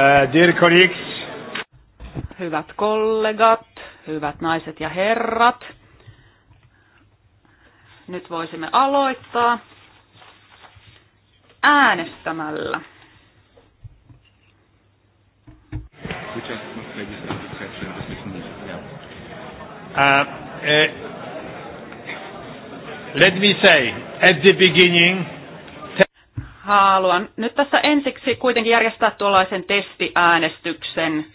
Eh, dear colleagues. Hyvät kollegat, hyvät naiset ja herrat. Nyt voisimme aloittaa äänestämällä. Uh, uh, let me say, at the beginning, haluan nyt tässä ensiksi kuitenkin järjestää tuollaisen testiäänestyksen.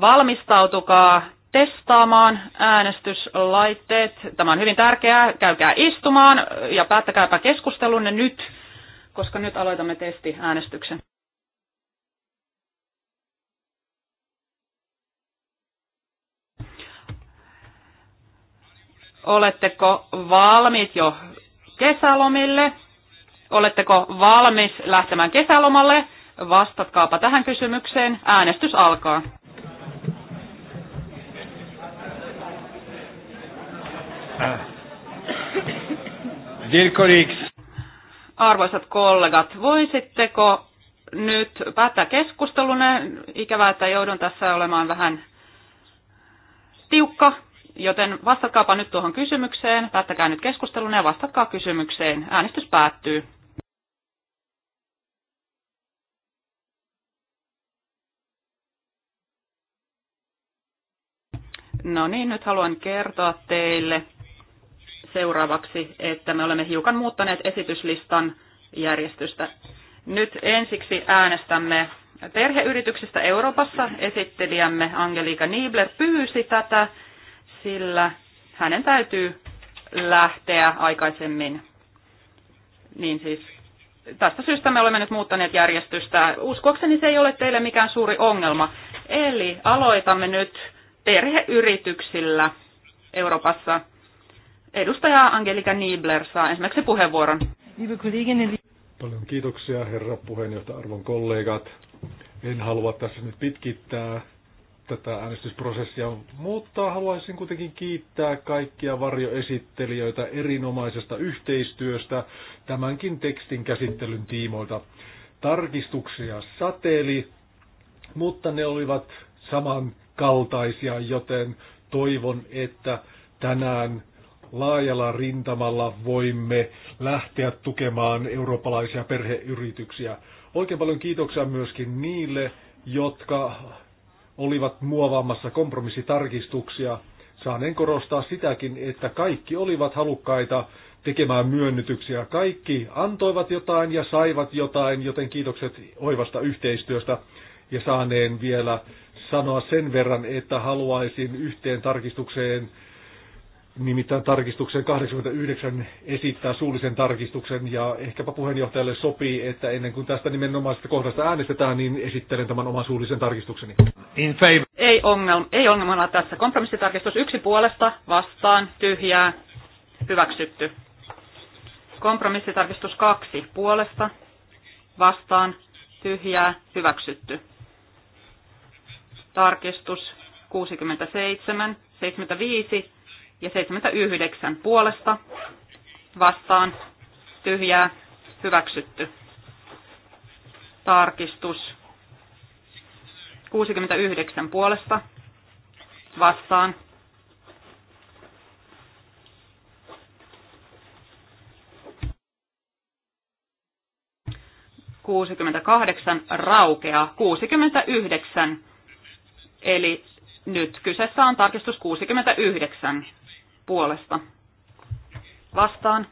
Valmistautukaa testaamaan äänestyslaitteet. Tämä on hyvin tärkeää. Käykää istumaan ja päättäkääpä keskustelunne nyt, koska nyt aloitamme testiäänestyksen. Oletteko valmiit jo kesälomille? Oletteko valmis lähtemään kesälomalle? Vastatkaapa tähän kysymykseen. Äänestys alkaa. Äh. Dear Arvoisat kollegat, voisitteko nyt päättää keskustelun? Ikävää, että joudun tässä olemaan vähän tiukka, joten vastatkaapa nyt tuohon kysymykseen. Päättäkää nyt keskustelun ja vastatkaa kysymykseen. Äänestys päättyy. No niin, nyt haluan kertoa teille seuraavaksi, että me olemme hiukan muuttaneet esityslistan järjestystä. Nyt ensiksi äänestämme perheyrityksistä Euroopassa. Esittelijämme Angelika Niebler pyysi tätä, sillä hänen täytyy lähteä aikaisemmin. Niin siis tästä syystä me olemme nyt muuttaneet järjestystä. Uskoakseni se ei ole teille mikään suuri ongelma. Eli aloitamme nyt perheyrityksillä Euroopassa. Edustaja Angelika Niebler saa esimerkiksi puheenvuoron. Paljon kiitoksia herra puheenjohtaja, arvon kollegat. En halua tässä nyt pitkittää tätä äänestysprosessia, mutta haluaisin kuitenkin kiittää kaikkia varjoesittelijöitä erinomaisesta yhteistyöstä tämänkin tekstin käsittelyn tiimoilta. Tarkistuksia sateeli, mutta ne olivat saman kaltaisia, joten toivon, että tänään laajalla rintamalla voimme lähteä tukemaan eurooppalaisia perheyrityksiä. Oikein paljon kiitoksia myöskin niille, jotka olivat muovaamassa kompromissitarkistuksia. Saaneen korostaa sitäkin, että kaikki olivat halukkaita tekemään myönnytyksiä. Kaikki antoivat jotain ja saivat jotain, joten kiitokset oivasta yhteistyöstä ja saaneen vielä sanoa sen verran, että haluaisin yhteen tarkistukseen, nimittäin tarkistukseen 89 esittää suullisen tarkistuksen ja ehkäpä puheenjohtajalle sopii, että ennen kuin tästä nimenomaisesta kohdasta äänestetään, niin esittelen tämän oman suullisen tarkistukseni. In favor. Ei, ongelma, ei ongelmana tässä. Kompromissitarkistus yksi puolesta, vastaan, tyhjää, hyväksytty. Kompromissitarkistus kaksi puolesta, vastaan, tyhjää, hyväksytty tarkistus 67, 75 ja 79 puolesta vastaan tyhjää hyväksytty. Tarkistus 69 puolesta vastaan Kuusikymmentäkahdeksan raukeaa. Kuusikymmentäyhdeksän Eli nyt kyseessä on tarkistus 69 puolesta. Vastaan.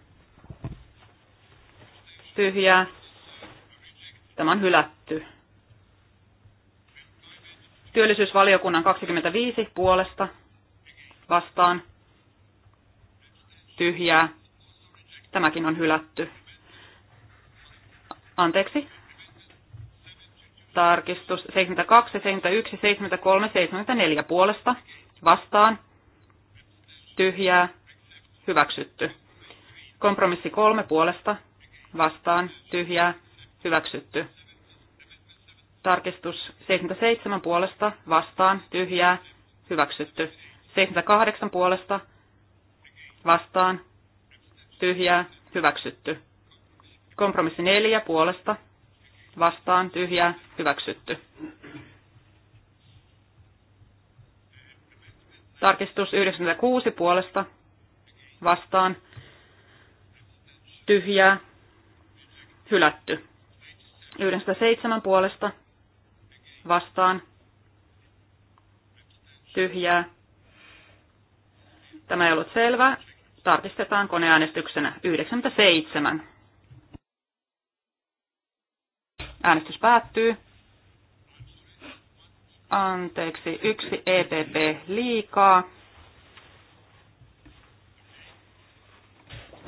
Tyhjää. Tämä on hylätty. Työllisyysvaliokunnan 25 puolesta. Vastaan. Tyhjää. Tämäkin on hylätty. Anteeksi, tarkistus 72, 71, 73, 74 puolesta vastaan tyhjää hyväksytty. Kompromissi kolme puolesta vastaan tyhjää hyväksytty. Tarkistus 77 puolesta vastaan tyhjää hyväksytty. 78 puolesta vastaan tyhjää hyväksytty. Kompromissi neljä puolesta vastaan tyhjää hyväksytty. Tarkistus 96 puolesta vastaan tyhjää hylätty. 97 puolesta vastaan tyhjää. Tämä ei ollut selvä. Tarkistetaan koneäänestyksenä 97. Äänestys päättyy. Anteeksi, yksi EPP liikaa.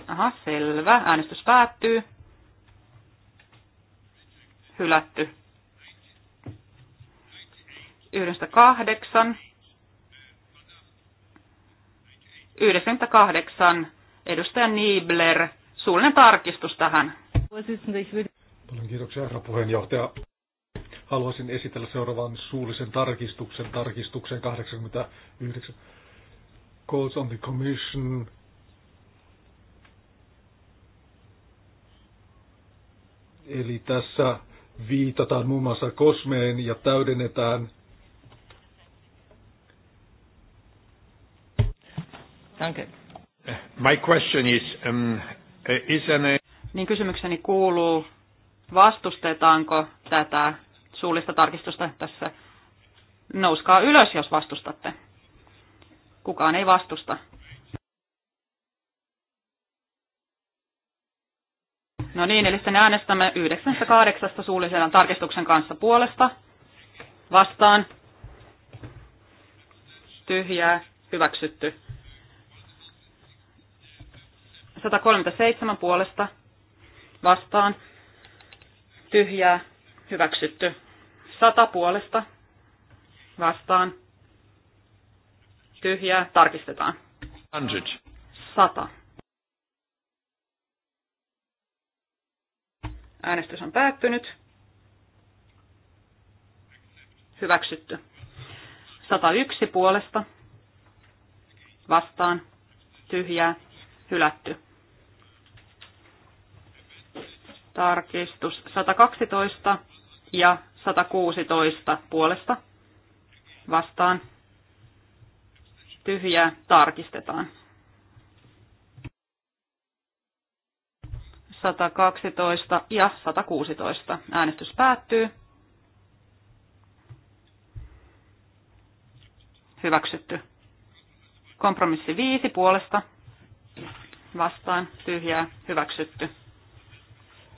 Aha, selvä. Äänestys päättyy. Hylätty. Yhdestä kahdeksan. kahdeksan. Edustaja Niebler, suullinen tarkistus tähän. Paljon kiitoksia, herra puheenjohtaja. Haluaisin esitellä seuraavan suullisen tarkistuksen, tarkistuksen 89. Calls on the Commission Eli tässä viitataan muun muassa kosmeen ja täydennetään. Danke. Eh, my question is, um, eh, is an... Niin kysymykseni kuuluu, Vastustetaanko tätä suullista tarkistusta tässä? Nouskaa ylös, jos vastustatte. Kukaan ei vastusta. No niin, eli sitten äänestämme 98 suullisen tarkistuksen kanssa puolesta. Vastaan. Tyhjää. Hyväksytty. 137 puolesta. Vastaan tyhjää, hyväksytty. Sata puolesta vastaan, tyhjää, tarkistetaan. 100. Sata. Äänestys on päättynyt. Hyväksytty. 101 puolesta vastaan, tyhjää, hylätty. Tarkistus 112 ja 116 puolesta vastaan. Tyhjää tarkistetaan. 112 ja 116. Äänestys päättyy. Hyväksytty. Kompromissi 5 puolesta. Vastaan tyhjää. Hyväksytty.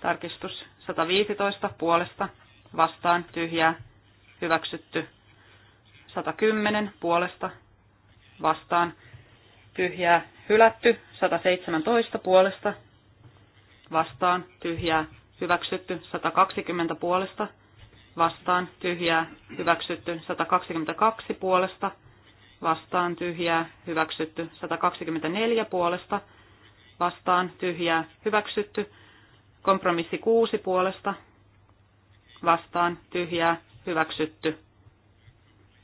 Tarkistus 115 puolesta vastaan tyhjää hyväksytty. 110 puolesta vastaan tyhjää hylätty. 117 puolesta vastaan tyhjää hyväksytty. 120 puolesta vastaan tyhjää hyväksytty. 122 puolesta vastaan tyhjää hyväksytty. 124 puolesta vastaan tyhjää hyväksytty. Kompromissi kuusi puolesta vastaan tyhjää hyväksytty.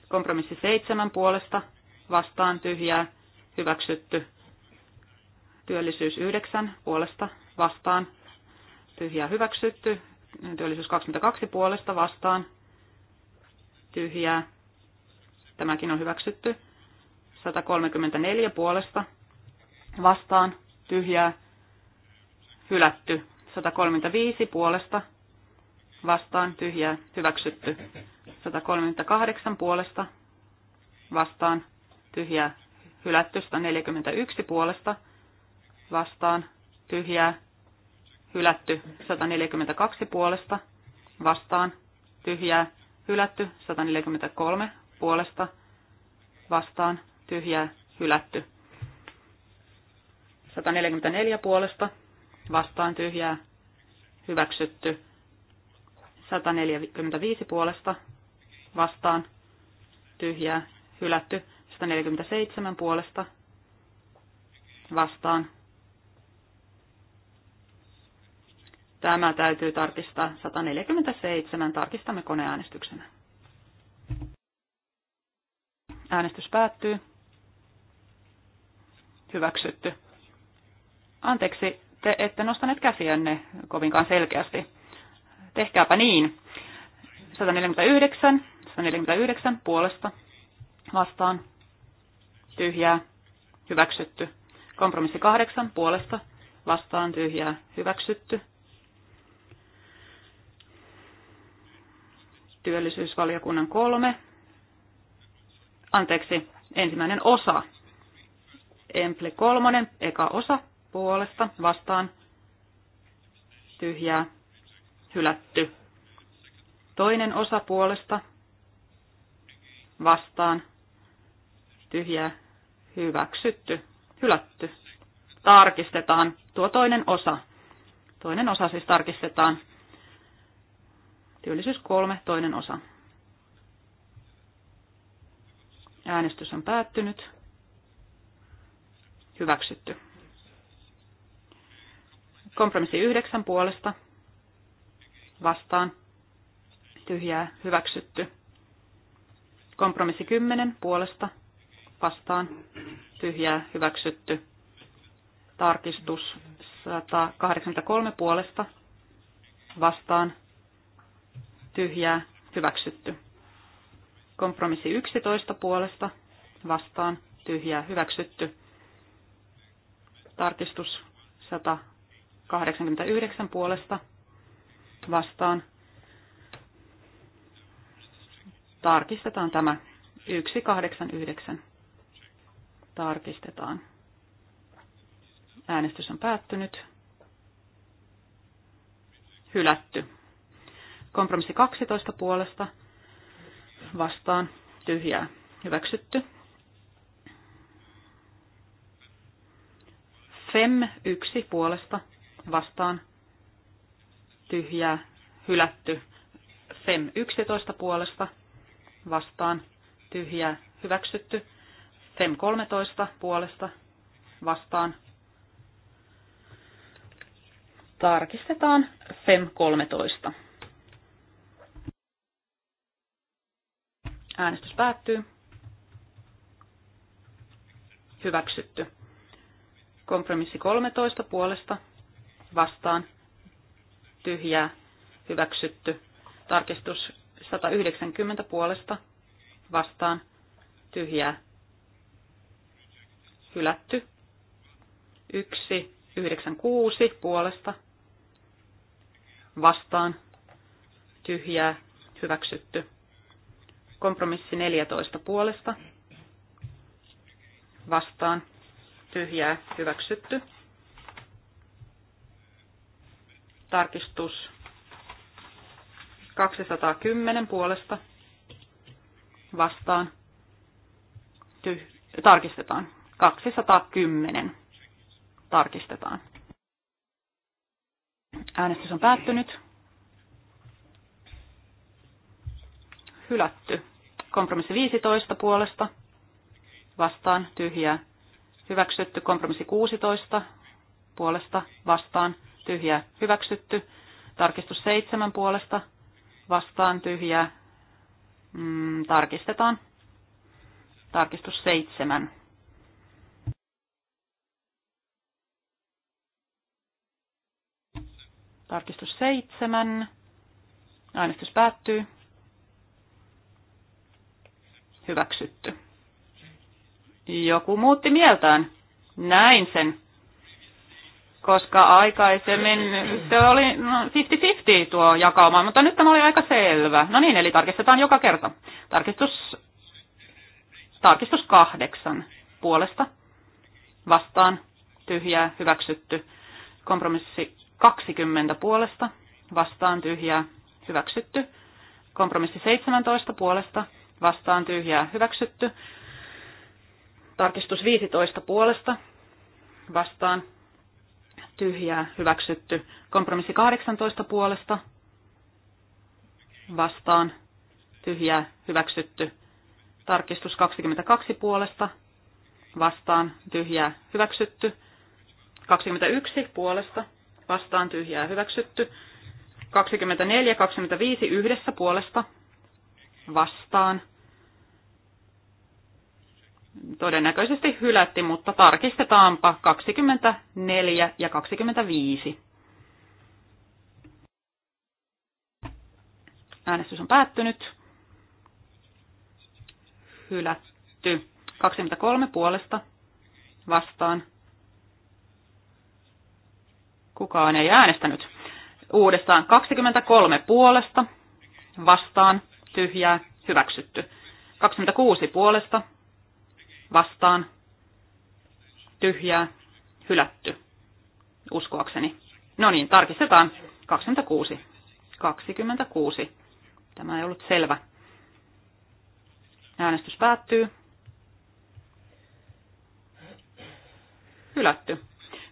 Kompromissi seitsemän puolesta vastaan tyhjää hyväksytty. Työllisyys yhdeksän puolesta vastaan tyhjää hyväksytty. Työllisyys 22 puolesta vastaan tyhjää. Tämäkin on hyväksytty. 134 puolesta vastaan tyhjää hylätty. 135 puolesta vastaan tyhjää hyväksytty. 138 puolesta vastaan tyhjää hylätty. 141 puolesta vastaan tyhjää hylätty. 142 puolesta vastaan tyhjää hylätty. 143 puolesta vastaan tyhjää hylätty. 144 puolesta vastaan tyhjää hyväksytty 145 puolesta vastaan tyhjää hylätty 147 puolesta vastaan. Tämä täytyy tarkistaa 147. Tarkistamme koneäänestyksenä. Äänestys päättyy. Hyväksytty. Anteeksi, te ette nostaneet käsiänne kovinkaan selkeästi. Tehkääpä niin. 149, 149 puolesta vastaan tyhjää hyväksytty. Kompromissi kahdeksan puolesta vastaan tyhjää hyväksytty. Työllisyysvaliokunnan kolme. Anteeksi, ensimmäinen osa. Emple kolmonen, eka osa puolesta vastaan tyhjää hylätty. Toinen osa puolesta vastaan tyhjää hyväksytty, hylätty. Tarkistetaan tuo toinen osa. Toinen osa siis tarkistetaan. Työllisyys kolme, toinen osa. Äänestys on päättynyt. Hyväksytty. Kompromissi yhdeksän puolesta vastaan tyhjää hyväksytty. Kompromissi kymmenen puolesta vastaan tyhjää hyväksytty. Tarkistus 183 puolesta vastaan tyhjää hyväksytty. Kompromissi 11 puolesta vastaan tyhjää hyväksytty. Tarkistus 100 89 puolesta vastaan. Tarkistetaan tämä. 189. Tarkistetaan. Äänestys on päättynyt. Hylätty. Kompromissi 12 puolesta vastaan tyhjää. Hyväksytty. FEM 1 puolesta vastaan tyhjää hylätty. FEM 11 puolesta vastaan tyhjää hyväksytty. FEM 13 puolesta vastaan tarkistetaan FEM 13. Äänestys päättyy. Hyväksytty. Kompromissi 13 puolesta vastaan tyhjää hyväksytty. Tarkistus 190 puolesta vastaan tyhjää hylätty. 1 96 puolesta vastaan tyhjää hyväksytty. Kompromissi 14 puolesta vastaan tyhjää hyväksytty. Tarkistus 210 puolesta vastaan. Tyh- tarkistetaan. 210 tarkistetaan. Äänestys on päättynyt. Hylätty. Kompromissi 15 puolesta. Vastaan tyhjää. Hyväksytty. Kompromissi 16 puolesta. Vastaan tyhjä hyväksytty. Tarkistus seitsemän puolesta vastaan tyhjä mm, tarkistetaan. Tarkistus seitsemän. Tarkistus seitsemän. Äänestys päättyy. Hyväksytty. Joku muutti mieltään. Näin sen koska aikaisemmin se oli 50-50 no, tuo jakauma, mutta nyt tämä oli aika selvä. No niin, eli tarkistetaan joka kerta. Tarkistus, tarkistus kahdeksan puolesta vastaan tyhjää hyväksytty. Kompromissi 20 puolesta vastaan tyhjää hyväksytty. Kompromissi 17 puolesta vastaan tyhjää hyväksytty. Tarkistus 15 puolesta vastaan tyhjää hyväksytty. Kompromissi 18 puolesta vastaan tyhjää hyväksytty. Tarkistus 22 puolesta vastaan tyhjää hyväksytty. 21 puolesta vastaan tyhjää hyväksytty. 24 25 yhdessä puolesta vastaan todennäköisesti hylätti, mutta tarkistetaanpa 24 ja 25. Äänestys on päättynyt. Hylätty. 23 puolesta vastaan. Kukaan ei äänestänyt. Uudestaan 23 puolesta vastaan. Tyhjää. Hyväksytty. 26 puolesta vastaan, tyhjää, hylätty, uskoakseni. No niin, tarkistetaan. 26. 26. Tämä ei ollut selvä. Äänestys päättyy. Hylätty.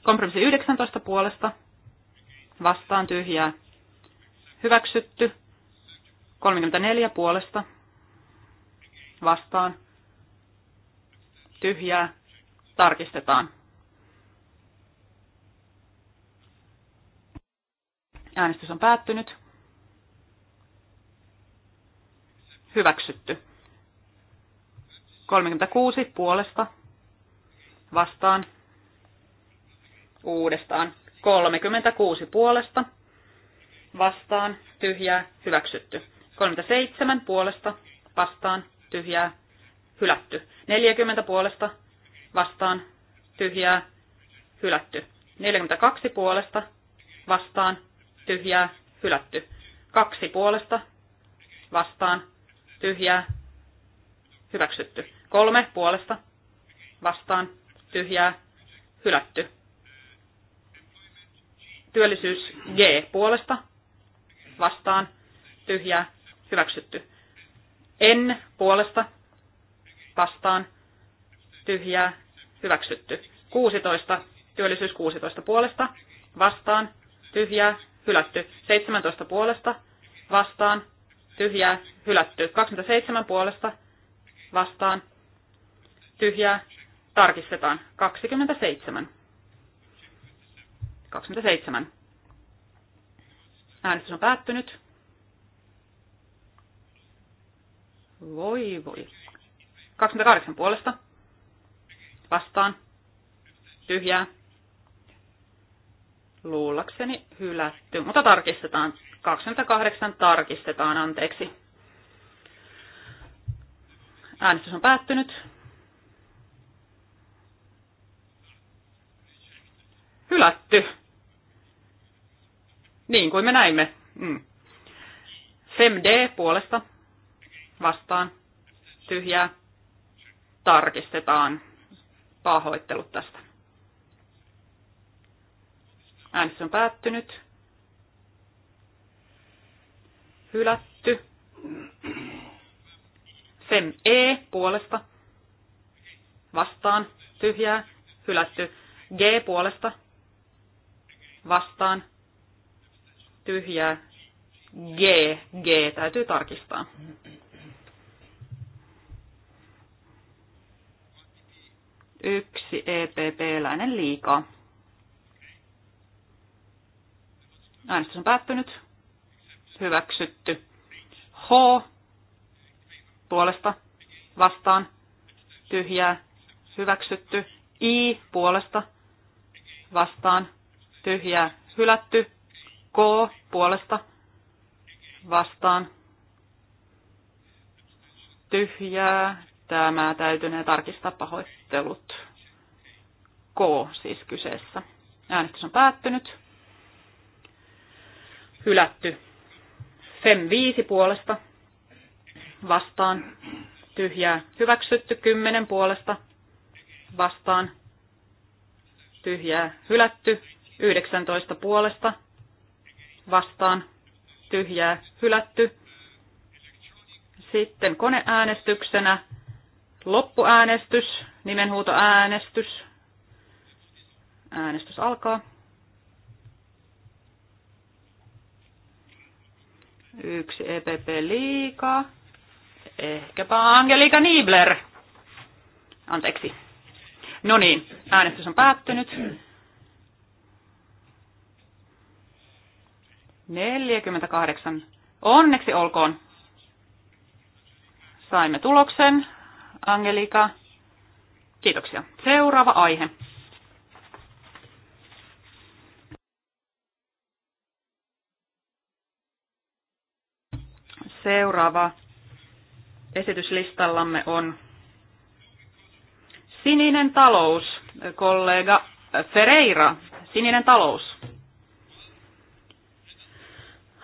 Kompromissi 19 puolesta. Vastaan tyhjää. Hyväksytty. 34 puolesta. Vastaan tyhjää, tarkistetaan. Äänestys on päättynyt. Hyväksytty. 36 puolesta vastaan uudestaan. 36 puolesta vastaan tyhjää hyväksytty. 37 puolesta vastaan tyhjää hylätty. 40 puolesta vastaan tyhjää hylätty. 42 puolesta vastaan tyhjää hylätty. 2 puolesta vastaan tyhjää hyväksytty. 3 puolesta vastaan tyhjää hylätty. Työllisyys G puolesta vastaan tyhjää hyväksytty. N puolesta vastaan tyhjää hyväksytty. 16 työllisyys 16 puolesta vastaan tyhjää hylätty. 17 puolesta vastaan tyhjää hylätty. 27 puolesta vastaan tyhjää tarkistetaan. 27. 27. Äänestys on päättynyt. Voi voi. 28 puolesta. Vastaan. Tyhjää. Luullakseni hylätty, mutta tarkistetaan. 28 tarkistetaan, anteeksi. Äänestys on päättynyt. Hylätty. Niin kuin me näimme. Mm. FemD puolesta vastaan tyhjää tarkistetaan. Pahoittelut tästä. Äänestys on päättynyt. Hylätty. Sen E puolesta. Vastaan. Tyhjää. Hylätty. G puolesta. Vastaan. Tyhjää. G. G täytyy tarkistaa. yksi EPP-läinen liikaa. Äänestys on päättynyt. Hyväksytty. H. Puolesta. Vastaan. Tyhjää. Hyväksytty. I. Puolesta. Vastaan. Tyhjää. Hylätty. K. Puolesta. Vastaan. Tyhjää. Tämä täytyy tarkistaa pahoin perustelut K siis kyseessä. Äänestys on päättynyt. Hylätty. FEM 5 puolesta vastaan tyhjää. Hyväksytty 10 puolesta vastaan tyhjää. Hylätty 19 puolesta vastaan tyhjää. Hylätty. Sitten koneäänestyksenä Loppuäänestys, nimenhuutoäänestys. Äänestys alkaa. Yksi EPP liikaa. Ehkäpä Angelika Niebler. Anteeksi. No niin, äänestys on päättynyt. 48. Onneksi olkoon. Saimme tuloksen. Angelika. Kiitoksia. Seuraava aihe. Seuraava esityslistallamme on sininen talous, kollega Ferreira, sininen talous.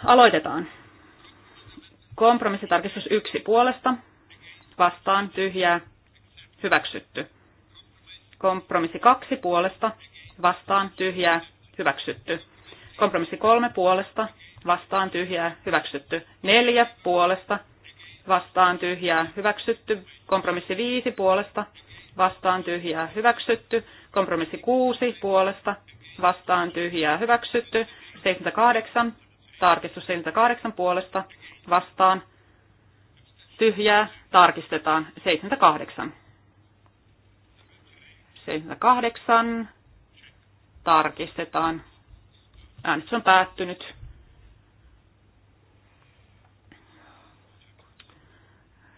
Aloitetaan. Kompromissitarkistus yksi puolesta vastaan tyhjää hyväksytty. Kompromissi kaksi puolesta vastaan tyhjää hyväksytty. Kompromissi kolme puolesta vastaan tyhjää hyväksytty. Neljä puolesta vastaan tyhjää hyväksytty. Kompromissi viisi puolesta vastaan tyhjää hyväksytty. Kompromissi kuusi puolesta vastaan tyhjää hyväksytty. 78 tarkistus 78 puolesta vastaan tyhjää tarkistetaan 78. 78 tarkistetaan. Äänestys on päättynyt.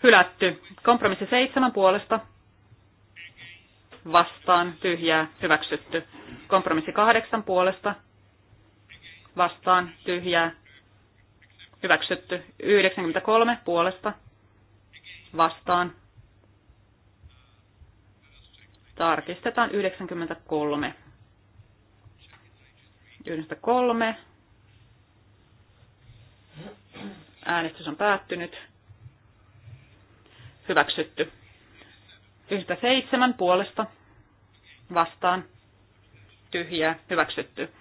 Hylätty. Kompromissi 7 puolesta. Vastaan. Tyhjää. Hyväksytty. Kompromissi 8 puolesta. Vastaan. Tyhjää. Hyväksytty. 93 puolesta vastaan. Tarkistetaan 93. 93. Äänestys on päättynyt. Hyväksytty. 97 puolesta vastaan. Tyhjää. Hyväksytty.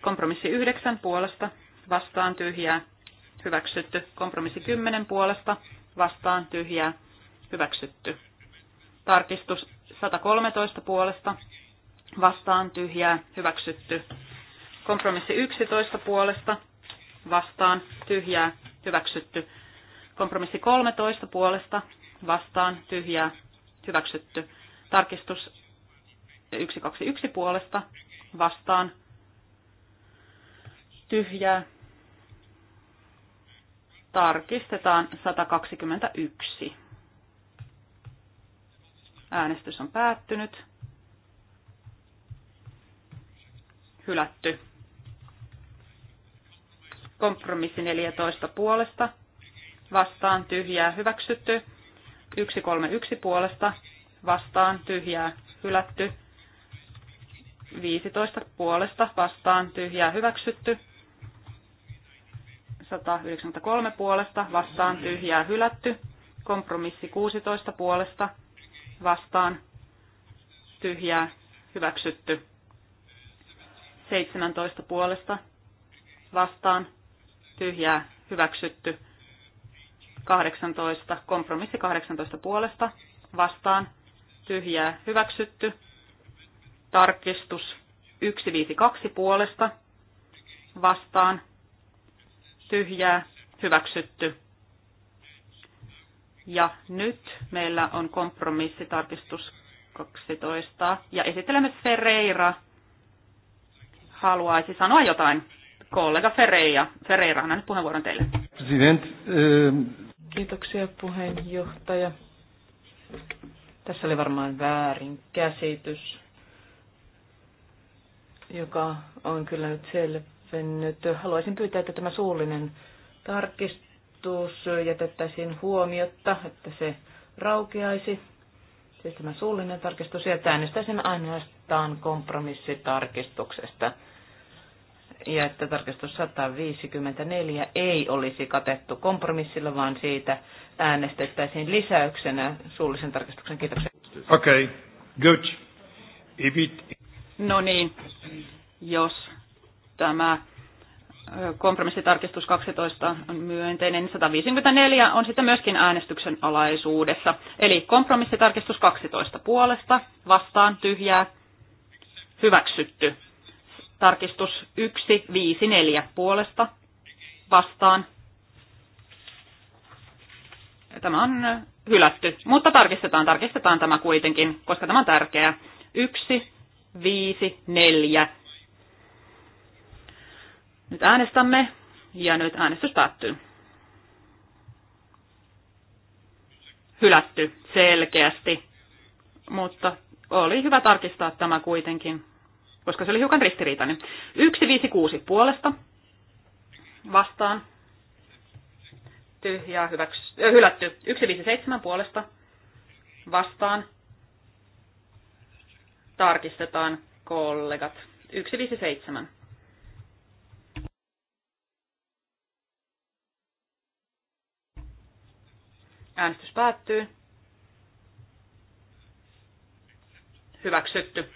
Kompromissi 9 puolesta vastaan tyhjää. Hyväksytty. Kompromissi 10 puolesta vastaan tyhjää hyväksytty. Tarkistus 113 puolesta vastaan tyhjää hyväksytty. Kompromissi 11 puolesta vastaan tyhjää hyväksytty. Kompromissi 13 puolesta vastaan tyhjää hyväksytty. Tarkistus 121 puolesta vastaan tyhjää Tarkistetaan 121. Äänestys on päättynyt. Hylätty. Kompromissi 14 puolesta. Vastaan tyhjää hyväksytty. 131 puolesta. Vastaan tyhjää hylätty. 15 puolesta vastaan tyhjää hyväksytty. 193 puolesta vastaan tyhjää hylätty. Kompromissi 16 puolesta vastaan tyhjää hyväksytty. 17 puolesta vastaan tyhjää hyväksytty. 18 kompromissi 18 puolesta vastaan tyhjää hyväksytty. Tarkistus 152 puolesta vastaan tyhjää, hyväksytty. Ja nyt meillä on kompromissitarkistus 12. Ja esittelemme Ferreira. Haluaisi sanoa jotain. Kollega Ferreira, Ferreira annan nyt puheenvuoron teille. President, ähm... Kiitoksia puheenjohtaja. Tässä oli varmaan väärin käsitys, joka on kyllä nyt selvä nyt. Haluaisin pyytää, että tämä suullinen tarkistus jätettäisiin huomiota, että se raukeaisi. Siis tämä suullinen tarkistus ja äänestäisin ainoastaan kompromissitarkistuksesta. Ja että tarkistus 154 ei olisi katettu kompromissilla, vaan siitä äänestettäisiin lisäyksenä suullisen tarkistuksen. Kiitoksia. Okei, okay. good. it... No niin, jos tämä kompromissitarkistus 12 on myönteinen, 154 on sitten myöskin äänestyksen alaisuudessa. Eli kompromissitarkistus 12 puolesta, vastaan, tyhjää, hyväksytty. Tarkistus 1, 5, 4 puolesta, vastaan. Tämä on hylätty, mutta tarkistetaan, tarkistetaan tämä kuitenkin, koska tämä on tärkeää. 1, 5, 4 nyt äänestämme ja nyt äänestys päättyy. Hylätty selkeästi, mutta oli hyvä tarkistaa tämä kuitenkin, koska se oli hiukan ristiriitainen. 156 puolesta vastaan. Tyhjää hyväksy, hylätty. 157 puolesta vastaan. Tarkistetaan kollegat. 157. Äänestys päättyy. Hyväksytty.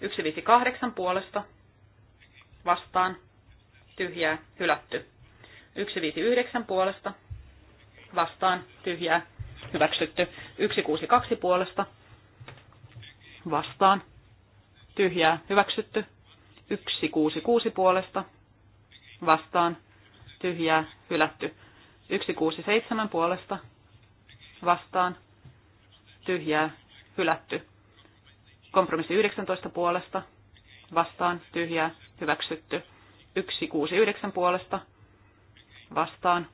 158 puolesta. Vastaan. Tyhjää. Hylätty. 159 puolesta. Vastaan. Tyhjää. Hyväksytty. 162 puolesta. Vastaan. Tyhjää. Hyväksytty. 166 puolesta. Vastaan. Tyhjää. Hylätty. 167 puolesta vastaan tyhjää hylätty. Kompromissi 19 puolesta vastaan tyhjää hyväksytty. 169 puolesta vastaan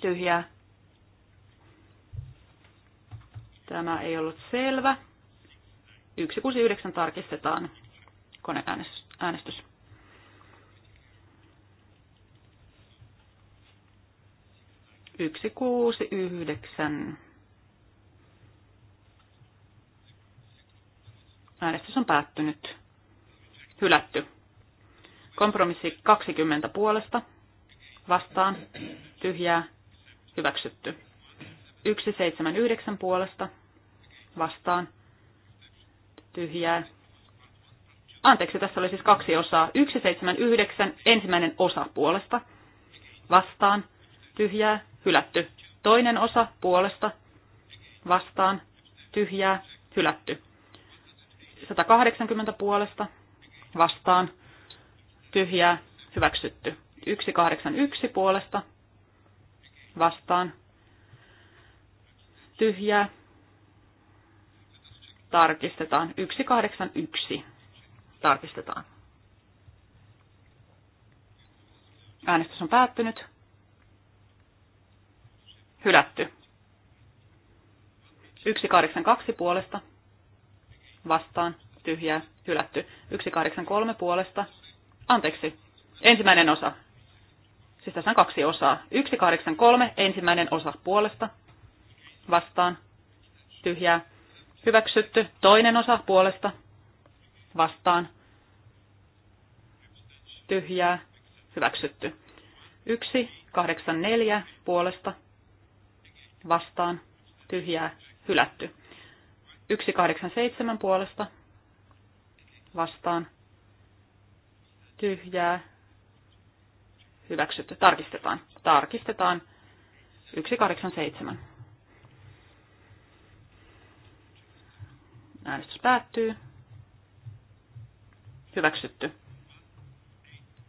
tyhjää. Tämä ei ollut selvä. 169 tarkistetaan koneäänestys. 169. Äänestys on päättynyt. Hylätty. Kompromissi 20 puolesta. Vastaan. Tyhjää. Hyväksytty. 179 puolesta. Vastaan. Tyhjää. Anteeksi, tässä oli siis kaksi osaa. 179 ensimmäinen osa puolesta. Vastaan. Tyhjää hylätty. Toinen osa puolesta vastaan tyhjää hylätty. 180 puolesta vastaan tyhjää hyväksytty. 181 puolesta vastaan tyhjää tarkistetaan. 181 tarkistetaan. Äänestys on päättynyt. Hylätty. 182 puolesta vastaan tyhjää hylätty. 183 puolesta. Anteeksi. Ensimmäinen osa. Siis tässä on kaksi osaa. 183 ensimmäinen osa puolesta vastaan tyhjää hyväksytty. Toinen osa puolesta vastaan tyhjää hyväksytty. 184 puolesta vastaan tyhjää hylätty. 187 puolesta vastaan tyhjää hyväksytty. Tarkistetaan. Tarkistetaan 187. Äänestys päättyy. Hyväksytty.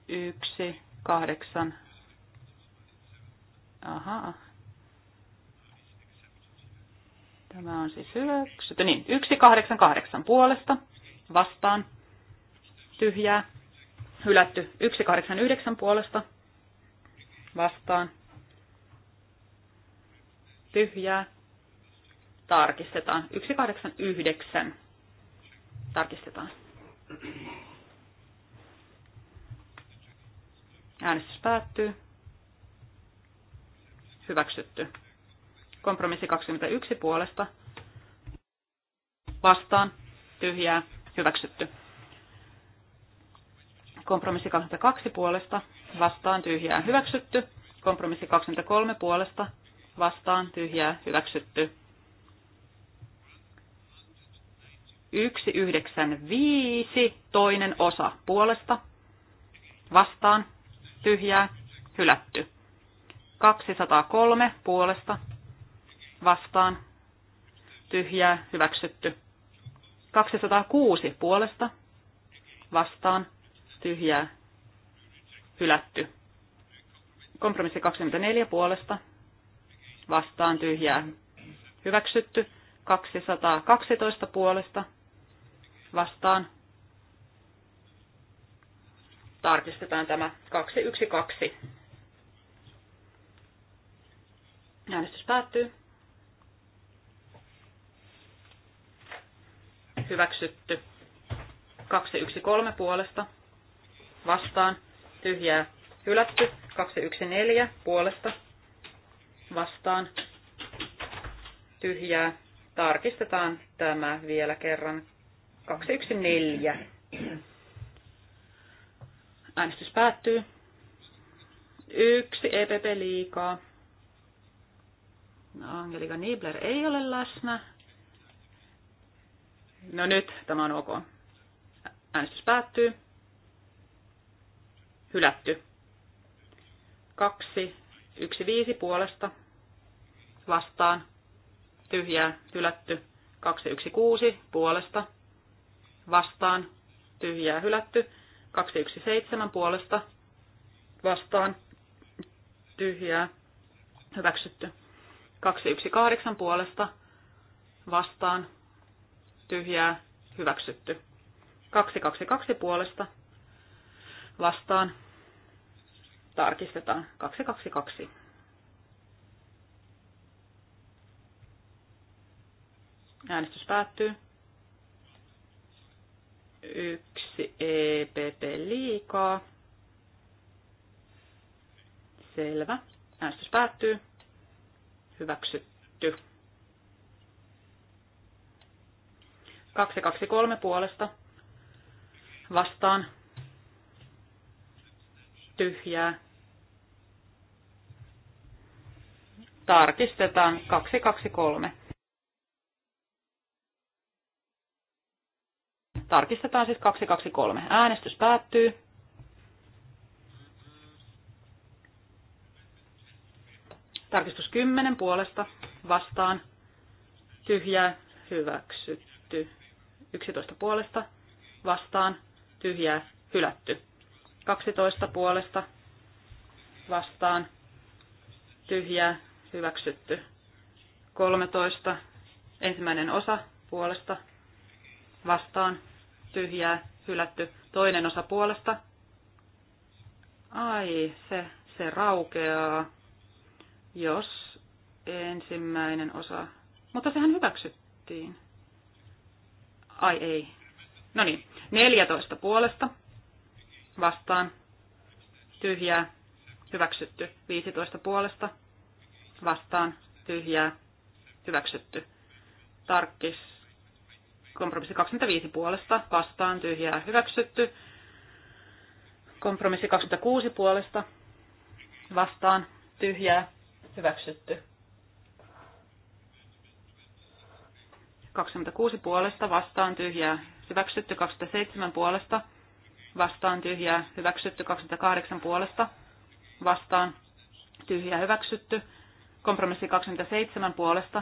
1, 8. Aha, Tämä on siis hyväksytty. Niin, 188 puolesta vastaan tyhjää. Hylätty 189 puolesta vastaan tyhjää. Tarkistetaan. 189. Tarkistetaan. Äänestys päättyy. Hyväksytty. Kompromissi 21 puolesta vastaan tyhjää hyväksytty. Kompromissi 22 puolesta vastaan tyhjää hyväksytty. Kompromissi 23 puolesta vastaan tyhjää hyväksytty. 195 toinen osa puolesta vastaan tyhjää hylätty. 203 puolesta vastaan, tyhjää, hyväksytty. 206 puolesta, vastaan, tyhjää, hylätty. Kompromissi 24 puolesta, vastaan, tyhjää, hyväksytty. 212 puolesta, vastaan, tarkistetaan tämä 212. Äänestys päättyy. hyväksytty. 213 puolesta vastaan tyhjää hylätty. 214 puolesta vastaan tyhjää. Tarkistetaan tämä vielä kerran. 214. Äänestys päättyy. Yksi EPP liikaa. Angelika Niebler ei ole läsnä. No nyt tämä on ok. Äänestys päättyy. Hylätty. 2, 1, 5 puolesta. Vastaan. Tyhjää. Hylätty. 2, 1, 6 puolesta. Vastaan. Tyhjää. Hylätty. 2, 1, 7 puolesta. Vastaan. Tyhjää. Hyväksytty. 2, 1, 8 puolesta. Vastaan tyhjää hyväksytty. 222 puolesta vastaan tarkistetaan 222. Äänestys päättyy. Yksi EPP liikaa. Selvä. Äänestys päättyy. Hyväksytty. 223 puolesta vastaan tyhjää. Tarkistetaan 223. Tarkistetaan siis 223. Äänestys päättyy. Tarkistus 10 puolesta vastaan tyhjää hyväksytty. 11 puolesta vastaan tyhjää hylätty. 12 puolesta vastaan tyhjää hyväksytty. 13 ensimmäinen osa puolesta vastaan tyhjää hylätty. Toinen osa puolesta. Ai, se, se raukeaa, jos ensimmäinen osa. Mutta sehän hyväksyttiin. Ai ei. No niin, 14 puolesta vastaan. Tyhjää. Hyväksytty. 15 puolesta vastaan. Tyhjää. Hyväksytty. Tarkkis. Kompromissi 25 puolesta vastaan. Tyhjää. Hyväksytty. Kompromissi 26 puolesta vastaan. Tyhjää. Hyväksytty. 26 puolesta vastaan tyhjää, hyväksytty 27 puolesta vastaan tyhjää, hyväksytty 28 puolesta vastaan tyhjää, hyväksytty. Kompromissi 27 puolesta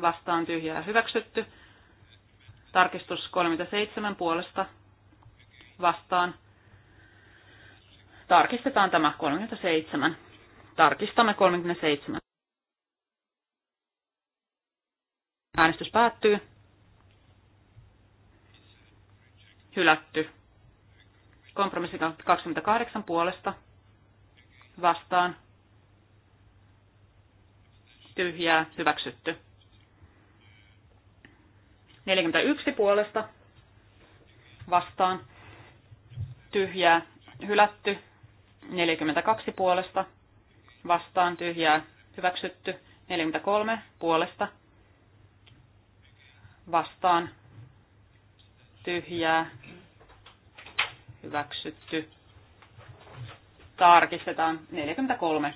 vastaan tyhjää, hyväksytty. Tarkistus 37 puolesta vastaan. Tarkistetaan tämä 37. Tarkistamme 37. Äänestys päättyy. Hylätty. Kompromissi 28 puolesta. Vastaan. Tyhjää. Hyväksytty. 41 puolesta. Vastaan. Tyhjää. Hylätty. 42 puolesta. Vastaan. Tyhjää. Hyväksytty. 43 puolesta vastaan tyhjää hyväksytty. Tarkistetaan 43.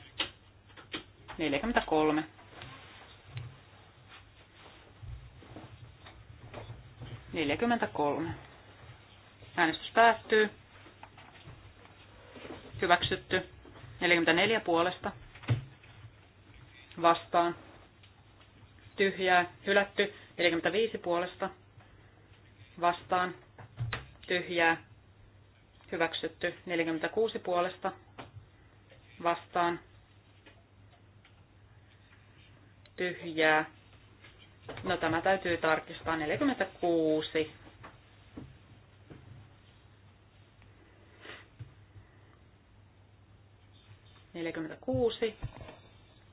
43. Neljäkymmentä kolme. Äänestys päättyy. Hyväksytty. neljäkymmentä neljä puolesta. Vastaan. Tyhjää. Hylätty. 45 puolesta vastaan tyhjää hyväksytty 46 puolesta vastaan tyhjää. No tämä täytyy tarkistaa 46. Neljäkymmentäkuusi.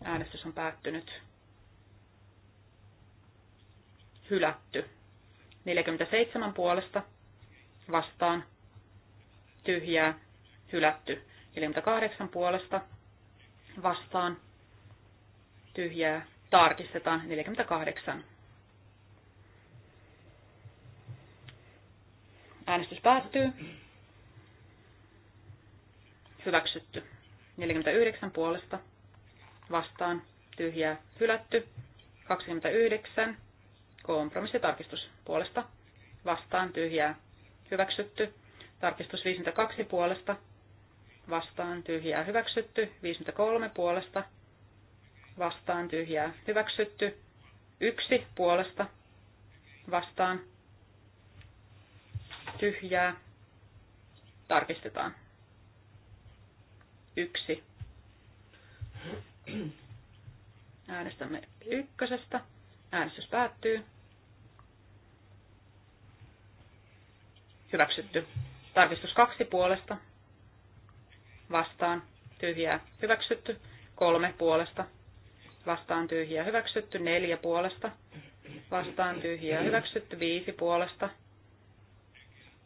Äänestys on päättynyt hylätty. 47 puolesta vastaan tyhjää hylätty. 48 puolesta vastaan tyhjää tarkistetaan 48. Äänestys päättyy. Hyväksytty. 49 puolesta vastaan tyhjää hylätty. 29 Kompromissitarkistus puolesta vastaan tyhjää hyväksytty. Tarkistus 52 puolesta vastaan tyhjää hyväksytty. 53 puolesta vastaan tyhjää hyväksytty. 1 puolesta vastaan tyhjää tarkistetaan. 1. Äänestämme ykkösestä. Äänestys päättyy. Hyväksytty. Tarkistus kaksi puolesta. Vastaan. Tyhjää. Hyväksytty. Kolme puolesta. Vastaan tyhjää. Hyväksytty. Neljä puolesta. Vastaan tyhjää. Hyväksytty. Viisi puolesta.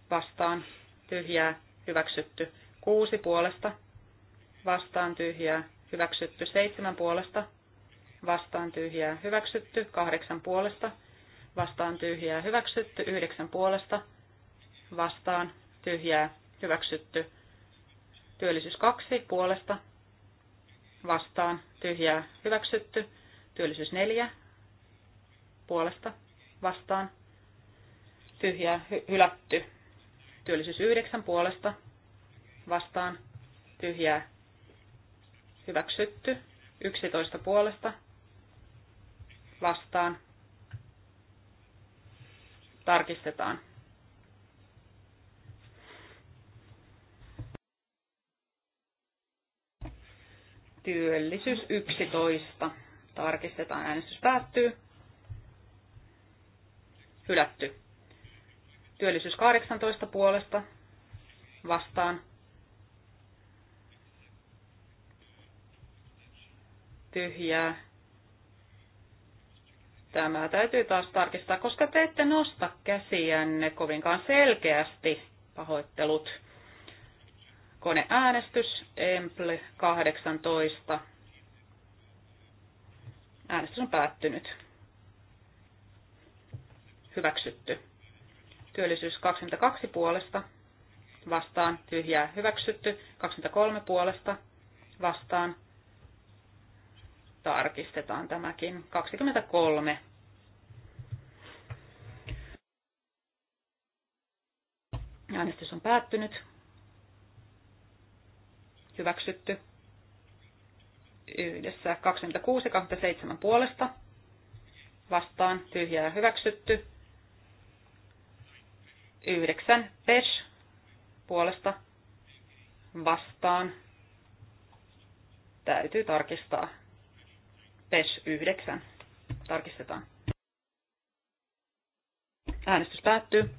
Vastaan tyhjää. Hyväksytty. Kuusi puolesta. Vastaan tyhjää. Hyväksytty. Seitsemän puolesta vastaan tyhjää hyväksytty, kahdeksan puolesta vastaan tyhjää hyväksytty, yhdeksän puolesta vastaan tyhjää hyväksytty, työllisyys kaksi puolesta vastaan tyhjää hyväksytty, työllisyys neljä puolesta vastaan tyhjää hylätty, työllisyys yhdeksän puolesta vastaan tyhjää hyväksytty, 11 puolesta vastaan tarkistetaan. Työllisyys 11. Tarkistetaan. Äänestys päättyy. Hylätty. Työllisyys 18 puolesta vastaan. Tyhjää Tämä täytyy taas tarkistaa, koska te ette nosta käsiänne kovinkaan selkeästi. Pahoittelut. Koneäänestys, Emple 18. Äänestys on päättynyt. Hyväksytty. Työllisyys 22 puolesta. Vastaan tyhjää hyväksytty. 23 puolesta. Vastaan tarkistetaan tämäkin. 23. Äänestys on päättynyt. Hyväksytty. Yhdessä 26 ja 27 puolesta. Vastaan tyhjää hyväksytty. 9 PES puolesta vastaan. Täytyy tarkistaa PES 9. Tarkistetaan. Äänestys päättyy.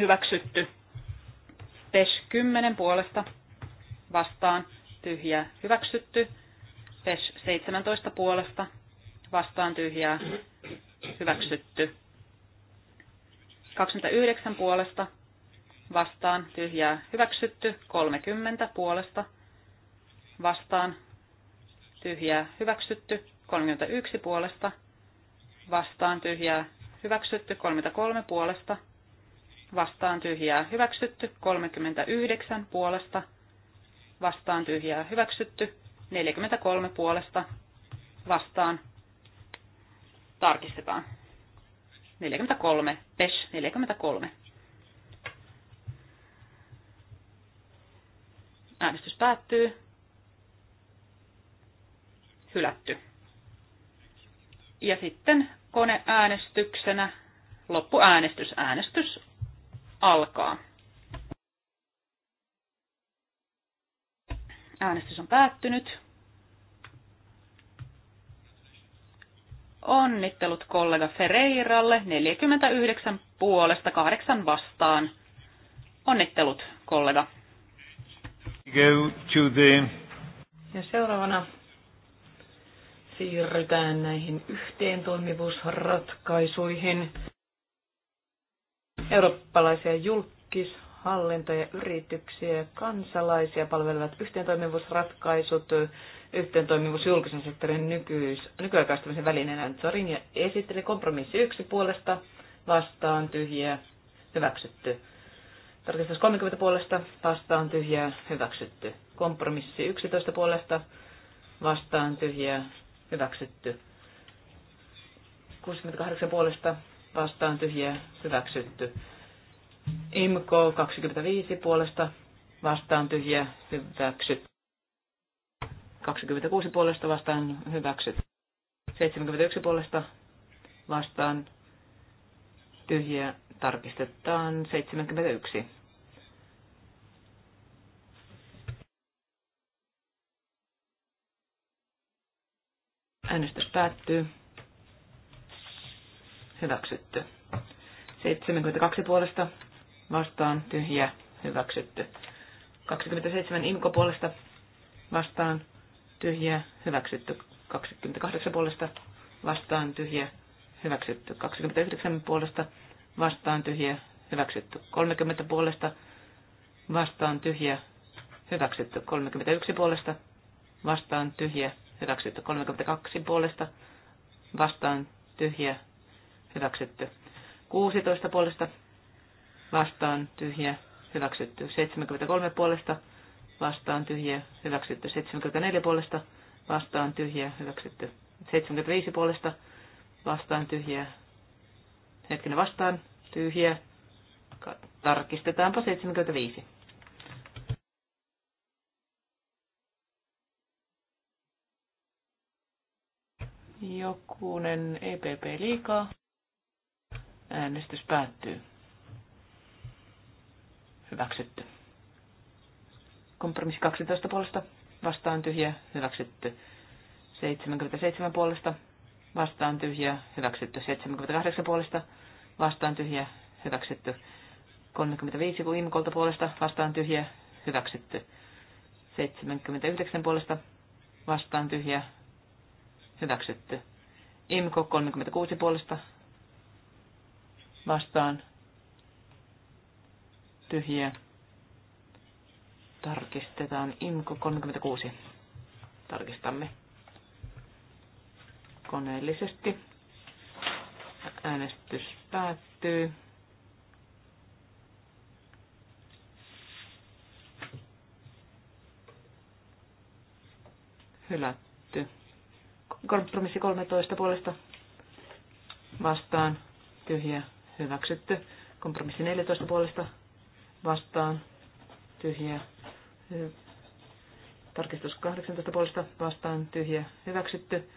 Hyväksytty. PES 10 puolesta vastaan tyhjää hyväksytty. PES 17 puolesta vastaan tyhjää hyväksytty. 29 puolesta vastaan tyhjää hyväksytty. 30 puolesta vastaan tyhjää hyväksytty, 31 puolesta vastaan tyhjää hyväksytty, 33 puolesta vastaan tyhjää hyväksytty, 39 puolesta vastaan tyhjää hyväksytty, 43 puolesta vastaan tarkistetaan. 43, PES 43. Äänestys päättyy hylätty. Ja sitten koneäänestyksenä loppuäänestys. Äänestys alkaa. Äänestys on päättynyt. Onnittelut kollega Ferreiralle 49 puolesta 8 vastaan. Onnittelut kollega. Go to the... Ja seuraavana siirrytään näihin yhteen toimivuusratkaisuihin. Eurooppalaisia julkishallintoja, yrityksiä ja kansalaisia palvelevat yhteen toimivuus julkisen sektorin nykyis, nykyaikaistamisen välineenä. Zorin esitteli kompromissi yksi puolesta, vastaan tyhjiä, hyväksytty. Tarkistus 30 puolesta, vastaan tyhjää, hyväksytty. Kompromissi 11 puolesta, vastaan tyhjää, hyväksytty. 68 puolesta vastaan tyhjää hyväksytty. IMKO 25 puolesta vastaan tyhjää hyväksytty. 26 puolesta vastaan hyväksytty. 71 puolesta vastaan tyhjää tarkistetaan 71. Äänestys päättyy. Hyväksytty. 72 puolesta vastaan tyhjä hyväksytty. 27 imko puolesta vastaan tyhjä hyväksytty. 28 puolesta vastaan tyhjä hyväksytty. 29 puolesta vastaan tyhjä hyväksytty. 30 puolesta vastaan tyhjä hyväksytty. 31 puolesta vastaan tyhjä hyväksytty. 32 puolesta vastaan tyhjä, hyväksytty. 16 puolesta vastaan tyhjä, hyväksytty. 73 puolesta vastaan tyhjä, hyväksytty. 74 puolesta vastaan tyhjä, hyväksytty. 75 puolesta vastaan tyhjä, hetkinen vastaan tyhjä, tarkistetaanpa 75. Jokunen EPP liikaa. Äänestys päättyy. Hyväksytty. Kompromissi 12 puolesta. Vastaan tyhjä. Hyväksytty. 77 puolesta. Vastaan tyhjä. Hyväksytty. 78 puolesta. Vastaan tyhjä. Hyväksytty. 35 imkolta puolesta. Vastaan tyhjä. Hyväksytty. 79 puolesta. Vastaan tyhjä hyväksytty. IMKO 36 puolesta vastaan tyhjiä. Tarkistetaan IMKO 36. Tarkistamme koneellisesti. Äänestys päättyy. Hylätty. Kompromissi 13 puolesta vastaan tyhjä hyväksytty. Kompromissi 14 puolesta vastaan tyhjä Tarkistus 18 puolesta vastaan tyhjä hyväksytty.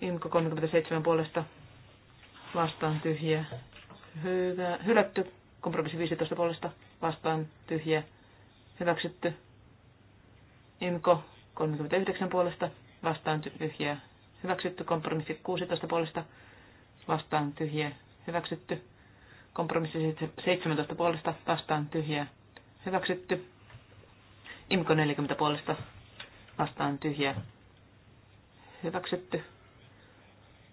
Imko 37 puolesta vastaan tyhjä hyvä, hylätty. Kompromissi 15 puolesta vastaan tyhjä hyväksytty. Imko 39 puolesta vastaan tyhjä Hyväksytty kompromissi 16 puolesta vastaan tyhjä Hyväksytty kompromissi 17 puolesta vastaan tyhjä Hyväksytty. Imko 40 puolesta vastaan tyhjä Hyväksytty.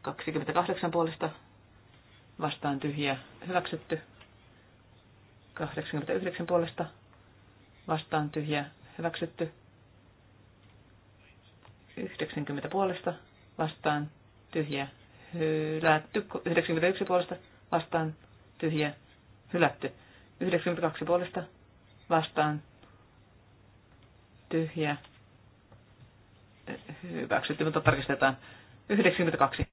28 puolesta vastaan tyhjä Hyväksytty. 89 puolesta vastaan tyhjä Hyväksytty. 90 puolesta vastaan tyhjä hylätty. 91 puolesta vastaan tyhjä hylätty. 92 puolesta vastaan tyhjä hyväksytty, mutta tarkistetaan. 92.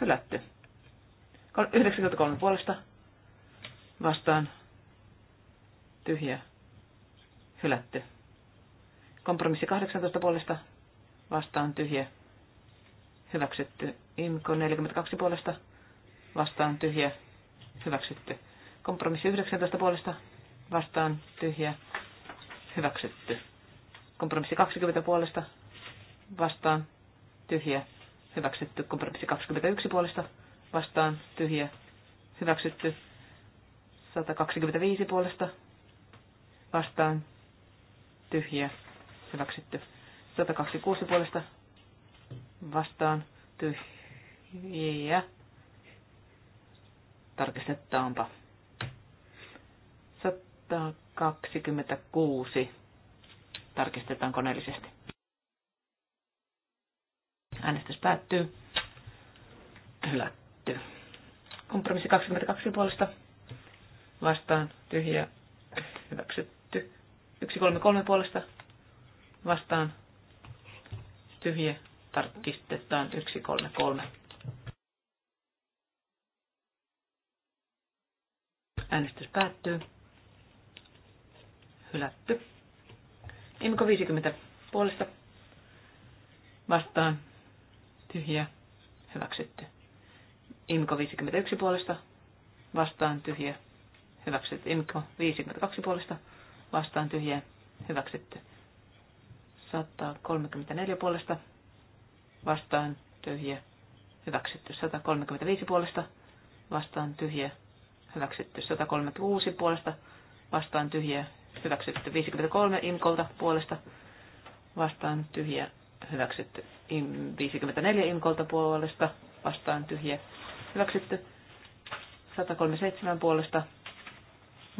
Hylätty. 93 puolesta vastaan tyhjä, hylätty. Kompromissi 18 puolesta vastaan tyhjä, hyväksytty. Imko 42 puolesta vastaan tyhjä, hyväksytty. Kompromissi 19 puolesta vastaan tyhjä, hyväksytty. Kompromissi 20 puolesta vastaan tyhjä, hyväksytty. Kompromissi 21 puolesta vastaan tyhjä, hyväksytty. 125 puolesta vastaan Tyhjä. hyväksytty. 126 puolesta vastaan tyhjä. Tarkistetaanpa. 126 tarkistetaan koneellisesti. Äänestys päättyy. Hylätty. Kompromissi 22 puolesta vastaan tyhjä hyväksytty. 133 puolesta vastaan tyhjä tarkistetaan 133. Äänestys päättyy. Hylätty. Imko 50 puolesta vastaan tyhjä hyväksytty. Imko 51 puolesta vastaan tyhjä hyväksytty. Imko 52 puolesta vastaan tyhjä, hyväksytty. 134 puolesta vastaan tyhjä hyväksytty. 135 puolesta vastaan tyhjä hyväksytty. 136 puolesta vastaan tyhjä hyväksytty. 53 imkolta puolesta vastaan tyhjä hyväksytty. 54 imkolta puolesta vastaan tyhjä hyväksytty. 137 puolesta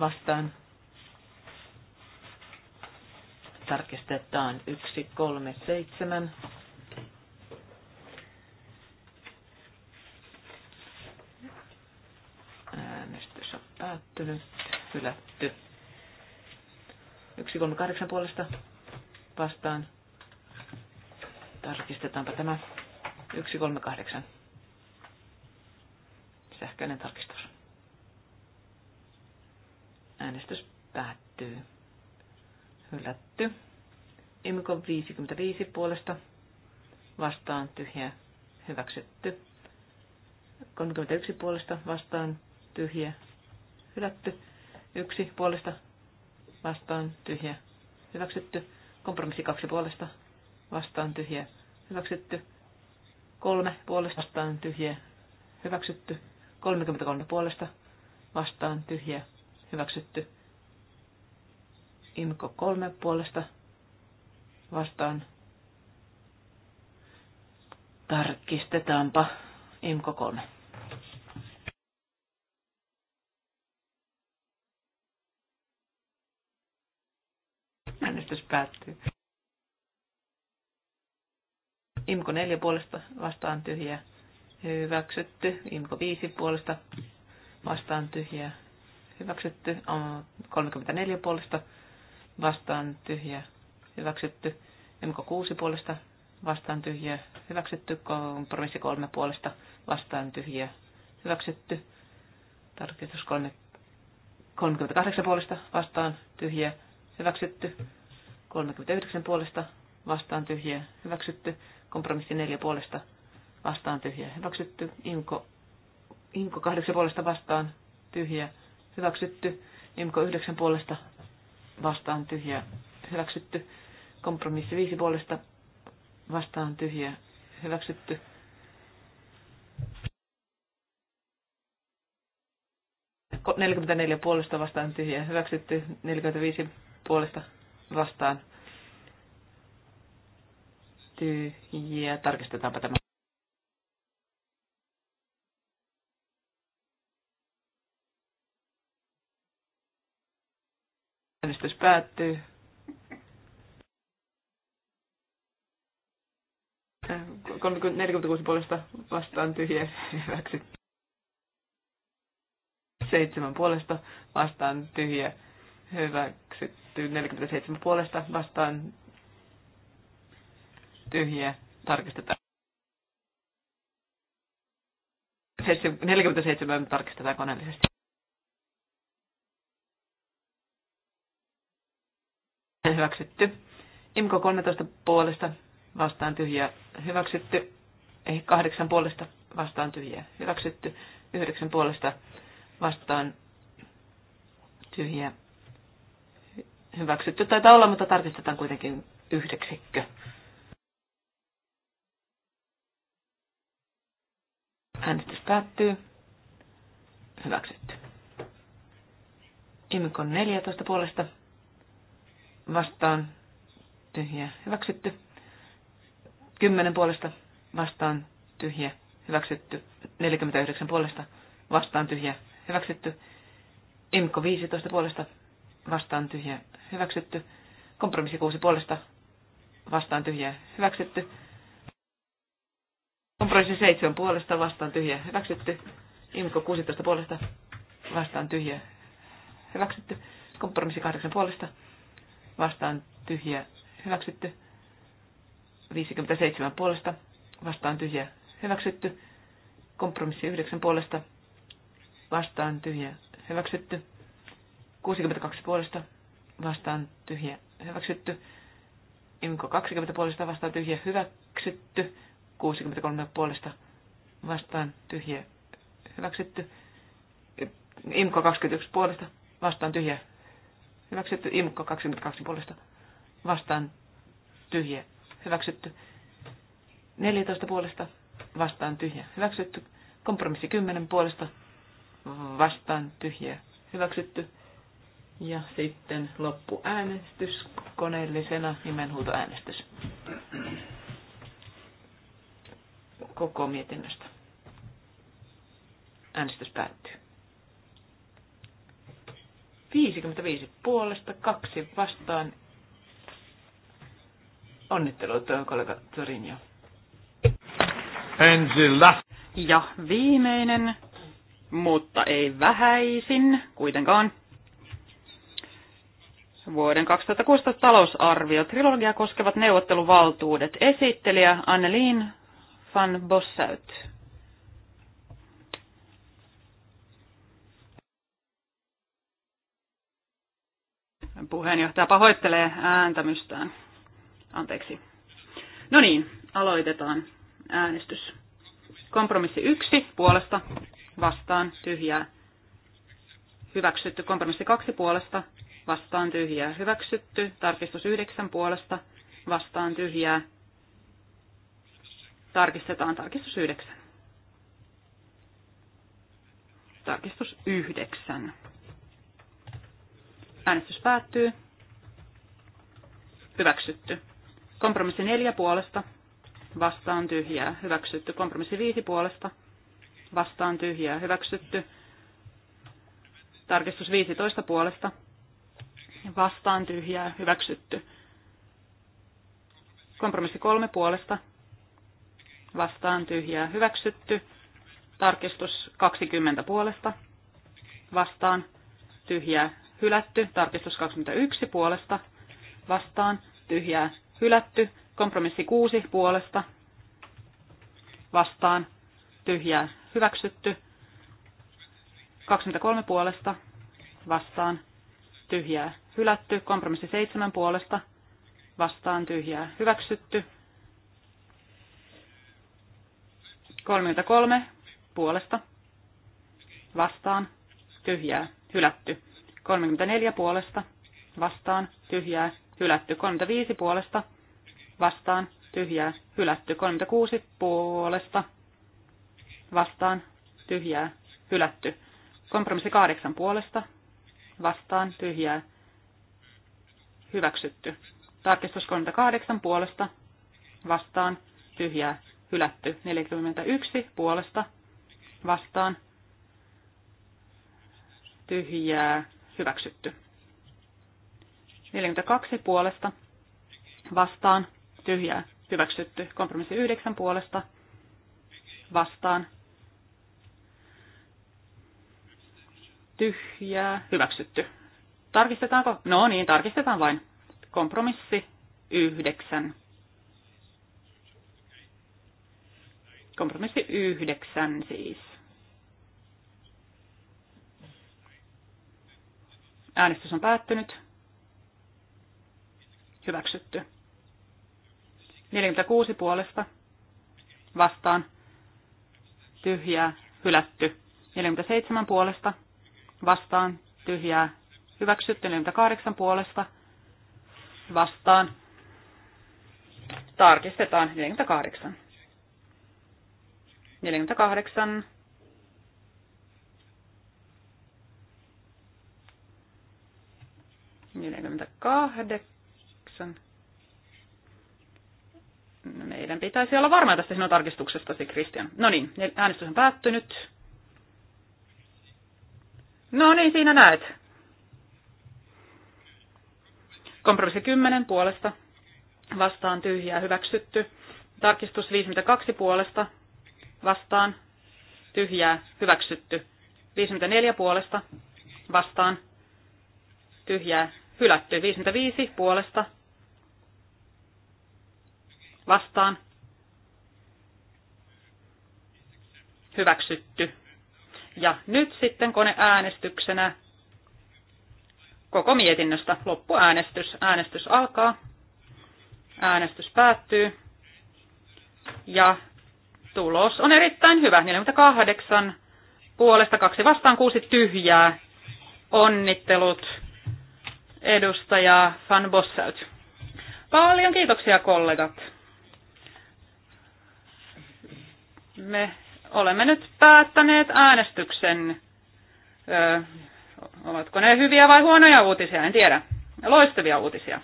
vastaan tarkistetaan 137. Äänestys on päättynyt, hylätty. 138 puolesta vastaan. Tarkistetaanpa tämä. 138. Sähköinen tarkistus. Äänestys päättyy. Hylätty. Imko 55 puolesta vastaan tyhjä hyväksytty. 31 puolesta vastaan tyhjä hylätty. 1 puolesta vastaan tyhjä hyväksytty. Kompromissi 2 puolesta vastaan tyhjä hyväksytty. 3 puolesta vastaan tyhjä hyväksytty. 33 puolesta vastaan tyhjä hyväksytty. Imko kolme puolesta vastaan. Tarkistetaanpa Imko kolme. Äänestys päättyy. Imko neljä puolesta vastaan tyhjä Hyväksytty. Imko viisi puolesta vastaan tyhjä Hyväksytty. 34 puolesta vastaan tyhjä hyväksytty. MK6 puolesta vastaan tyhjä hyväksytty. Kompromissi 3 puolesta vastaan tyhjä hyväksytty. Tarkistus 38 puolesta vastaan tyhjä hyväksytty. 39 puolesta vastaan tyhjä hyväksytty. Kompromissi 4 puolesta vastaan tyhjä hyväksytty. Inko, Inko 8 puolesta vastaan tyhjä hyväksytty. Imko 9 puolesta vastaan tyhjä hyväksytty. Kompromissi viisi puolesta vastaan tyhjä hyväksytty. Ko 44 puolesta vastaan tyhjä hyväksytty. 45 puolesta vastaan tyhjä Tarkistetaanpa tämä. Äänestys päättyy. Äh, 46 puolesta vastaan tyhjä hyväksyt. 7 puolesta vastaan tyhjä hyväksytty. 47 puolesta vastaan tyhjä tarkistetaan. 47 tarkistetaan koneellisesti. hyväksytty. Imko 13 puolesta vastaan tyhjää hyväksytty. Ei, 8 puolesta vastaan tyhjää hyväksytty. 9 puolesta vastaan tyhjää hyväksytty. Taitaa olla, mutta tarkistetaan kuitenkin yhdeksikkö. Äänestys päättyy. Hyväksytty. Imikon 14 puolesta vastaan tyhjä hyväksytty. Kymmenen puolesta vastaan tyhjä hyväksytty. 49 puolesta vastaan tyhjä hyväksytty. Imko 15 puolesta vastaan tyhjä hyväksytty. Kompromissi 6 puolesta vastaan tyhjä hyväksytty. Kompromissi 7 puolesta vastaan tyhjä hyväksytty. Imko 16 puolesta vastaan tyhjä hyväksytty. Kompromissi 8 puolesta vastaan tyhjä hyväksytty. 57 puolesta vastaan tyhjä hyväksytty. Kompromissi 9 puolesta vastaan tyhjä hyväksytty. 62 puolesta vastaan tyhjä hyväksytty. Imko 20 puolesta vastaan tyhjä hyväksytty. 63 puolesta vastaan tyhjä hyväksytty. Imko 21 puolesta vastaan tyhjä Hyväksytty imko 22 puolesta. Vastaan tyhjä. Hyväksytty 14 puolesta. Vastaan tyhjä. Hyväksytty kompromissi 10 puolesta. Vastaan tyhjä. Hyväksytty. Ja sitten loppuäänestys koneellisena nimenhuutoäänestys koko mietinnöstä. Äänestys päättyy. 55 puolesta, kaksi vastaan. Onnittelut, kollega Zorinjo. Ja viimeinen, mutta ei vähäisin kuitenkaan. Vuoden 2016 talousarvio. Trilogia koskevat neuvotteluvaltuudet. Esittelijä Anneliin van Bossäyt. Puheenjohtaja pahoittelee ääntämystään. Anteeksi. No niin, aloitetaan äänestys. Kompromissi yksi puolesta vastaan tyhjää. Hyväksytty. Kompromissi kaksi puolesta vastaan tyhjää. Hyväksytty. Tarkistus yhdeksän puolesta vastaan tyhjää. Tarkistetaan tarkistus yhdeksän. Tarkistus yhdeksän. Äänestys päättyy. Hyväksytty. Kompromissi neljä puolesta. Vastaan tyhjää. Hyväksytty. Kompromissi viisi puolesta. Vastaan tyhjää. Hyväksytty. Tarkistus 15 puolesta. Vastaan tyhjää. Hyväksytty. Kompromissi kolme puolesta. Vastaan tyhjää. Hyväksytty. Tarkistus 20 puolesta. Vastaan tyhjää hylätty, tarkistus 21 puolesta, vastaan, tyhjää, hylätty, kompromissi 6 puolesta, vastaan, tyhjää, hyväksytty, 23 puolesta, vastaan, tyhjää, hylätty, kompromissi 7 puolesta, vastaan, tyhjää, hyväksytty, 33 puolesta, vastaan, tyhjää, hylätty. 34 puolesta vastaan tyhjää hylätty. 35 puolesta vastaan tyhjää hylätty. 36 puolesta vastaan tyhjää hylätty. Kompromissi 8 puolesta vastaan tyhjää hyväksytty. Tarkistus 38 puolesta vastaan tyhjää hylätty. 41 puolesta vastaan tyhjää hyväksytty. 42 puolesta vastaan tyhjää hyväksytty. Kompromissi 9 puolesta vastaan tyhjää hyväksytty. Tarkistetaanko? No niin, tarkistetaan vain. Kompromissi 9. Kompromissi 9 siis. Äänestys on päättynyt. Hyväksytty. 46 puolesta. Vastaan. Tyhjää. Hylätty. 47 puolesta. Vastaan. Tyhjää. Hyväksytty. 48 puolesta. Vastaan. Tarkistetaan. 48. 48. kahdeksan. No, meidän pitäisi olla varma tästä sinun tarkistuksestasi, Christian. No niin, äänestys on päättynyt. No niin, siinä näet. Kompromissi 10 puolesta. Vastaan tyhjää hyväksytty. Tarkistus 52 puolesta. Vastaan tyhjää hyväksytty. 54 puolesta. Vastaan tyhjää hylätty. 55 puolesta vastaan hyväksytty. Ja nyt sitten äänestyksenä koko mietinnöstä loppuäänestys. Äänestys alkaa, äänestys päättyy ja tulos on erittäin hyvä. 48 puolesta, kaksi vastaan, kuusi tyhjää. Onnittelut edustaja Van Bossäyt. Paljon kiitoksia kollegat. Me olemme nyt päättäneet äänestyksen. Öö, ovatko ne hyviä vai huonoja uutisia, en tiedä. Loistavia uutisia.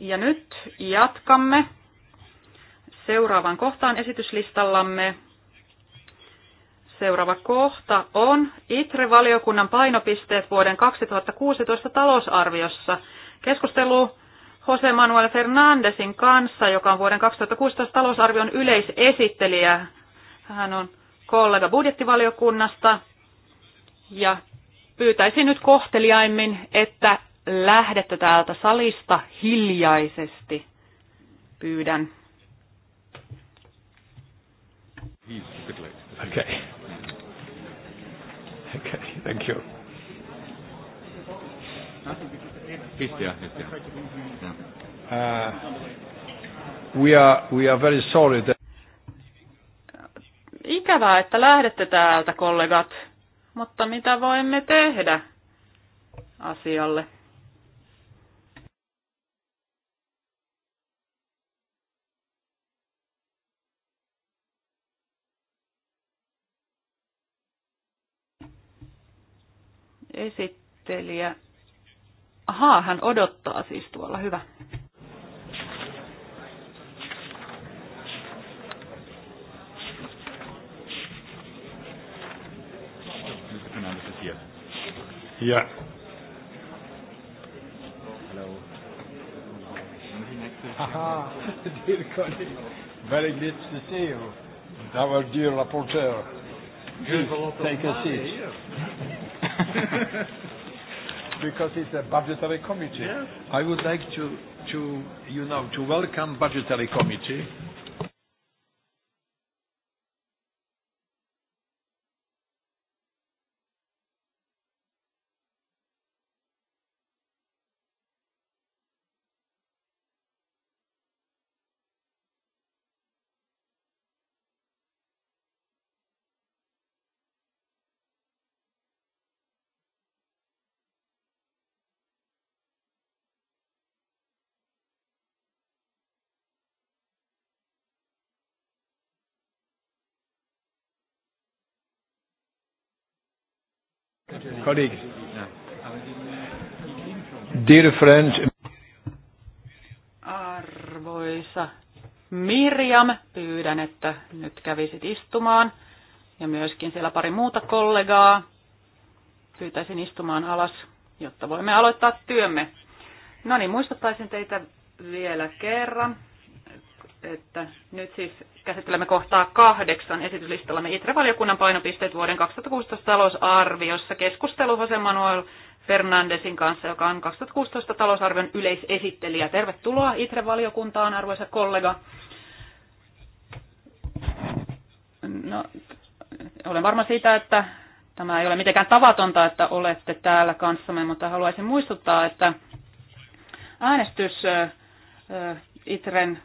Ja nyt jatkamme seuraavan kohtaan esityslistallamme. Seuraava kohta on ITRE-valiokunnan painopisteet vuoden 2016 talousarviossa. Keskustelu Jose Manuel Fernandesin kanssa, joka on vuoden 2016 talousarvion yleisesittelijä. Hän on kollega budjettivaliokunnasta ja pyytäisin nyt kohteliaimmin, että lähdette täältä salista hiljaisesti. Pyydän. Okay. Okay, thank you. Christian, uh, we are very sorry that... Ikävää, että lähdette täältä, kollegat. Mutta mitä voimme tehdä asialle? esittelijä. Ahaa, hän odottaa siis tuolla. Hyvä. Ja. Hello. Very good to see you. Our dear rapporteur. Please take a seat. because it's a budgetary committee. Yes. I would like to, to, you know, to welcome budgetary committee Kollege. Dear friends, Arvoisa Mirjam, pyydän, että nyt kävisit istumaan. Ja myöskin siellä pari muuta kollegaa. Pyytäisin istumaan alas, jotta voimme aloittaa työmme. No niin, muistuttaisin teitä vielä kerran että nyt siis käsittelemme kohtaa kahdeksan esityslistallamme ITRE-valiokunnan painopisteet vuoden 2016 talousarviossa. Keskustelu Jose Manuel Fernandesin kanssa, joka on 2016 talousarvion yleisesittelijä. Tervetuloa ITRE-valiokuntaan, arvoisa kollega. No, olen varma siitä, että tämä ei ole mitenkään tavatonta, että olette täällä kanssamme, mutta haluaisin muistuttaa, että äänestys ITREn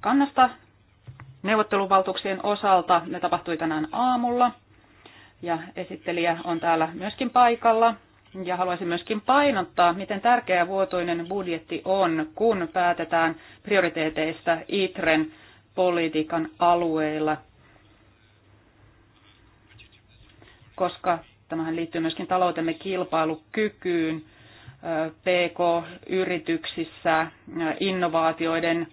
kannasta neuvotteluvaltuuksien osalta. Ne tapahtui tänään aamulla ja esittelijä on täällä myöskin paikalla. Ja haluaisin myöskin painottaa, miten tärkeä vuotoinen budjetti on, kun päätetään prioriteeteista ITREN politiikan alueilla, koska tämähän liittyy myöskin taloutemme kilpailukykyyn, PK-yrityksissä, innovaatioiden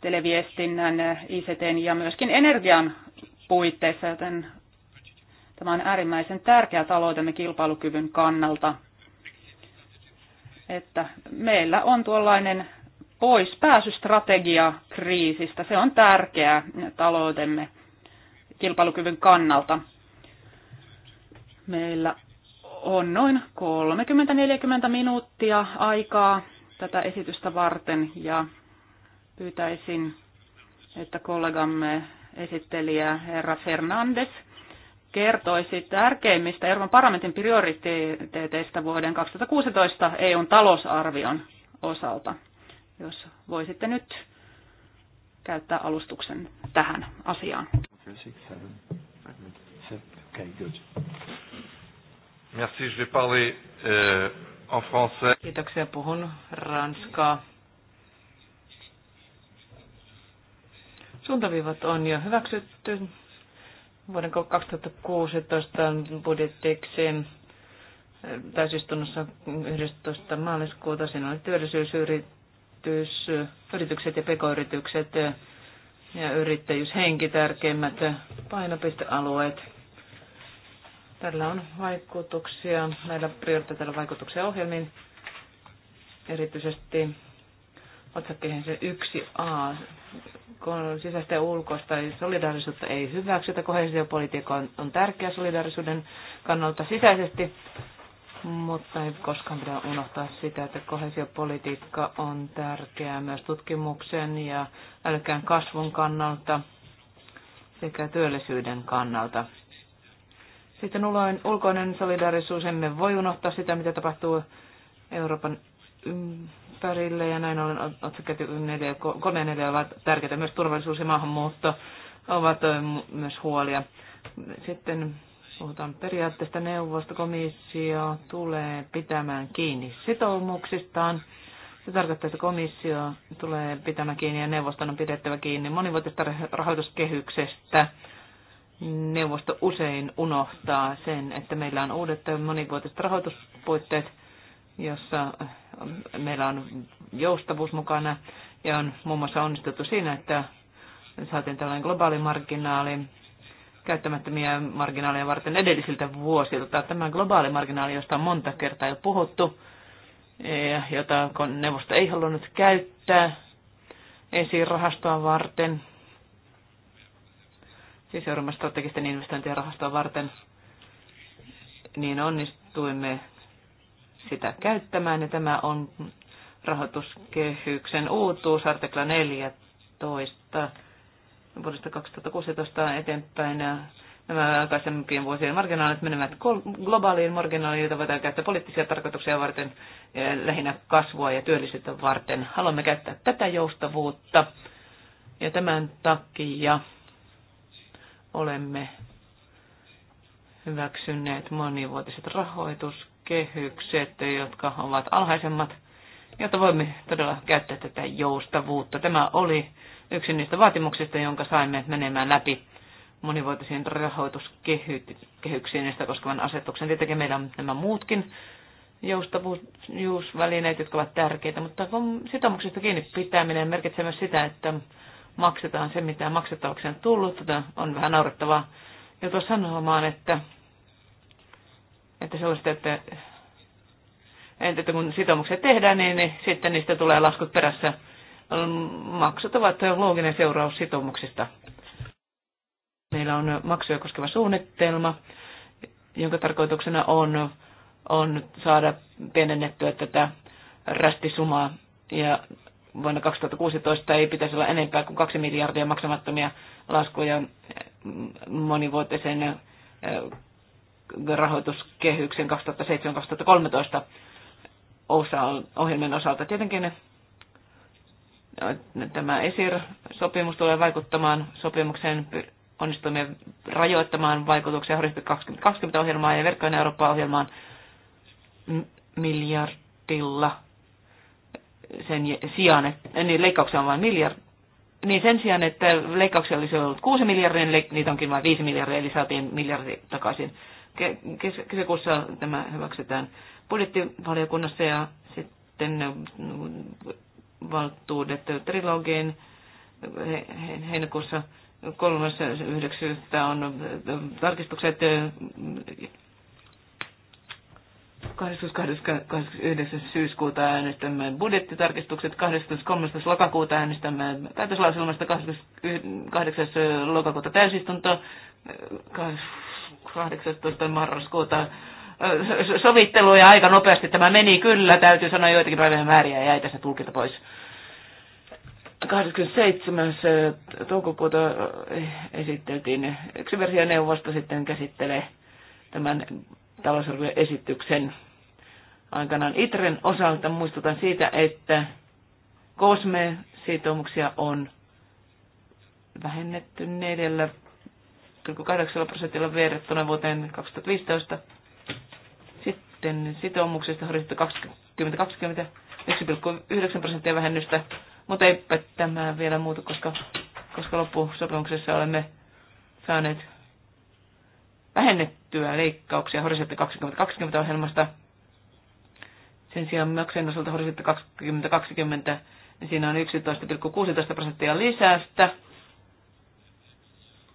televiestinnän, ICT ja myöskin energian puitteissa, joten tämä on äärimmäisen tärkeä taloutemme kilpailukyvyn kannalta, että meillä on tuollainen pois pääsystrategia kriisistä. Se on tärkeää taloutemme kilpailukyvyn kannalta. Meillä on noin 30-40 minuuttia aikaa tätä esitystä varten ja Pyytäisin, että kollegamme esittelijä herra Fernandes kertoisi tärkeimmistä Euroopan parlamentin prioriteeteista vuoden 2016 EUn talousarvion osalta. Jos voisitte nyt käyttää alustuksen tähän asiaan. Euh, Kiitoksia, puhun ranskaa. Suuntaviivat on jo hyväksytty vuoden 2016 budjettiksi eh, täysistunnossa 11. maaliskuuta. Siinä oli työllisyysyritys, yritykset ja pekoyritykset eh, ja yrittäjyyshenki tärkeimmät eh, painopistealueet. Tällä on vaikutuksia, näillä prioriteetilla vaikutuksia ohjelmiin, erityisesti otsakkeeseen se yksi a kun sisäistä ja ulkoista solidaarisuutta ei hyväksytä. Kohesiopolitiikka on, on tärkeä solidaarisuuden kannalta sisäisesti, mutta ei koskaan pidä unohtaa sitä, että kohesiopolitiikka on tärkeää myös tutkimuksen ja älykään kasvun kannalta sekä työllisyyden kannalta. Sitten ulkoinen solidaarisuus, emme voi unohtaa sitä, mitä tapahtuu Euroopan ympärille ja näin ollen otsakkeet 3 ja 4 ovat tärkeitä. Myös turvallisuus ja maahanmuutto ovat myös huolia. Sitten puhutaan periaatteesta neuvosta. Komissio tulee pitämään kiinni sitoumuksistaan. Se tarkoittaa, että komissio tulee pitämään kiinni ja neuvoston on pidettävä kiinni monivuotisesta rahoituskehyksestä. Neuvosto usein unohtaa sen, että meillä on uudet monivuotiset rahoituspuitteet – jossa meillä on joustavuus mukana ja on muun muassa onnistuttu siinä, että saatiin tällainen globaali marginaali käyttämättömiä marginaaleja varten edellisiltä vuosilta. Tämä globaali marginaali, josta on monta kertaa jo puhuttu, eh, jota neuvosto ei halunnut käyttää esirahastoa varten, siis Euroopan strategisten investointien rahastoa varten, niin onnistuimme sitä käyttämään. Ja tämä on rahoituskehyksen uutuus, artikla 14 vuodesta 2016 eteenpäin. ja Nämä aikaisempien vuosien marginaalit menevät globaaliin marginaaliin, jota voidaan käyttää poliittisia tarkoituksia varten, lähinnä kasvua ja työllisyyttä varten. Haluamme käyttää tätä joustavuutta ja tämän takia olemme hyväksyneet monivuotiset rahoitus kehykset, jotka ovat alhaisemmat, jotta voimme todella käyttää tätä joustavuutta. Tämä oli yksi niistä vaatimuksista, jonka saimme menemään läpi monivuotisiin rahoituskehyksiin niistä koskevan asetuksen. Tietenkin meillä on nämä muutkin joustavuusvälineet, jotka ovat tärkeitä, mutta sitoumuksista kiinni pitäminen merkitsee myös sitä, että maksetaan se, mitä maksettavaksi on tullut. Tätä on vähän naurettavaa joutua sanomaan, että että sellaista, että, että kun sitoumukset tehdään, niin, niin sitten niistä tulee laskut perässä. Maksut ovat looginen seuraus sitoumuksista. Meillä on maksuja koskeva suunnitelma, jonka tarkoituksena on, on saada pienennettyä tätä rästisumaa. Ja vuonna 2016 ei pitäisi olla enempää kuin 2 miljardia maksamattomia laskuja monivuotisen rahoituskehyksen 2007-2013 ohjelmien osalta. Tietenkin tämä ESIR-sopimus tulee vaikuttamaan sopimukseen onnistuminen rajoittamaan vaikutuksia Horisontti 2020 ohjelmaan ja Verkkojen Eurooppa-ohjelmaan miljardilla sen sijaan, että niin leikkauksia on vain miljard, niin sen sijaan, että leikkauksia olisi ollut 6 miljardia, niin niitä onkin vain 5 miljardia, eli saatiin miljardi takaisin kesäkuussa tämä hyväksytään budjettivaliokunnassa ja sitten mm, valtuudet trilogiin heinäkuussa 3.9. on mm, tarkistukset 29. Mm, syyskuuta äänestämme budjettitarkistukset, 23. lokakuuta äänestämme päätöslauselmasta, 28. lokakuuta täysistunto, 18. marraskuuta sovittelu ja aika nopeasti tämä meni kyllä, täytyy sanoa joitakin päivien määriä ja jäi tästä tulkinta pois. 27. Eh, toukokuuta eh, esiteltiin yksi versio neuvosto sitten käsittelee tämän talousarvion esityksen aikanaan ITREN osalta. Muistutan siitä, että COSME-sitoumuksia on vähennetty neljällä 0,8 prosentilla verrattuna vuoteen 2015. Sitten sitoumuksesta horisontti 2020 1,9 prosenttia vähennystä, mutta eipä tämä vielä muutu, koska, koska loppusopimuksessa olemme saaneet vähennettyä leikkauksia horisontti 2020 ohjelmasta. Sen sijaan maksujen osalta horisontti 2020, niin siinä on 11,16 prosenttia lisäystä,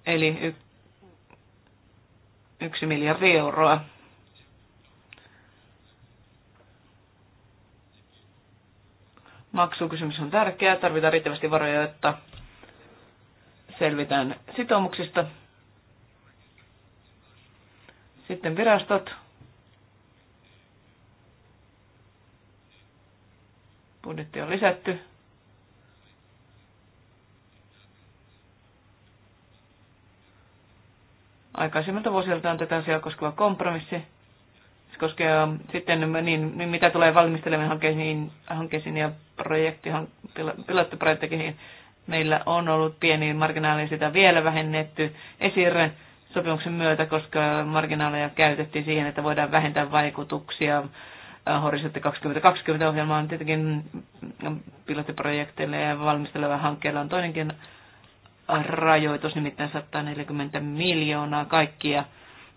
eli 1 miljardi euroa. Maksukysymys on tärkeä, tarvitaan riittävästi varoja, jotta selvitään sitoumuksista. Sitten virastot. Budjetti on lisätty. aikaisemmilta vuosilta on tätä asiaa koskeva kompromissi. Se koskee ähm, sitten, niin, niin mitä tulee valmistelemaan hankkeisiin, hankkeisiin ja projektihan, pilottiprojekteihin, niin meillä on ollut pieni marginaali, sitä vielä vähennetty esirre sopimuksen myötä, koska marginaaleja käytettiin siihen, että voidaan vähentää vaikutuksia äh, Horisontti 2020 ohjelmaan tietenkin mm, pilottiprojekteille ja valmistelevan hankkeella on toinenkin rajoitus, nimittäin 140 miljoonaa kaikkia,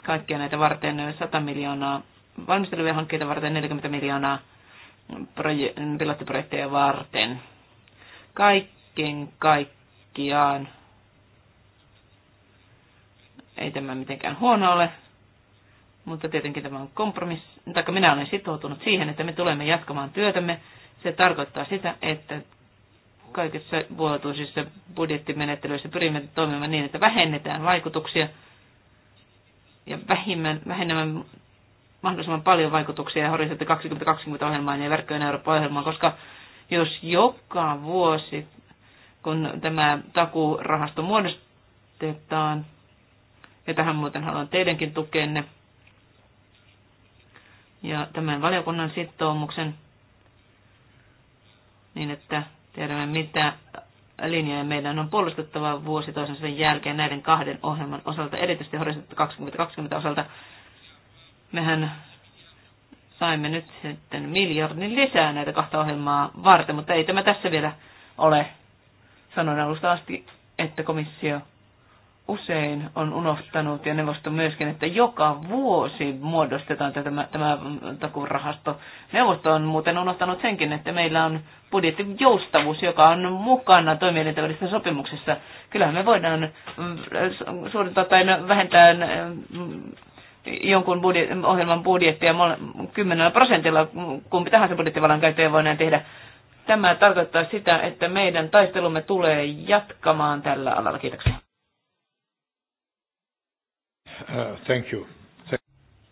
kaikkia näitä varten, 100 miljoonaa valmisteluja hankkeita varten, 40 miljoonaa proje- pilottiprojekteja varten. Kaikkien kaikkiaan ei tämä mitenkään huono ole, mutta tietenkin tämä on kompromissi, tai minä olen sitoutunut siihen, että me tulemme jatkamaan työtämme. Se tarkoittaa sitä, että kaikissa vuotuisissa budjettimenettelyissä pyrimme toimimaan niin, että vähennetään vaikutuksia ja vähimmän, vähennämään mahdollisimman paljon vaikutuksia Horisontti 2020 ohjelmaan ja Verkkojen Eurooppa-ohjelmaan, koska jos joka vuosi, kun tämä takuurahasto muodostetaan, ja tähän muuten haluan teidänkin tukenne, ja tämän valiokunnan sitoumuksen, niin että Tiedämme, mitä linjoja meidän on puolustettava vuosi toisensa jälkeen näiden kahden ohjelman osalta, erityisesti Horisontti 2020 osalta. Mehän saimme nyt sitten miljardin lisää näitä kahta ohjelmaa varten, mutta ei tämä tässä vielä ole. Sanoin alusta asti, että komissio usein on unohtanut, ja neuvosto myöskin, että joka vuosi muodostetaan tämä, tämä takurahasto. Neuvosto on muuten unohtanut senkin, että meillä on budjettijoustavuus, joka on mukana toimielintävälisessä sopimuksessa. Kyllähän me voidaan mm, suorittaa tai vähentää mm, jonkun budjet, ohjelman budjettia 10 prosentilla, kumpi tahansa budjettivallan käyttäjä voi tehdä. Tämä tarkoittaa sitä, että meidän taistelumme tulee jatkamaan tällä alalla. Kiitoksia. Uh, thank you.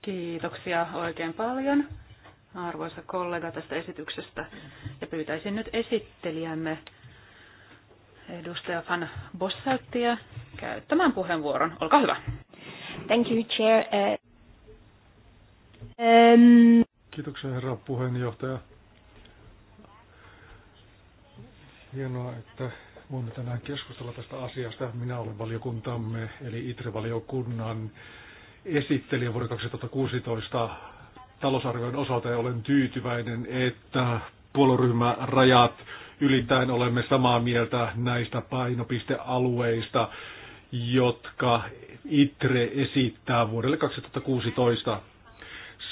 Kiitoksia oikein paljon arvoisa kollega tästä esityksestä ja pyytäisin nyt esittelijämme edustaja Van Bosseltia käyttämään puheenvuoron. Olkaa hyvä. Thank you, Chair. Uh, um... Kiitoksia, herra puheenjohtaja. Hienoa, että voimme tänään keskustella tästä asiasta. Minä olen valiokuntamme, eli ITRE-valiokunnan esittelijä vuoden 2016 talousarvion osalta ja olen tyytyväinen, että puolueryhmärajat ylittäen olemme samaa mieltä näistä painopistealueista, jotka ITRE esittää vuodelle 2016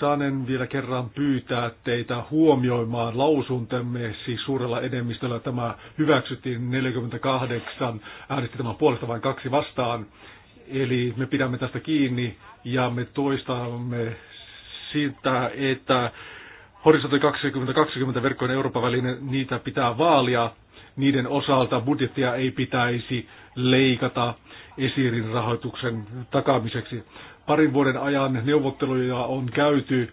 saanen vielä kerran pyytää teitä huomioimaan lausuntemme, siis suurella enemmistöllä tämä hyväksyttiin 48, äänesti tämän puolesta vain kaksi vastaan. Eli me pidämme tästä kiinni ja me toistamme sitä, että Horisontti 2020 verkkojen Euroopan väline, niitä pitää vaalia. Niiden osalta budjettia ei pitäisi leikata esirin rahoituksen takaamiseksi. Parin vuoden ajan neuvotteluja on käyty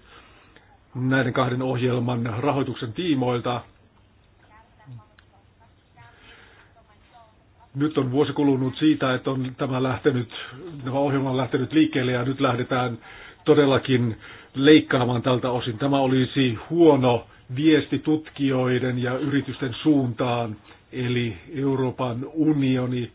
näiden kahden ohjelman rahoituksen tiimoilta. Nyt on vuosi kulunut siitä, että on tämä, lähtenyt, tämä ohjelma on lähtenyt liikkeelle ja nyt lähdetään todellakin leikkaamaan tältä osin. Tämä olisi huono viesti tutkijoiden ja yritysten suuntaan, eli Euroopan unioni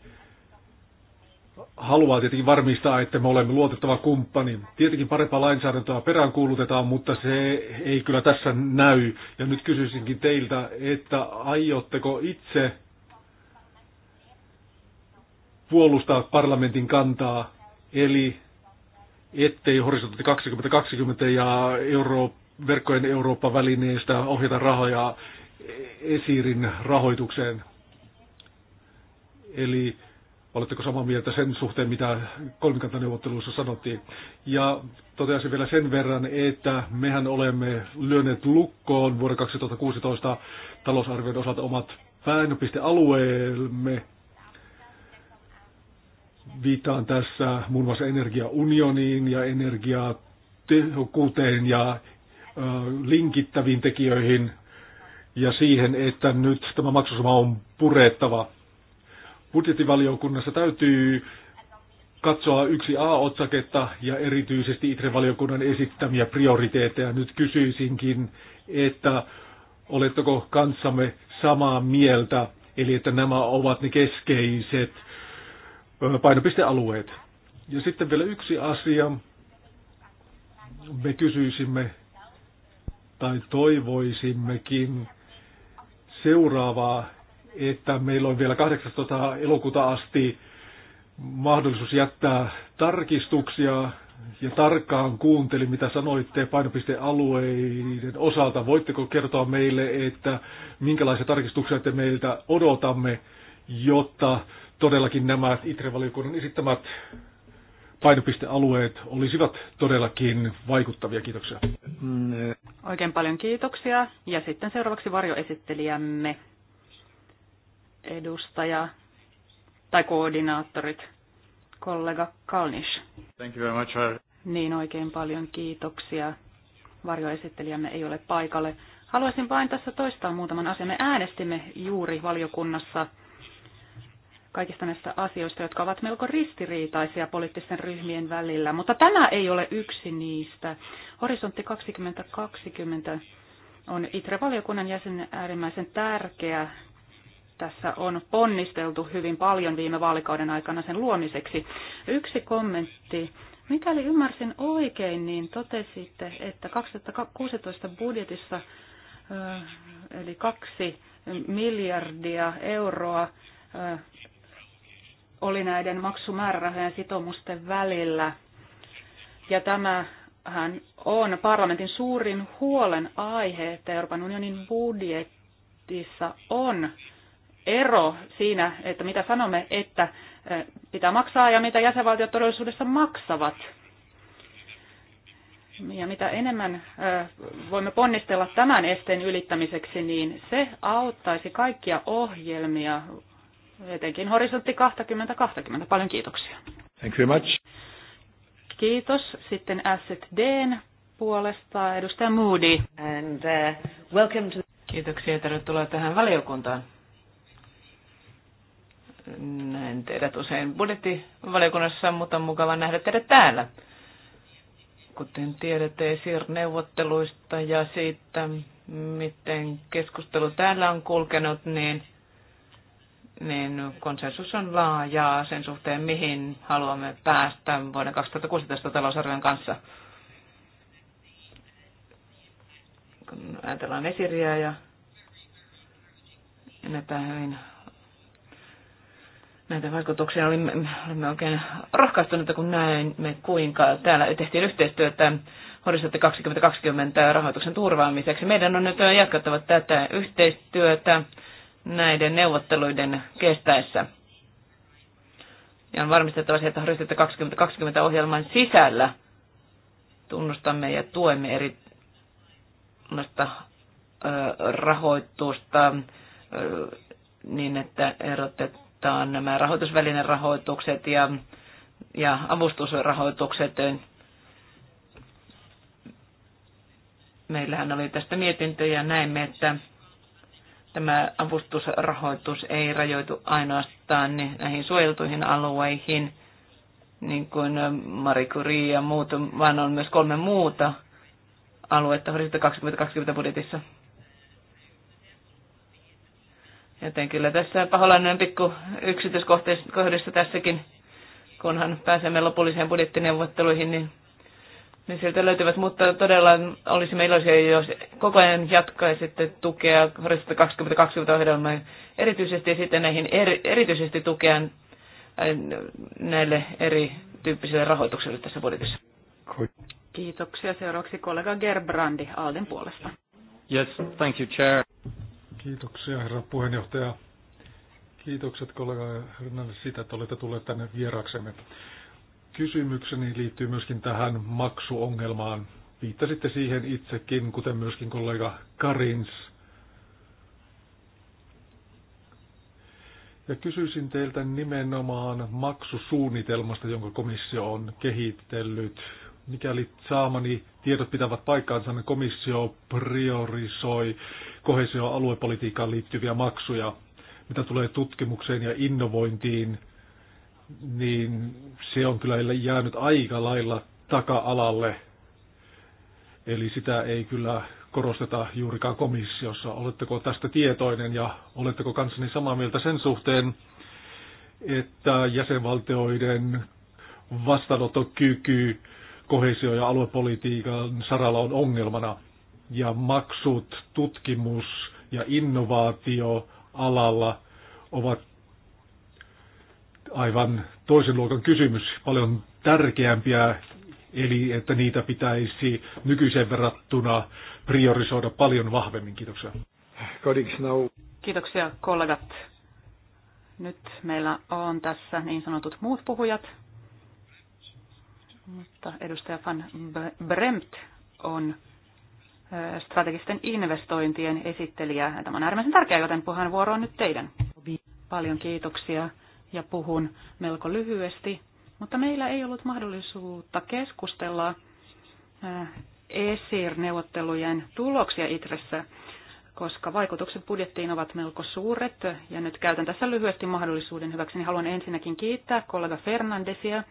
haluaa tietenkin varmistaa, että me olemme luotettava kumppani. Tietenkin parempaa lainsäädäntöä peräänkuulutetaan, mutta se ei kyllä tässä näy. Ja nyt kysyisinkin teiltä, että aiotteko itse puolustaa parlamentin kantaa, eli ettei horisontti 2020 ja Euro, verkkojen Eurooppa-välineestä ohjata rahoja e-, esirin rahoitukseen. Eli Oletteko samaa mieltä sen suhteen, mitä kolmikantaneuvotteluissa sanottiin? Ja toteaisin vielä sen verran, että mehän olemme lyöneet lukkoon vuoden 2016 talousarvion osalta omat painopistealueemme. Viitaan tässä muun muassa energiaunioniin ja energiatehokkuuteen ja linkittäviin tekijöihin ja siihen, että nyt tämä maksusuma on purettava. Budjettivaliokunnassa täytyy katsoa yksi A-otsaketta ja erityisesti ITRE-valiokunnan esittämiä prioriteetteja. Nyt kysyisinkin, että oletteko kanssamme samaa mieltä, eli että nämä ovat ne keskeiset painopistealueet. Ja sitten vielä yksi asia. Me kysyisimme tai toivoisimmekin seuraavaa että meillä on vielä 18. elokuuta asti mahdollisuus jättää tarkistuksia ja tarkkaan kuuntelin, mitä sanoitte painopistealueiden osalta. Voitteko kertoa meille, että minkälaisia tarkistuksia te meiltä odotamme, jotta todellakin nämä ITRE-valiokunnan esittämät painopistealueet olisivat todellakin vaikuttavia. Kiitoksia. Oikein paljon kiitoksia. Ja sitten seuraavaksi varjoesittelijämme edustaja tai koordinaattorit, kollega Kalnish. Thank you very much. Niin oikein paljon kiitoksia. Varjoesittelijämme ei ole paikalle. Haluaisin vain tässä toistaa muutaman asian. Me äänestimme juuri valiokunnassa kaikista näistä asioista, jotka ovat melko ristiriitaisia poliittisten ryhmien välillä, mutta tämä ei ole yksi niistä. Horisontti 2020 on ITRE-valiokunnan jäsen äärimmäisen tärkeä tässä on ponnisteltu hyvin paljon viime vaalikauden aikana sen luomiseksi. Yksi kommentti. Mikäli ymmärsin oikein, niin totesitte, että 2016 budjetissa eli kaksi miljardia euroa oli näiden maksumäärärahojen sitoumusten välillä. Ja tämähän on parlamentin suurin huolen aihe, että Euroopan unionin budjetissa on ero siinä, että mitä sanomme, että eh, pitää maksaa ja mitä jäsenvaltiot todellisuudessa maksavat. Ja mitä enemmän eh, voimme ponnistella tämän esteen ylittämiseksi, niin se auttaisi kaikkia ohjelmia, etenkin Horisontti 2020. Paljon kiitoksia. Thank you very much. Kiitos. Sitten SDn puolesta edustaja Moody. And, uh, welcome to... Kiitoksia ja tervetuloa tähän valiokuntaan näen teidät usein budjettivaliokunnassa, mutta on mukava nähdä teidät täällä. Kuten tiedätte, esir neuvotteluista ja siitä, miten keskustelu täällä on kulkenut, niin, niin konsensus on laaja sen suhteen, mihin haluamme päästä vuoden 2016 talousarvion kanssa. Kun ajatellaan esiriä ja näitä hyvin näitä vaikutuksia. Olimme, olimme oikein rohkaistuneita, kun näimme, kuinka täällä tehtiin yhteistyötä Horisontti 2020 rahoituksen turvaamiseksi. Meidän on nyt jatkattava tätä yhteistyötä näiden neuvotteluiden kestäessä. Ja on varmistettava se, että Horisontti 2020 ohjelman sisällä tunnustamme ja tuemme eri rahoitusta niin, että erotet, tarvitaan nämä rahoitusvälinen rahoitukset ja, ja avustusrahoitukset. Meillähän oli tästä mietintö ja näimme, että tämä avustusrahoitus ei rajoitu ainoastaan näihin suojeltuihin alueihin, niin kuin Marie Curie ja muut, vaan on myös kolme muuta aluetta 2020 budjetissa. Joten kyllä tässä paholainen pikku yksityiskohdista tässäkin, kunhan pääsemme lopulliseen budjettineuvotteluihin, niin, niin sieltä löytyvät. Mutta todella olisimme iloisia, jos koko ajan jatkaisitte tukea Horisontti 2020 ohjelmaa, erityisesti sitten näihin eri, erityisesti tukea äh, näille eri tyyppisille rahoituksille tässä budjetissa. Kiitoksia. Seuraavaksi kollega Gerbrandi Aalden puolesta. Yes, thank you, Chair. Kiitoksia herra puheenjohtaja. Kiitokset kollega Hernalle siitä, että olette tulleet tänne vieraksemme. Kysymykseni liittyy myöskin tähän maksuongelmaan. Viittasitte siihen itsekin, kuten myöskin kollega Karins. Ja kysyisin teiltä nimenomaan maksusuunnitelmasta, jonka komissio on kehitellyt Mikäli saamani tiedot pitävät paikkaansa, niin komissio priorisoi kohesio- aluepolitiikkaan liittyviä maksuja. Mitä tulee tutkimukseen ja innovointiin, niin se on kyllä jäänyt aika lailla taka-alalle. Eli sitä ei kyllä korosteta juurikaan komissiossa. Oletteko tästä tietoinen ja oletteko kanssani samaa mieltä sen suhteen, että jäsenvaltioiden vastaanottokyky kohesio- ja aluepolitiikan saralla on ongelmana. Ja maksut, tutkimus ja innovaatio alalla ovat aivan toisen luokan kysymys, paljon tärkeämpiä, eli että niitä pitäisi nykyiseen verrattuna priorisoida paljon vahvemmin. Kiitoksia. Kiitoksia kollegat. Nyt meillä on tässä niin sanotut muut puhujat. Mutta edustaja Van Bremt on strategisten investointien esittelijä. Tämä on äärimmäisen tärkeä, joten puheenvuoro on nyt teidän. Paljon kiitoksia ja puhun melko lyhyesti, mutta meillä ei ollut mahdollisuutta keskustella ESIR-neuvottelujen tuloksia Itressä, koska vaikutukset budjettiin ovat melko suuret. Ja nyt käytän tässä lyhyesti mahdollisuuden hyväkseni. Haluan ensinnäkin kiittää kollega Fernandesia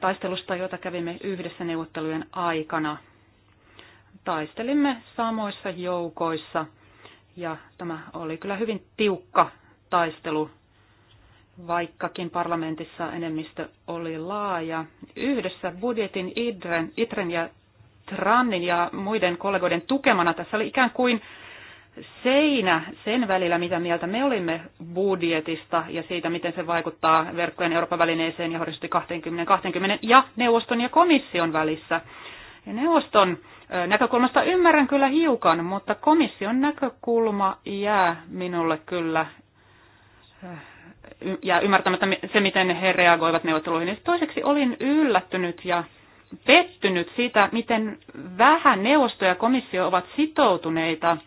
taistelusta, jota kävimme yhdessä neuvottelujen aikana. Taistelimme samoissa joukoissa ja tämä oli kyllä hyvin tiukka taistelu, vaikkakin parlamentissa enemmistö oli laaja. Yhdessä budjetin Idren, idren ja Trannin ja muiden kollegoiden tukemana tässä oli ikään kuin seinä sen välillä, mitä mieltä me olimme budjetista ja siitä, miten se vaikuttaa verkkojen Euroopan välineeseen ja horisontti 20, 20 ja neuvoston ja komission välissä. Ja neuvoston näkökulmasta ymmärrän kyllä hiukan, mutta komission näkökulma jää minulle kyllä ja ymmärtämättä se, miten he reagoivat neuvotteluihin. Ja toiseksi olin yllättynyt ja pettynyt siitä, miten vähän neuvosto ja komissio ovat sitoutuneita –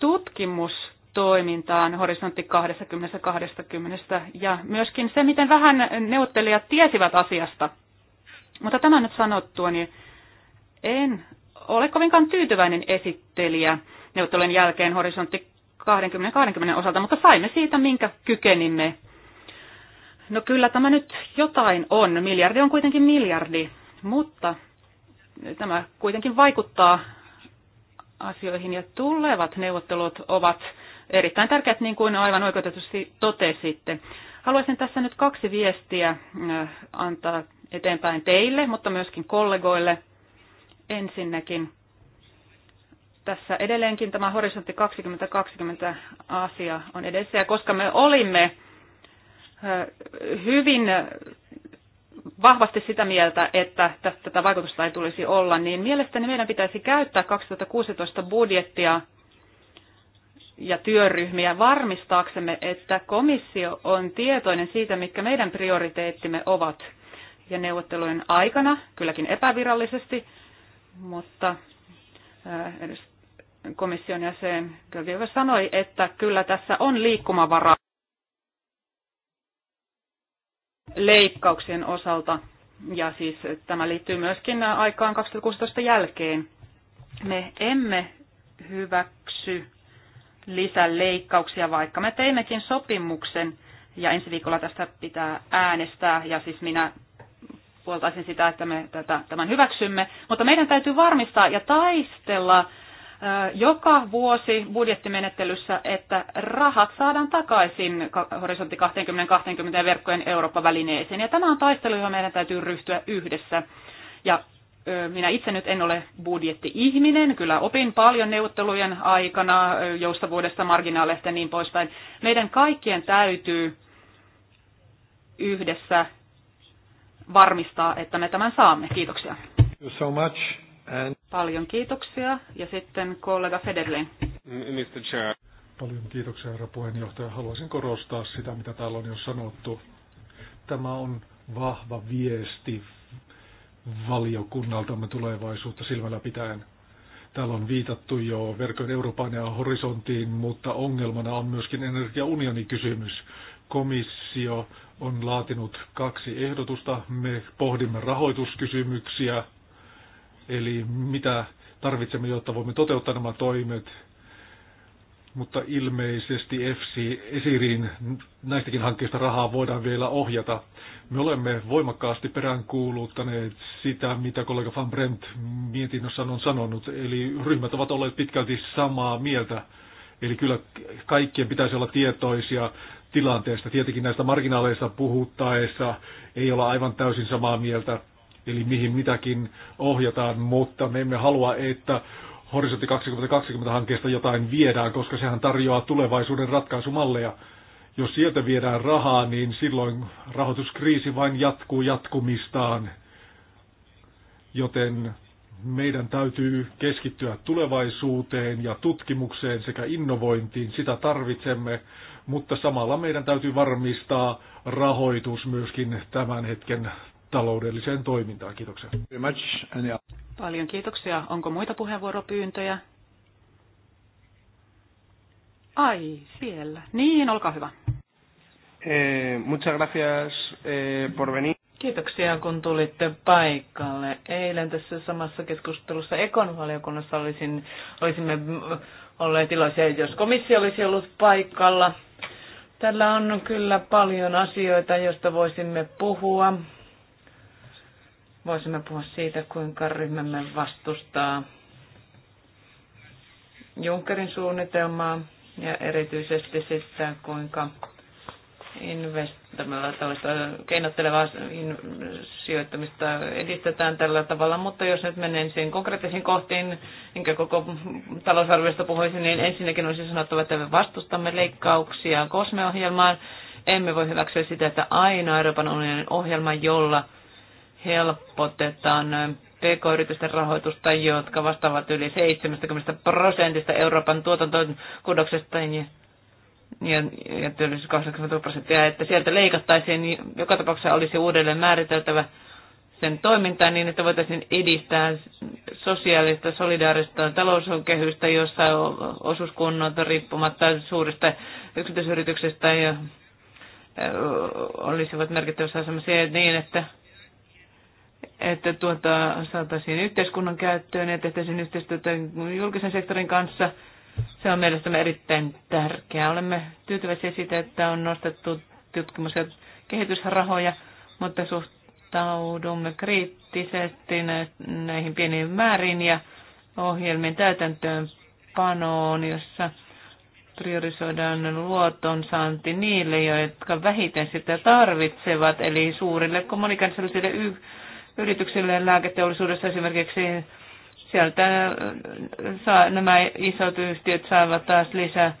tutkimustoimintaan horisontti 2020, ja myöskin se, miten vähän neuvottelijat tiesivät asiasta. Mutta tämä nyt sanottua, niin en ole kovinkaan tyytyväinen esittelijä neuvottelujen jälkeen horisontti 2020 osalta, mutta saimme siitä, minkä kykenimme. No kyllä tämä nyt jotain on. Miljardi on kuitenkin miljardi, mutta tämä kuitenkin vaikuttaa asioihin ja tulevat neuvottelut ovat erittäin tärkeät, niin kuin aivan oikeutetusti totesitte. Haluaisin tässä nyt kaksi viestiä äh, antaa eteenpäin teille, mutta myöskin kollegoille. Ensinnäkin tässä edelleenkin tämä horisontti 2020 asia on edessä, ja koska me olimme äh, hyvin vahvasti sitä mieltä, että tätä vaikutusta ei tulisi olla, niin mielestäni meidän pitäisi käyttää 2016 budjettia ja työryhmiä varmistaaksemme, että komissio on tietoinen siitä, mitkä meidän prioriteettimme ovat. Ja neuvottelujen aikana, kylläkin epävirallisesti, mutta äh, komission jäsen Gölgiöva sanoi, että kyllä tässä on liikkumavaraa. leikkauksien osalta. Ja siis tämä liittyy myöskin aikaan 2016 jälkeen. Me emme hyväksy lisäleikkauksia, vaikka me teimmekin sopimuksen ja ensi viikolla tästä pitää äänestää ja siis minä puoltaisin sitä, että me tätä, tämän hyväksymme, mutta meidän täytyy varmistaa ja taistella joka vuosi budjettimenettelyssä, että rahat saadaan takaisin horisontti 2020 ja verkkojen Eurooppa-välineeseen. Ja tämä on taistelu, johon meidän täytyy ryhtyä yhdessä. Ja minä itse nyt en ole budjetti-ihminen, kyllä opin paljon neuvottelujen aikana, joustavuudesta, marginaaleista ja niin poispäin. Meidän kaikkien täytyy yhdessä varmistaa, että me tämän saamme. Kiitoksia. so much. Paljon kiitoksia. Ja sitten kollega Federlin. Mr. Chair. Paljon kiitoksia, herra puheenjohtaja. Haluaisin korostaa sitä, mitä täällä on jo sanottu. Tämä on vahva viesti valiokunnaltamme tulevaisuutta silmällä pitäen. Täällä on viitattu jo verkon Euroopan ja horisonttiin, mutta ongelmana on myöskin energiaunionikysymys. Komissio on laatinut kaksi ehdotusta. Me pohdimme rahoituskysymyksiä Eli mitä tarvitsemme, jotta voimme toteuttaa nämä toimet, mutta ilmeisesti FC Esiriin näistäkin hankkeista rahaa voidaan vielä ohjata. Me olemme voimakkaasti peräänkuuluttaneet sitä, mitä kollega Van Brent mietinnössään on sanonut, eli ryhmät ovat olleet pitkälti samaa mieltä. Eli kyllä kaikkien pitäisi olla tietoisia tilanteesta. Tietenkin näistä marginaaleista puhuttaessa ei olla aivan täysin samaa mieltä eli mihin mitäkin ohjataan, mutta me emme halua, että Horisontti 2020-hankkeesta jotain viedään, koska sehän tarjoaa tulevaisuuden ratkaisumalleja. Jos sieltä viedään rahaa, niin silloin rahoituskriisi vain jatkuu jatkumistaan. Joten meidän täytyy keskittyä tulevaisuuteen ja tutkimukseen sekä innovointiin. Sitä tarvitsemme, mutta samalla meidän täytyy varmistaa rahoitus myöskin tämän hetken taloudelliseen toimintaan. Kiitoksia. Paljon kiitoksia. Onko muita puheenvuoropyyntöjä? Ai, siellä. Niin, olkaa hyvä. Eh, muchas gracias eh, por venir. Kiitoksia, kun tulitte paikalle. Eilen tässä samassa keskustelussa Ekon valiokunnassa olisin, olisimme olleet iloisia, jos komissio olisi ollut paikalla. Tällä on kyllä paljon asioita, joista voisimme puhua voisimme puhua siitä, kuinka ryhmämme vastustaa Junckerin suunnitelmaa ja erityisesti sitä, kuinka investoimalla tällaista keinottelevaa sijoittamista edistetään tällä tavalla, mutta jos nyt menen siihen konkreettisiin kohtiin, enkä koko talousarviosta puhuisin, niin ensinnäkin olisi sanottava, että me vastustamme leikkauksia kosmeohjelmaan. Emme voi hyväksyä sitä, että aina Euroopan unionin ohjelma, jolla helpotetaan pk-yritysten rahoitusta, jotka vastaavat yli 70 prosentista Euroopan tuotantokudoksesta ja, ja, ja työllisyys 80 prosenttia, että sieltä leikattaisiin, niin joka tapauksessa olisi uudelleen määriteltävä sen toimintaa niin, että voitaisiin edistää sosiaalista, solidaarista talouskehystä, jossa osuuskunnat riippumatta suurista yksityisyrityksistä ja olisivat merkittävässä asemassa niin, että että tuota, saataisiin yhteiskunnan käyttöön ja tehtäisiin yhteistyötä julkisen sektorin kanssa. Se on mielestäni erittäin tärkeää. Olemme tyytyväisiä siitä, että on nostettu tutkimus- ja kehitysrahoja, mutta suhtaudumme kriittisesti näihin pieniin määriin ja ohjelmien täytäntöönpanoon, jossa priorisoidaan saanti niille, jotka vähiten sitä tarvitsevat, eli suurille kommunikansallisille y- yrityksille lääketeollisuudessa esimerkiksi sieltä äh, saa, nämä isot yhtiöt saavat taas lisää,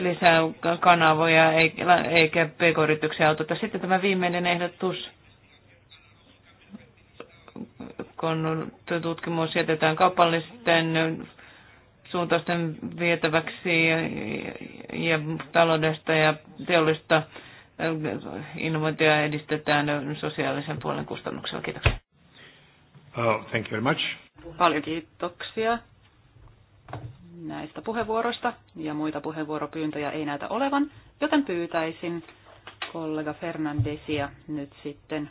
lisää kanavoja eikä pk-yrityksiä auteta. Sitten tämä viimeinen ehdotus, kun tutkimus jätetään kaupallisten suuntausten vietäväksi ja, ja taloudesta ja teollista äh, innovointia edistetään sosiaalisen puolen kustannuksella. Kiitoksia. Oh, thank you very much. Paljon kiitoksia näistä puheenvuoroista ja muita puheenvuoropyyntöjä ei näytä olevan, joten pyytäisin kollega Fernandesia nyt sitten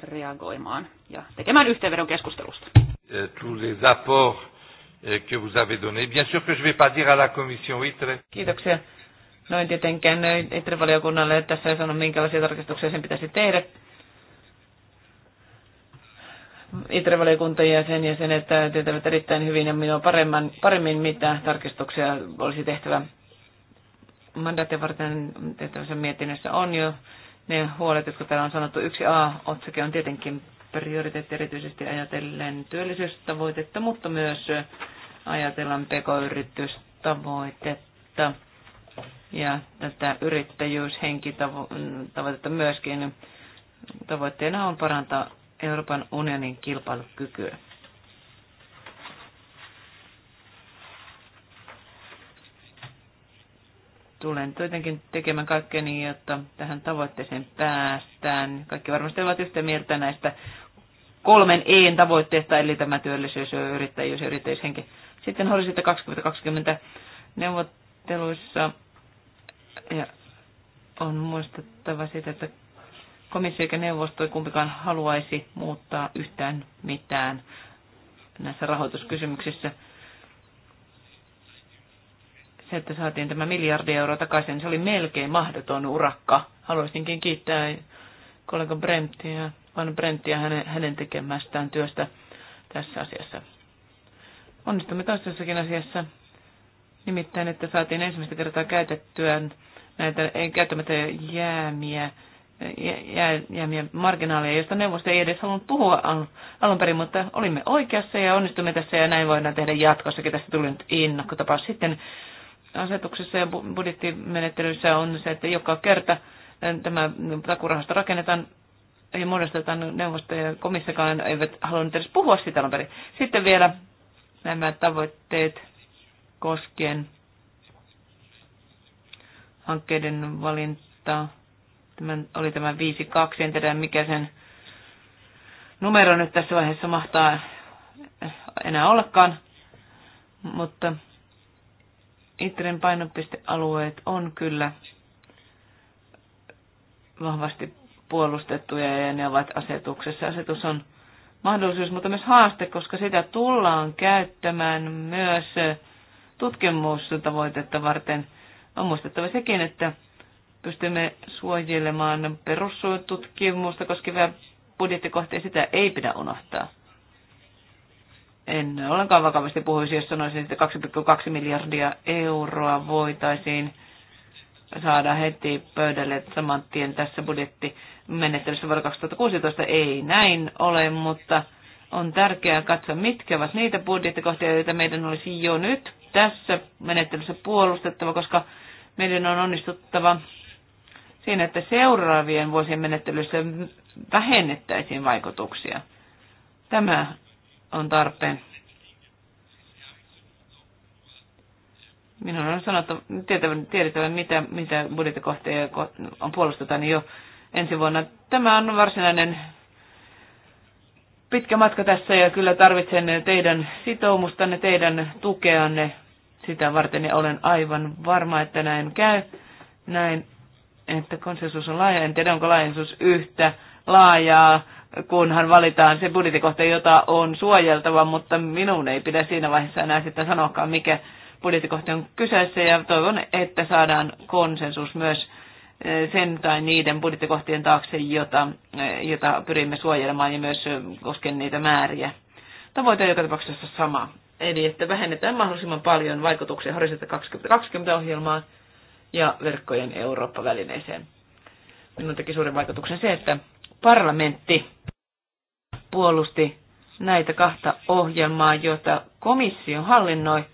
reagoimaan ja tekemään yhteenvedon keskustelusta. Eh, eh, kiitoksia. Noin tietenkään ITRE-valiokunnalle, eh, että tässä ei sano minkälaisia tarkistuksia sen pitäisi tehdä ja sen ja sen että tietävät erittäin hyvin ja minua paremmin, paremmin mitä tarkistuksia olisi tehtävä mandaatin varten tehtävässä mietinnössä on jo ne huolet, jotka täällä on sanottu. Yksi A-otsake on tietenkin prioriteetti erityisesti ajatellen työllisyystavoitetta, mutta myös ajatellaan pk-yritystavoitetta ja tätä yrittäjyyshenkitavoitetta myöskin. Tavoitteena on parantaa Euroopan unionin kilpailukykyä. Tulen tietenkin tekemään niin, jotta tähän tavoitteeseen päästään. Kaikki varmasti ovat yhtä mieltä näistä kolmen EEN tavoitteesta, eli tämä työllisyys, yrittäjyys ja yrittäjyyshenki. Sitten sitten 2020 neuvotteluissa ja on muistettava siitä, että komissio eikä neuvosto ei kumpikaan haluaisi muuttaa yhtään mitään näissä rahoituskysymyksissä. Se, että saatiin tämä miljardi euroa takaisin, niin se oli melkein mahdoton urakka. Haluaisinkin kiittää kollega Brenttiä, Van Brenttiä hänen, hänen tekemästään työstä tässä asiassa. Onnistumme taas jossakin asiassa, nimittäin, että saatiin ensimmäistä kertaa käytettyä näitä käyttämättä jäämiä jäämiä marginaaleja, joista neuvosto ei edes halunnut puhua alun perin, mutta olimme oikeassa ja onnistumme tässä ja näin voidaan tehdä jatkossakin. Tästä tuli nyt ennakkotapaus. Sitten asetuksessa ja budjettimenettelyssä on se, että joka kerta tämä takurahasto rakennetaan ja muodostetaan neuvosto ja komissakaan eivät halunnut edes puhua siitä alun perin. Sitten vielä nämä tavoitteet koskien hankkeiden valintaa Tämä oli tämä 5.2, en tiedä mikä sen numero nyt tässä vaiheessa mahtaa enää ollakaan, mutta Itren painopistealueet on kyllä vahvasti puolustettuja ja ne ovat asetuksessa. Asetus on mahdollisuus, mutta myös haaste, koska sitä tullaan käyttämään myös tutkimustavoitetta varten. On muistettava sekin, että pystymme suojelemaan perussutkimusta koskevia budjettikohteita sitä ei pidä unohtaa. En ollenkaan vakavasti puhuisi, jos sanoisin, että 2,2 miljardia euroa voitaisiin saada heti pöydälle saman tien tässä budjettimenettelyssä vuonna 2016. Ei näin ole, mutta on tärkeää katsoa, mitkä ovat niitä budjettikohtia, joita meidän olisi jo nyt tässä menettelyssä puolustettava, koska meidän on onnistuttava siinä, että seuraavien vuosien menettelyssä vähennettäisiin vaikutuksia. Tämä on tarpeen. Minun on sanottu, tiedettävä, mitä, mitä budjettikohteja on puolustetaan jo ensi vuonna. Tämä on varsinainen pitkä matka tässä ja kyllä tarvitsen teidän sitoumustanne, teidän tukeanne sitä varten ja olen aivan varma, että näin käy. Näin että konsensus on laaja. En tiedä, onko laajensus yhtä laajaa, kunhan valitaan se budjettikohta, jota on suojeltava, mutta minun ei pidä siinä vaiheessa enää sitten sanoakaan, mikä budjettikohta on kyseessä, ja toivon, että saadaan konsensus myös eh, sen tai niiden budjettikohtien taakse, jota, eh, jota pyrimme suojelemaan ja myös eh, koskien niitä määriä. Tavoite on joka tapauksessa sama. Eli että vähennetään mahdollisimman paljon vaikutuksia Horisontti 2020 ohjelmaan ja verkkojen Eurooppa-välineeseen. Minun teki suuren vaikutuksen se, että parlamentti puolusti näitä kahta ohjelmaa, joita komissio hallinnoi.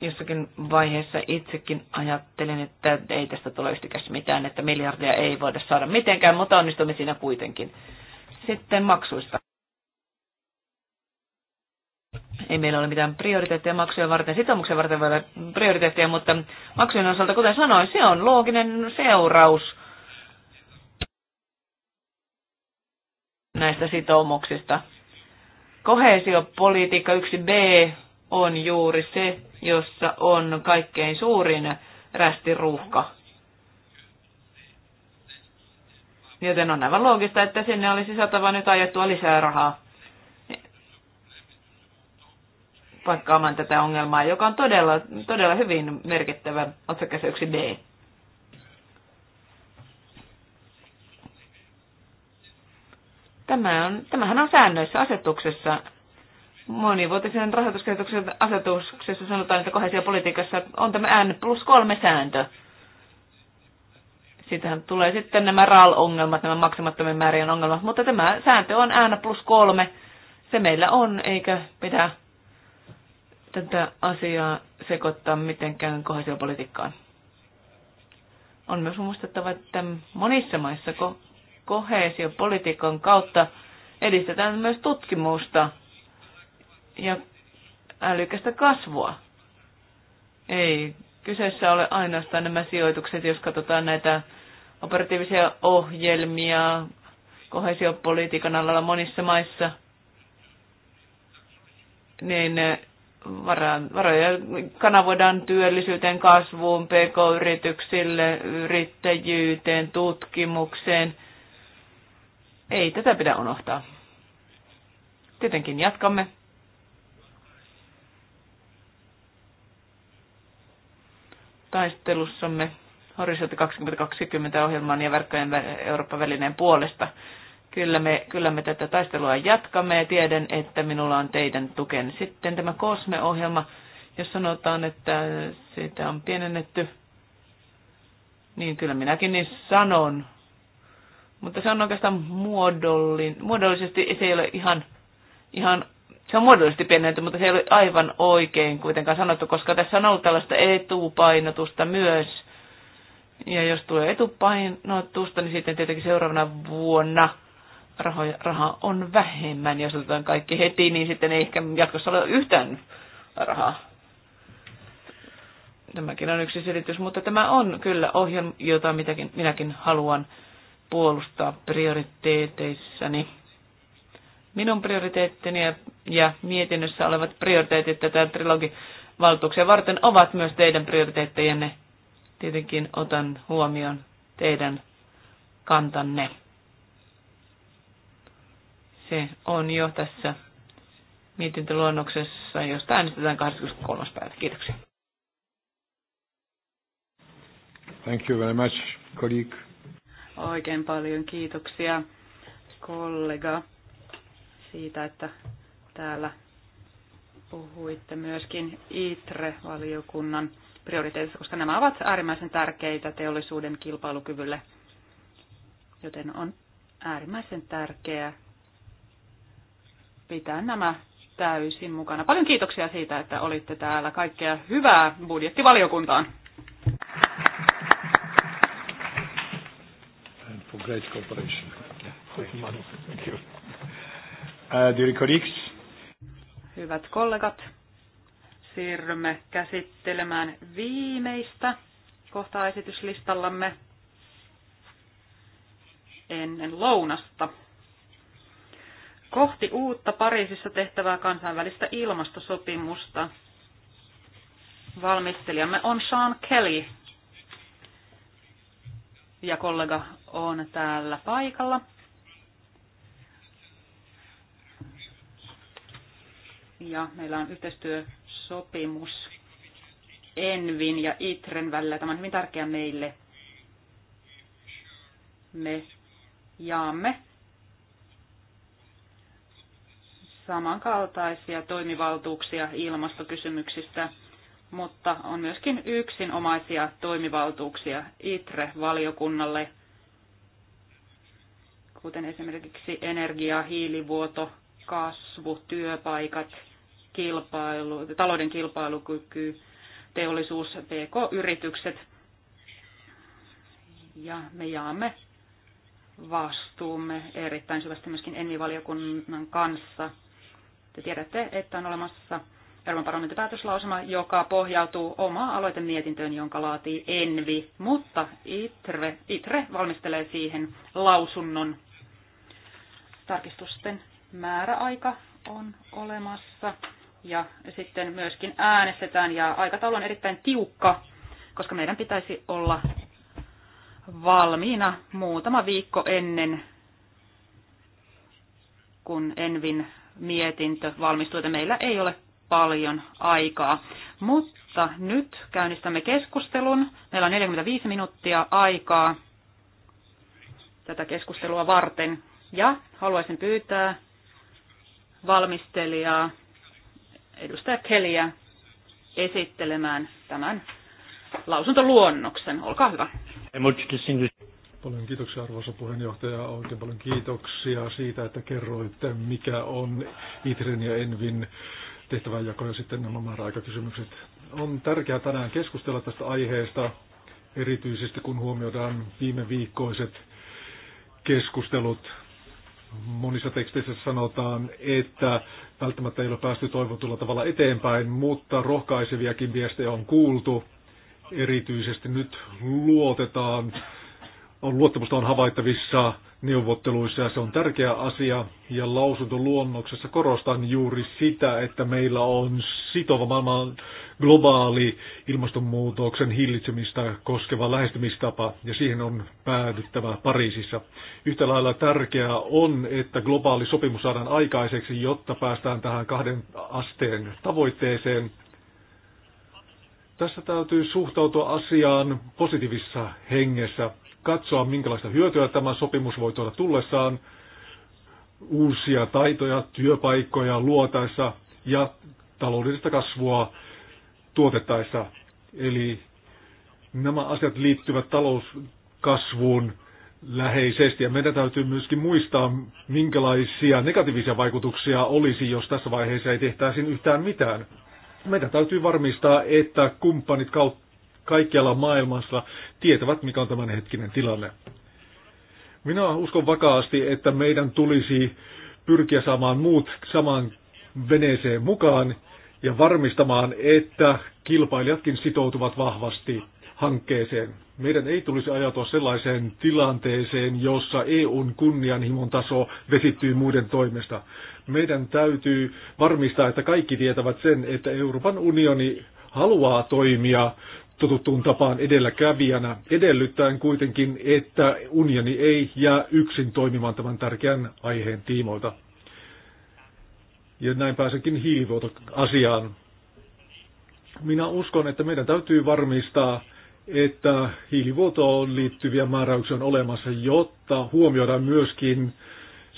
Jossakin vaiheessa itsekin ajattelin, että ei tästä tule yhtäkäs mitään, että miljardia ei voida saada mitenkään, mutta onnistumme siinä kuitenkin. Sitten maksuista. Ei meillä ole mitään prioriteetteja maksujen varten, sitoumuksia varten voi olla prioriteetteja, mutta maksujen osalta, kuten sanoin, se on looginen seuraus näistä sitoumuksista. Kohesiopolitiikka 1b on juuri se, jossa on kaikkein suurin rästiruuhka. Joten on aivan loogista, että sinne olisi saatava nyt ajettua lisää rahaa. paikkaamaan tätä ongelmaa, joka on todella, todella hyvin merkittävä otsakkeessa 1b. Tämä on, tämähän on säännöissä asetuksessa. Monivuotisen rahoituskehityksen asetuksessa sanotaan, että kohesiopolitiikassa on tämä N plus kolme sääntö. Siitähän tulee sitten nämä RAL-ongelmat, nämä maksimattomien määrien ongelmat, mutta tämä sääntö on N plus kolme. Se meillä on, eikä pidä tätä asiaa sekoittaa mitenkään kohesiopolitiikkaan. On myös muistettava, että monissa maissa ko- kohesiopolitiikan kautta edistetään myös tutkimusta ja älykästä kasvua. Ei kyseessä ole ainoastaan nämä sijoitukset, jos katsotaan näitä operatiivisia ohjelmia kohesiopolitiikan alalla monissa maissa, niin varoja kanavoidaan työllisyyteen, kasvuun, pk-yrityksille, yrittäjyyteen, tutkimukseen. Ei tätä pidä unohtaa. Tietenkin jatkamme. taistelussamme Horisontti 2020 ohjelman ja verkkojen Eurooppa-välineen puolesta. Kyllä me, kyllä me tätä taistelua jatkamme ja tiedän, että minulla on teidän tuken. Sitten tämä Kosme-ohjelma, jos sanotaan, että sitä on pienennetty, niin kyllä minäkin niin sanon. Mutta se on oikeastaan muodollin, muodollisesti, se ei ole ihan, ihan se on muodollisesti pienennetty, mutta se ei ole aivan oikein kuitenkaan sanottu, koska tässä on ollut tällaista etupainotusta myös. Ja jos tulee etupainotusta, niin sitten tietenkin seuraavana vuonna – rahoja, rahaa on vähemmän. Jos otetaan kaikki heti, niin sitten ei ehkä jatkossa ole yhtään rahaa. Tämäkin on yksi selitys, mutta tämä on kyllä ohjelma, jota mitäkin, minäkin haluan puolustaa prioriteeteissani. Minun prioriteettini ja, ja mietinnössä olevat prioriteetit tätä trilogivaltuuksia varten ovat myös teidän prioriteettejenne. Tietenkin otan huomioon teidän kantanne. Se on jo tässä mietintöluonnoksessa, josta äänestetään 23. päivä. Kiitoksia. Thank you very much, colleague. Oikein paljon kiitoksia, kollega, siitä, että täällä puhuitte myöskin ITRE-valiokunnan prioriteetista, koska nämä ovat äärimmäisen tärkeitä teollisuuden kilpailukyvylle, joten on äärimmäisen tärkeää pitää nämä täysin mukana. Paljon kiitoksia siitä, että olitte täällä. Kaikkea hyvää budjettivaliokuntaan. Uh, Hyvät kollegat, siirrymme käsittelemään viimeistä kohtaa esityslistallamme ennen lounasta kohti uutta Pariisissa tehtävää kansainvälistä ilmastosopimusta. Valmistelijamme on Sean Kelly ja kollega on täällä paikalla. Ja meillä on yhteistyösopimus Envin ja Itren välillä. Tämä on hyvin tärkeä meille. Me jaamme samankaltaisia toimivaltuuksia ilmastokysymyksistä, mutta on myöskin yksinomaisia toimivaltuuksia ITRE-valiokunnalle, kuten esimerkiksi energia, hiilivuoto, kasvu, työpaikat, kilpailu, talouden kilpailukyky, teollisuus, PK-yritykset. Ja me jaamme vastuumme erittäin syvästi myöskin ennivaliokunnan kanssa – te tiedätte, että on olemassa Euroopan parlamentin päätöslausuma, joka pohjautuu omaa aloitemietintöön, jonka laatii Envi, mutta ITRE, ITRE valmistelee siihen lausunnon. Tarkistusten määräaika on olemassa ja sitten myöskin äänestetään ja aikataulu on erittäin tiukka, koska meidän pitäisi olla valmiina muutama viikko ennen, kun Envin mietintö valmistuu, että meillä ei ole paljon aikaa. Mutta nyt käynnistämme keskustelun. Meillä on 45 minuuttia aikaa tätä keskustelua varten. Ja haluaisin pyytää valmistelijaa, edustaja Keliä, esittelemään tämän lausuntoluonnoksen. Olkaa hyvä. Paljon kiitoksia arvoisa puheenjohtaja. Oikein paljon kiitoksia siitä, että kerroitte, mikä on ITREN ja ENVin tehtävänjako ja sitten nämä määräaikakysymykset. On tärkeää tänään keskustella tästä aiheesta, erityisesti kun huomioidaan viime viikkoiset keskustelut. Monissa teksteissä sanotaan, että välttämättä ei ole päästy toivotulla tavalla eteenpäin, mutta rohkaiseviakin viestejä on kuultu. Erityisesti nyt luotetaan on luottamusta on havaittavissa neuvotteluissa ja se on tärkeä asia. Ja lausuntoluonnoksessa korostan juuri sitä, että meillä on sitova maailman globaali ilmastonmuutoksen hillitsemistä koskeva lähestymistapa ja siihen on päädyttävä Pariisissa. Yhtä lailla tärkeää on, että globaali sopimus saadaan aikaiseksi, jotta päästään tähän kahden asteen tavoitteeseen tässä täytyy suhtautua asiaan positiivisessa hengessä, katsoa minkälaista hyötyä tämä sopimus voi tuoda tullessaan, uusia taitoja, työpaikkoja luotaessa ja taloudellista kasvua tuotettaessa. Eli nämä asiat liittyvät talouskasvuun läheisesti. Ja meidän täytyy myöskin muistaa, minkälaisia negatiivisia vaikutuksia olisi, jos tässä vaiheessa ei tehtäisi yhtään mitään meidän täytyy varmistaa, että kumppanit kaikkialla maailmassa tietävät, mikä on tämänhetkinen tilanne. Minä uskon vakaasti, että meidän tulisi pyrkiä saamaan muut saman veneeseen mukaan ja varmistamaan, että kilpailijatkin sitoutuvat vahvasti hankkeeseen. Meidän ei tulisi ajatua sellaiseen tilanteeseen, jossa EUn kunnianhimon taso vesittyy muiden toimesta. Meidän täytyy varmistaa, että kaikki tietävät sen, että Euroopan unioni haluaa toimia totuttuun tapaan edelläkävijänä, edellyttäen kuitenkin, että unioni ei jää yksin toimimaan tämän tärkeän aiheen tiimoilta. Ja näin pääsenkin asiaan. Minä uskon, että meidän täytyy varmistaa, että hiilivuotoon liittyviä määräyksiä on olemassa, jotta huomioidaan myöskin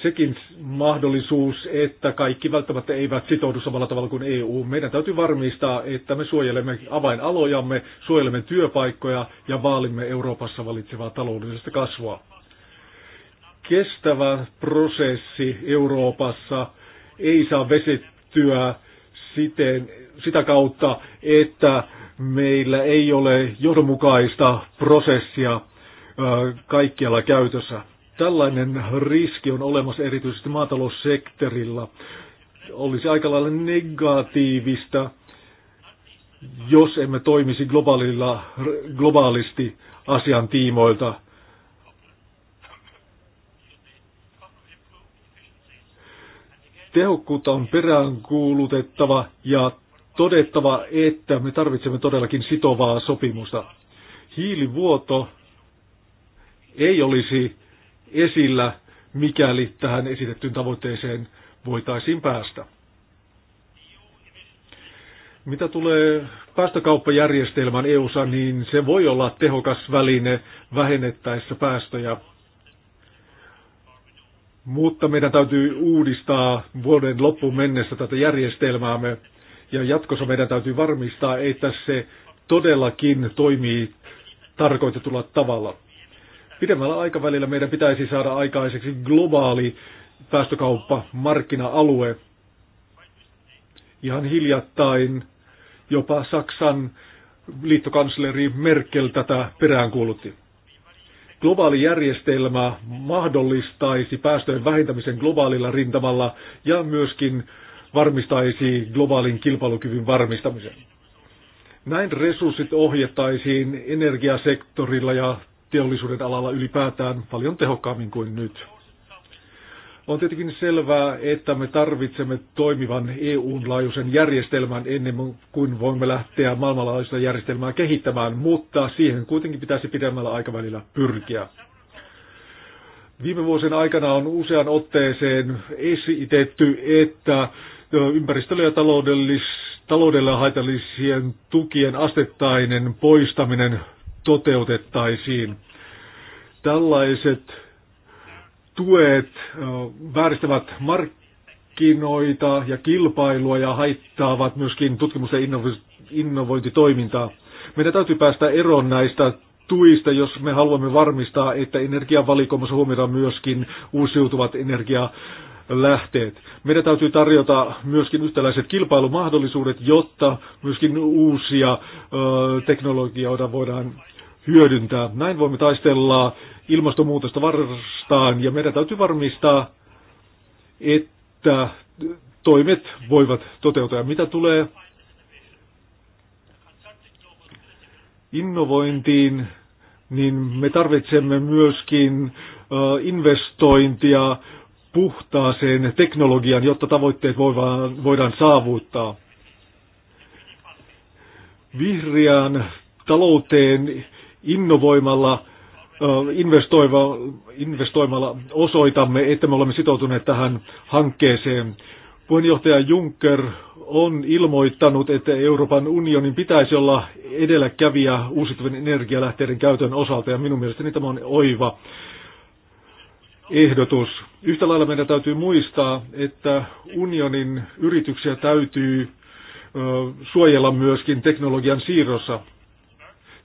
sekin mahdollisuus, että kaikki välttämättä eivät sitoudu samalla tavalla kuin EU. Meidän täytyy varmistaa, että me suojelemme avainalojamme, suojelemme työpaikkoja ja vaalimme Euroopassa valitsevaa taloudellista kasvua. Kestävä prosessi Euroopassa ei saa vesittyä siten, sitä kautta, että meillä ei ole johdonmukaista prosessia kaikkialla käytössä Tällainen riski on olemassa erityisesti maataloussektorilla. Olisi aika lailla negatiivista, jos emme toimisi globaalilla, globaalisti asian tiimoilta. Tehokkuutta on peräänkuulutettava ja todettava, että me tarvitsemme todellakin sitovaa sopimusta. Hiilivuoto ei olisi esillä, mikäli tähän esitettyyn tavoitteeseen voitaisiin päästä. Mitä tulee päästökauppajärjestelmän EUssa, niin se voi olla tehokas väline vähennettäessä päästöjä. Mutta meidän täytyy uudistaa vuoden loppuun mennessä tätä järjestelmäämme ja jatkossa meidän täytyy varmistaa, että se todellakin toimii tarkoitetulla tavalla. Pidemmällä aikavälillä meidän pitäisi saada aikaiseksi globaali päästökauppa, markkina-alue. Ihan hiljattain jopa Saksan liittokansleri Merkel tätä peräänkuulutti. Globaali järjestelmä mahdollistaisi päästöjen vähentämisen globaalilla rintamalla ja myöskin varmistaisi globaalin kilpailukyvyn varmistamisen. Näin resurssit ohjettaisiin energiasektorilla ja teollisuuden alalla ylipäätään paljon tehokkaammin kuin nyt. On tietenkin selvää, että me tarvitsemme toimivan EU-laajuisen järjestelmän ennen kuin voimme lähteä maailmanlaajuista järjestelmää kehittämään, mutta siihen kuitenkin pitäisi pidemmällä aikavälillä pyrkiä. Viime vuosien aikana on usean otteeseen esitetty, että ympäristölle ja taloudellis, taloudelle haitallisia tukien astettainen poistaminen toteutettaisiin. Tällaiset tuet vääristävät markkinoita ja kilpailua ja haittaavat myöskin tutkimus- ja innovointitoimintaa. Meidän täytyy päästä eroon näistä tuista, jos me haluamme varmistaa, että energiavalikoimassa huomioidaan myöskin uusiutuvat energia lähteet. Meidän täytyy tarjota myöskin yhtäläiset kilpailumahdollisuudet, jotta myöskin uusia ö, teknologioita voidaan hyödyntää. Näin voimme taistella ilmastonmuutosta vastaan ja meidän täytyy varmistaa, että toimet voivat toteutua. Ja mitä tulee innovointiin, niin me tarvitsemme myöskin investointia puhtaaseen teknologian, jotta tavoitteet voidaan, voidaan saavuttaa. Vihreään talouteen innovoimalla, investoimalla osoitamme, että me olemme sitoutuneet tähän hankkeeseen. Puheenjohtaja Juncker on ilmoittanut, että Euroopan unionin pitäisi olla edelläkävijä uusiutuvien energialähteiden käytön osalta, ja minun mielestäni tämä on oiva ehdotus. Yhtä lailla meidän täytyy muistaa, että unionin yrityksiä täytyy suojella myöskin teknologian siirrossa.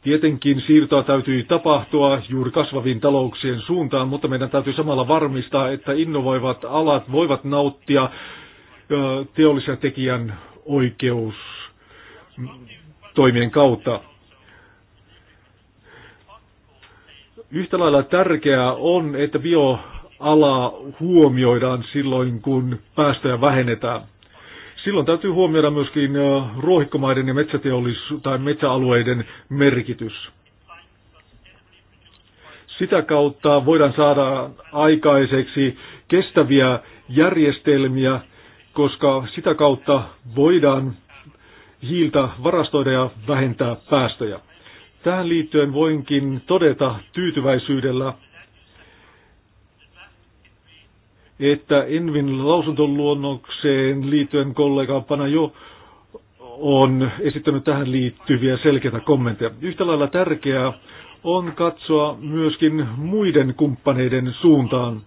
Tietenkin siirtoa täytyy tapahtua juuri kasvaviin talouksien suuntaan, mutta meidän täytyy samalla varmistaa, että innovoivat alat voivat nauttia teollisen tekijän oikeus toimien kautta. Yhtä lailla tärkeää on, että bio ala huomioidaan silloin, kun päästöjä vähennetään. Silloin täytyy huomioida myöskin ruohikkomaiden ja metsäteollis- tai metsäalueiden merkitys. Sitä kautta voidaan saada aikaiseksi kestäviä järjestelmiä, koska sitä kautta voidaan hiiltä varastoida ja vähentää päästöjä. Tähän liittyen voinkin todeta tyytyväisyydellä, että Envin lausuntoluonnokseen liittyen kollega jo on esittänyt tähän liittyviä selkeitä kommentteja. Yhtä lailla tärkeää on katsoa myöskin muiden kumppaneiden suuntaan.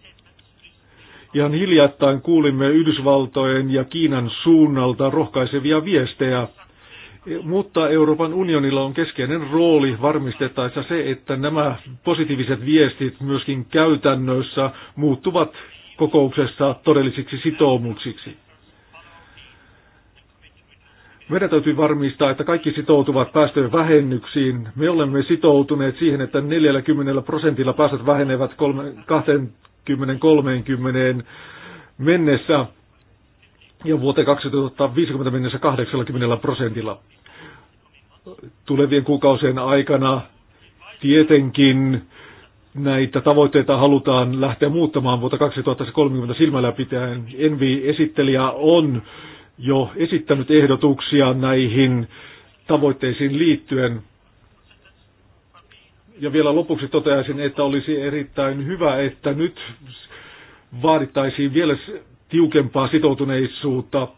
Ihan hiljattain kuulimme Yhdysvaltojen ja Kiinan suunnalta rohkaisevia viestejä, mutta Euroopan unionilla on keskeinen rooli varmistettaessa se, että nämä positiiviset viestit myöskin käytännössä muuttuvat kokouksessa todellisiksi sitoumuksiksi. Meidän täytyy varmistaa, että kaikki sitoutuvat päästöjen vähennyksiin. Me olemme sitoutuneet siihen, että 40 prosentilla päästöt vähenevät 20-30 mennessä ja vuoteen 2050 mennessä 80 prosentilla. Tulevien kuukausien aikana tietenkin näitä tavoitteita halutaan lähteä muuttamaan vuotta 2030 silmällä pitäen. Envi-esittelijä on jo esittänyt ehdotuksia näihin tavoitteisiin liittyen. Ja vielä lopuksi toteaisin, että olisi erittäin hyvä, että nyt vaadittaisiin vielä tiukempaa sitoutuneisuutta.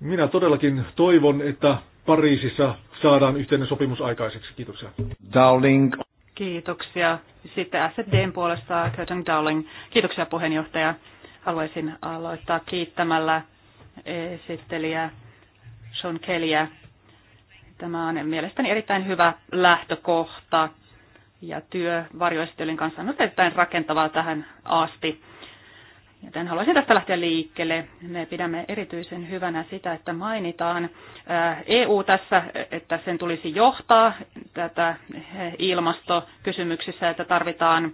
Minä todellakin toivon, että Pariisissa saadaan yhteinen sopimus aikaiseksi. Kiitoksia. Darling. Kiitoksia. Sitten SFDn puolesta Curtin Dowling. Kiitoksia puheenjohtaja. Haluaisin aloittaa kiittämällä esittelijä Sean Kellyä. Tämä on mielestäni erittäin hyvä lähtökohta ja työ varjoesittelyn kanssa on erittäin rakentavaa tähän asti. Joten haluaisin tästä lähteä liikkeelle. Me pidämme erityisen hyvänä sitä, että mainitaan EU tässä, että sen tulisi johtaa tätä ilmastokysymyksissä, että tarvitaan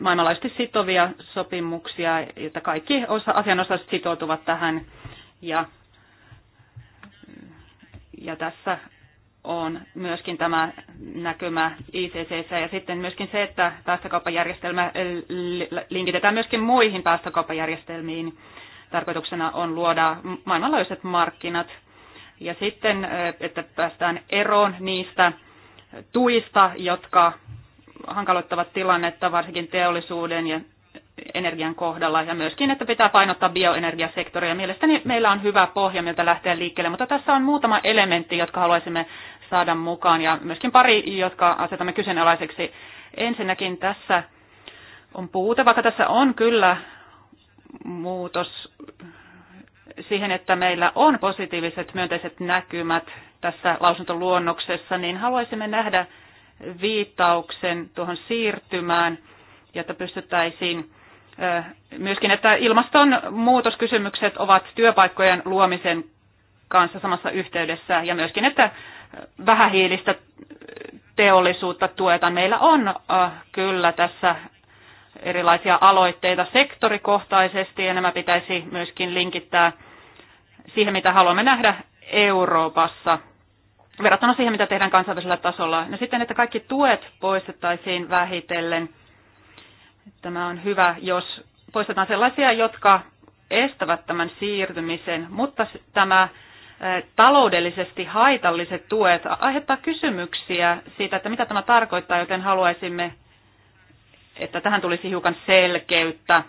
maailmanlaajuisesti sitovia sopimuksia, että kaikki osa, asianosaiset sitoutuvat tähän. Ja, ja tässä on myöskin tämä näkymä ICCssä ja sitten myöskin se, että päästökauppajärjestelmä linkitetään myöskin muihin päästökauppajärjestelmiin. Tarkoituksena on luoda maailmanlaajuiset markkinat ja sitten, eh, että päästään eroon niistä tuista, jotka hankaloittavat tilannetta varsinkin teollisuuden ja energian kohdalla ja myöskin, että pitää painottaa bioenergiasektoria. Mielestäni meillä on hyvä pohja, miltä lähteä liikkeelle, mutta tässä on muutama elementti, jotka haluaisimme saada mukaan ja myöskin pari, jotka asetamme kyseenalaiseksi. Ensinnäkin tässä on puute, vaikka tässä on kyllä muutos siihen, että meillä on positiiviset myönteiset näkymät tässä lausuntoluonnoksessa, niin haluaisimme nähdä viittauksen tuohon siirtymään, jotta pystyttäisiin myöskin, että ilmastonmuutoskysymykset ovat työpaikkojen luomisen kanssa samassa yhteydessä ja myöskin, että vähähiilistä teollisuutta tuetaan. Meillä on kyllä tässä erilaisia aloitteita sektorikohtaisesti ja nämä pitäisi myöskin linkittää siihen, mitä haluamme nähdä Euroopassa verrattuna siihen, mitä tehdään kansainvälisellä tasolla. No sitten, että kaikki tuet poistettaisiin vähitellen – Tämä on hyvä, jos poistetaan sellaisia, jotka estävät tämän siirtymisen, mutta tämä taloudellisesti haitalliset tuet aiheuttaa kysymyksiä siitä, että mitä tämä tarkoittaa, joten haluaisimme, että tähän tulisi hiukan selkeyttä.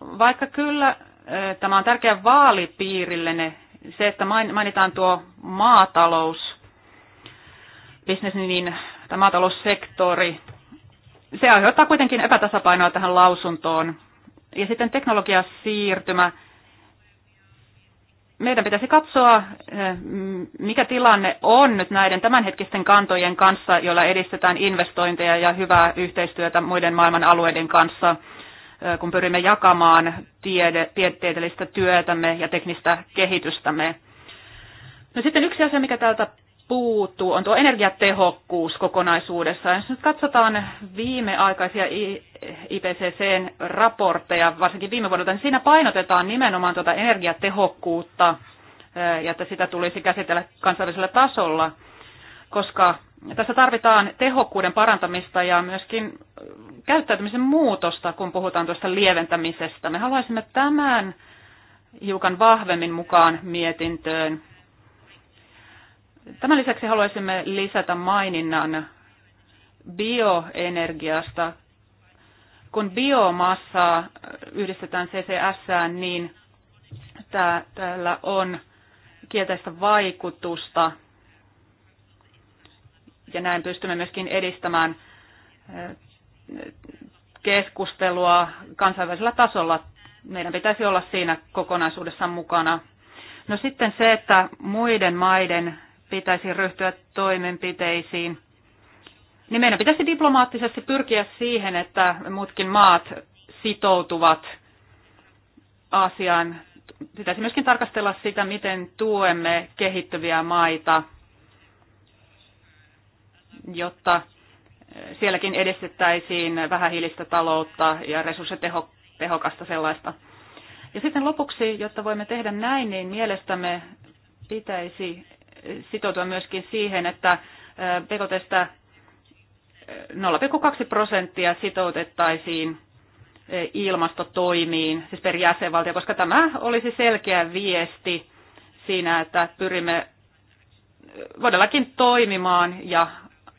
Vaikka kyllä tämä on tärkeä vaalipiirillenne, se, että mainitaan tuo maatalous, business, niin, tämä maataloussektori, se aiheuttaa kuitenkin epätasapainoa tähän lausuntoon. Ja sitten teknologiasiirtymä. Meidän pitäisi katsoa, eh, mikä tilanne on nyt näiden tämänhetkisten kantojen kanssa, joilla edistetään investointeja ja hyvää yhteistyötä muiden maailman alueiden kanssa, eh, kun pyrimme jakamaan tieteellistä työtämme ja teknistä kehitystämme. No sitten yksi asia, mikä täältä puuttuu, on tuo energiatehokkuus kokonaisuudessaan. Jos nyt katsotaan viimeaikaisia IPCCn raportteja, varsinkin viime vuodelta, niin siinä painotetaan nimenomaan tuota energiatehokkuutta eh, ja että sitä tulisi käsitellä kansallisella tasolla, koska tässä tarvitaan tehokkuuden parantamista ja myöskin eh, käyttäytymisen muutosta, kun puhutaan tuosta lieventämisestä. Me haluaisimme tämän hiukan vahvemmin mukaan mietintöön Tämän lisäksi haluaisimme lisätä maininnan bioenergiasta. Kun biomassaa yhdistetään CCS, niin täällä on kielteistä vaikutusta. Ja näin pystymme myöskin edistämään keskustelua kansainvälisellä tasolla. Meidän pitäisi olla siinä kokonaisuudessa mukana. No sitten se, että muiden maiden pitäisi ryhtyä toimenpiteisiin. Niin meidän pitäisi diplomaattisesti pyrkiä siihen, että muutkin maat sitoutuvat asiaan. Pitäisi myöskin tarkastella sitä, miten tuemme kehittyviä maita, jotta sielläkin edistettäisiin vähähiilistä taloutta ja resurssitehokasta sellaista. Ja sitten lopuksi, jotta voimme tehdä näin, niin mielestämme pitäisi sitoutua myöskin siihen, että pekotesta 0,2 prosenttia sitoutettaisiin ilmastotoimiin, siis per jäsenvaltio, koska tämä olisi selkeä viesti siinä, että pyrimme todellakin toimimaan ja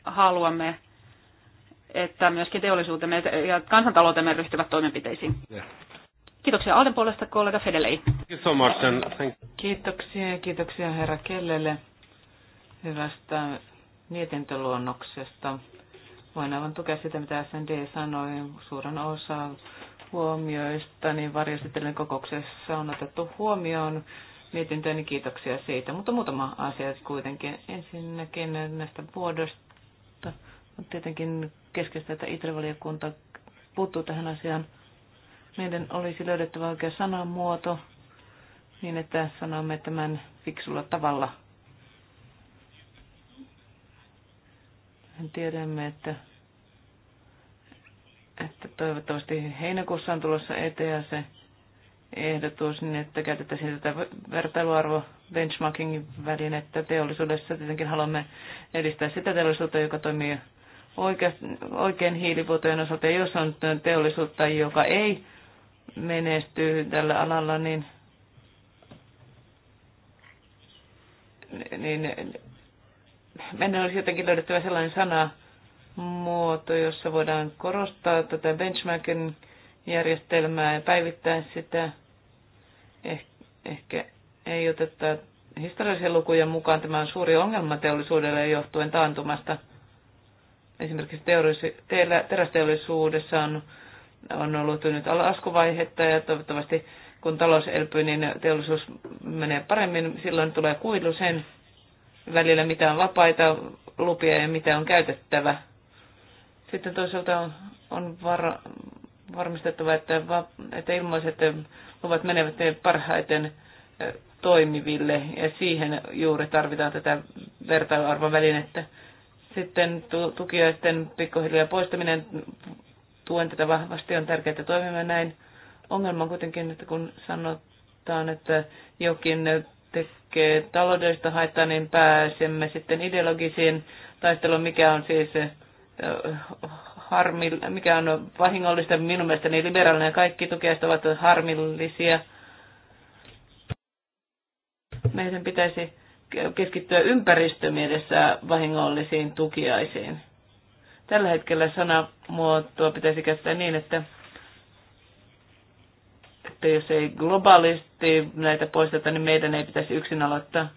haluamme, että myöskin teollisuutemme ja kansantaloutemme ryhtyvät toimenpiteisiin. Kiitoksia Alden puolesta kollega Fedelei. Kiitoksia ja kiitoksia herra Kellelle hyvästä mietintöluonnoksesta. Voin aivan tukea sitä, mitä SND sanoi. Suuren osa huomioista niin varjostetellen kokouksessa on otettu huomioon mietintöön, niin kiitoksia siitä. Mutta muutama asia kuitenkin. Ensinnäkin näistä vuodosta on tietenkin keskeistä, että ITRE-valiokunta puuttuu tähän asiaan. Meidän olisi löydettävä oikea sanamuoto niin, että sanomme tämän fiksulla tavalla – Tiedämme, että, että toivottavasti heinäkuussa on tulossa eteen se ehdotus, niin että käytettäisiin tätä vertailuarvo benchmarkingin välinettä teollisuudessa. Tietenkin haluamme edistää sitä teollisuutta, joka toimii oikein hiilivuotojen osalta. Ja jos on teollisuutta, joka ei menesty tällä alalla, niin, niin meidän olisi jotenkin löydettävä sellainen sana, muoto, jossa voidaan korostaa tätä benchmarkin järjestelmää ja päivittää sitä. Eh, ehkä ei oteta historiallisia lukuja mukaan. Tämä on suuri ongelma teollisuudelle johtuen taantumasta. Esimerkiksi terästeollisuudessa on, on ollut nyt laskuvaihetta ja toivottavasti kun talous elpyy, niin teollisuus menee paremmin. Silloin tulee kuilu sen välillä, mitä on vapaita lupia ja mitä on käytettävä. Sitten toisaalta on, on var, varmistettava, että, va, että ilmaiset eh, luvat menevät parhaiten eh, toimiville ja siihen juuri tarvitaan tätä vertailuarvovälinettä. Sitten tukiaisten pikkuhiljaa poistaminen, tuen tätä vahvasti, on tärkeää, että toimimme näin. Ongelma on kuitenkin, että kun sanotaan, että jokin tekee taloudellista haittaa, niin pääsemme sitten ideologisiin taisteluun, mikä on siis eh, harmi, mikä on vahingollista minun mielestäni niin liberaalinen kaikki tukijat ovat harmillisia. Meidän pitäisi keskittyä ympäristömielessä vahingollisiin tukiaisiin. Tällä hetkellä sanamuotoa pitäisi käyttää niin, että että jos ei globaalisti näitä poisteta, niin meidän ei pitäisi yksin aloittaa.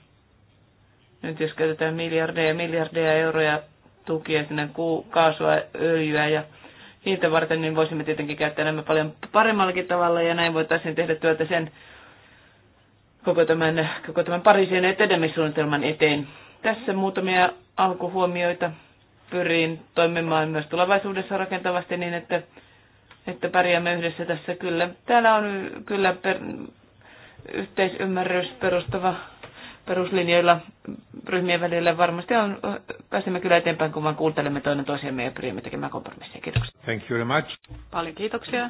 Nyt jos käytetään miljardeja miljardeja euroja tukia sinne kaasua, öljyä ja niitä varten, niin voisimme tietenkin käyttää nämä paljon paremmallakin tavalla ja näin voitaisiin tehdä työtä sen koko tämän, koko tämän Pariisien etenemissuunnitelman eteen. Tässä muutamia alkuhuomioita. Pyrin toimimaan myös tulevaisuudessa rakentavasti niin, että että pärjäämme yhdessä tässä kyllä. Täällä on kyllä per, yhteisymmärrys perustava peruslinjoilla ryhmien välillä varmasti on, pääsemme kyllä eteenpäin, kun vaan kuuntelemme toinen toisiamme ja pyrimme tekemään kompromisseja. Kiitoksia. Thank you very much. Paljon kiitoksia.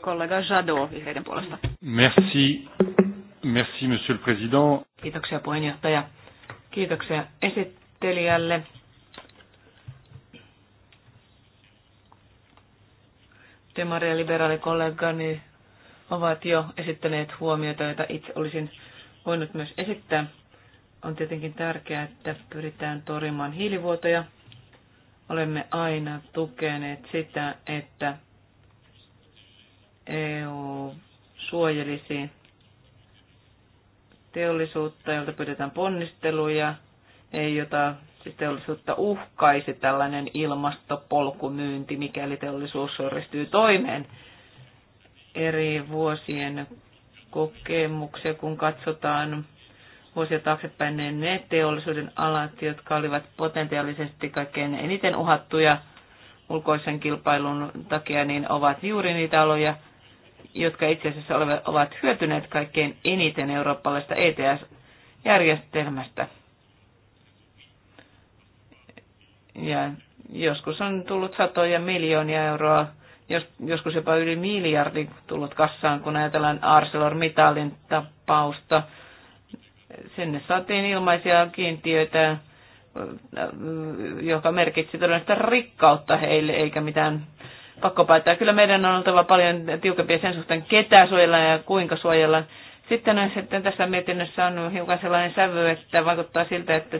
kollega Jadot vihreiden puolesta. Merci. Merci, monsieur le président. Kiitoksia puheenjohtaja. Kiitoksia esittelijälle Demari ja liberaalikollegani ovat jo esittäneet huomioita, joita itse olisin voinut myös esittää. On tietenkin tärkeää, että pyritään torjumaan hiilivuotoja. Olemme aina tukeneet sitä, että EU suojelisi teollisuutta, jolta pyydetään ponnisteluja, ei jota teollisuutta uhkaisi tällainen ilmastopolkumyynti, mikäli teollisuus ryhtyy toimeen eri vuosien kokemuksia, kun katsotaan vuosia taaksepäin, niin ne teollisuuden alat, jotka olivat potentiaalisesti kaikkein eniten uhattuja ulkoisen kilpailun takia, niin ovat juuri niitä aloja, jotka itse asiassa ovat hyötyneet kaikkein eniten eurooppalaista ETS-järjestelmästä. Ja joskus on tullut satoja miljoonia euroa, jos, joskus jopa yli miljardi tullut kassaan, kun ajatellaan ArcelorMittalin tapausta. Sinne saatiin ilmaisia kiintiöitä, joka merkitsi todennäköisesti rikkautta heille, eikä mitään pakkopaitaa. Kyllä meidän on oltava paljon tiukempia sen suhteen, ketä suojellaan ja kuinka suojellaan. Sitten, sitten tässä mietinnössä on hiukan sellainen sävy, että vaikuttaa siltä, että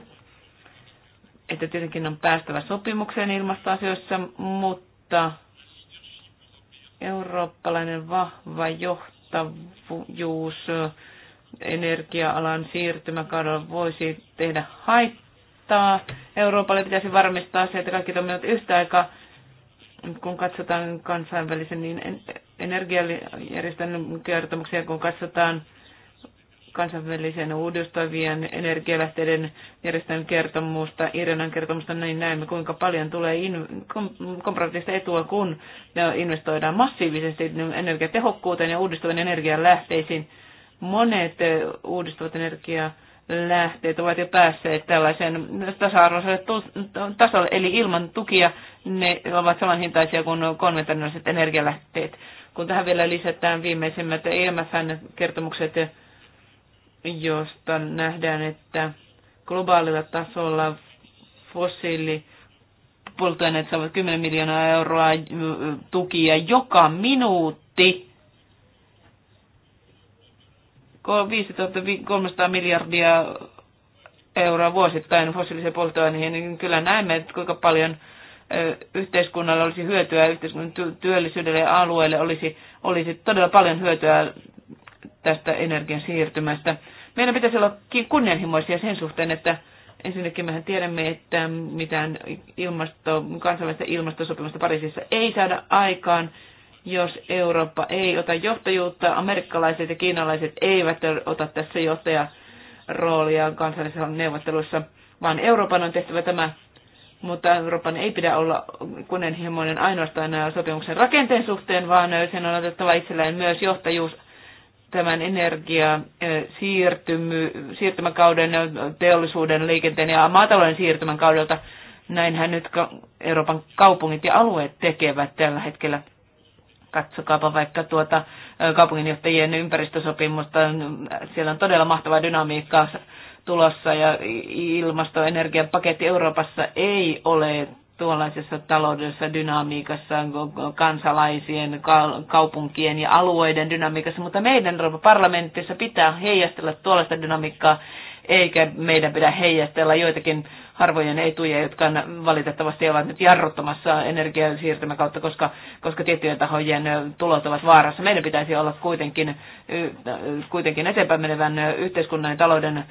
että tietenkin on päästävä sopimukseen ilmastoasioissa, mutta eurooppalainen vahva johtajuus energia-alan siirtymäkaudella voisi tehdä haittaa. Euroopalle pitäisi varmistaa se, että kaikki toimivat yhtä aikaa. Kun katsotaan kansainvälisen niin energiajärjestelmän kertomuksia, kun katsotaan kansainvälisen uudistavien energialähteiden järjestön kertomusta, Irlannan kertomusta, niin näemme kuinka paljon tulee in, kom, komparatiivista etua, kun investoidaan massiivisesti energiatehokkuuteen ja uudistuvien energialähteisiin. Monet eh, uudistuvat energialähteet ovat jo päässeet tällaisen tasa-arvoiselle tasolle, eli ilman tukia ne ovat samanhintaisia kuin konventionaaliset energialähteet. Kun tähän vielä lisätään viimeisimmät EMFn kertomukset josta nähdään, että globaalilla tasolla fossiili polttoaineet saavat 10 miljoonaa euroa äh, tukia joka minuutti. 5300 miljardia euroa vuosittain fossiilisiin polttoaineihin, niin kyllä näemme, että kuinka paljon äh, yhteiskunnalla olisi hyötyä, yhteiskunnan työllisyydelle ja alueelle olisi, olisi todella paljon hyötyä tästä energian siirtymästä. Meidän pitäisi olla kunnianhimoisia sen suhteen, että ensinnäkin mehän tiedämme, että mitään ilmasto, kansainvälistä ilmastosopimusta Pariisissa ei saada aikaan, jos Eurooppa ei ota johtajuutta. Amerikkalaiset ja kiinalaiset eivät ota tässä johtajaroolia kansallisissa neuvotteluissa, vaan Euroopan on tehtävä tämä mutta Euroopan ei pidä olla kunnianhimoinen ainoastaan sopimuksen rakenteen suhteen, vaan sen on otettava itselleen myös johtajuus tämän energia siirtymy, siirtymäkauden teollisuuden, liikenteen ja maatalouden siirtymän kaudelta. Näinhän nyt Euroopan kaupungit ja alueet tekevät tällä hetkellä. Katsokaapa vaikka tuota kaupunginjohtajien ympäristösopimusta. Siellä on todella mahtavaa dynamiikkaa tulossa ja ilmastoenergian paketti Euroopassa ei ole tuollaisessa taloudellisessa dynamiikassa, kansalaisien, kaupunkien ja alueiden dynamiikassa, mutta meidän Euroopan parlamentissa pitää heijastella tuollaista dynamiikkaa, eikä meidän pidä heijastella joitakin harvojen etuja, jotka valitettavasti ovat nyt jarruttamassa energiasiirtymä kautta, koska, koska tiettyjen tahojen tulot ovat vaarassa. Meidän pitäisi olla kuitenkin, kuitenkin eteenpäin menevän yhteiskunnan ja talouden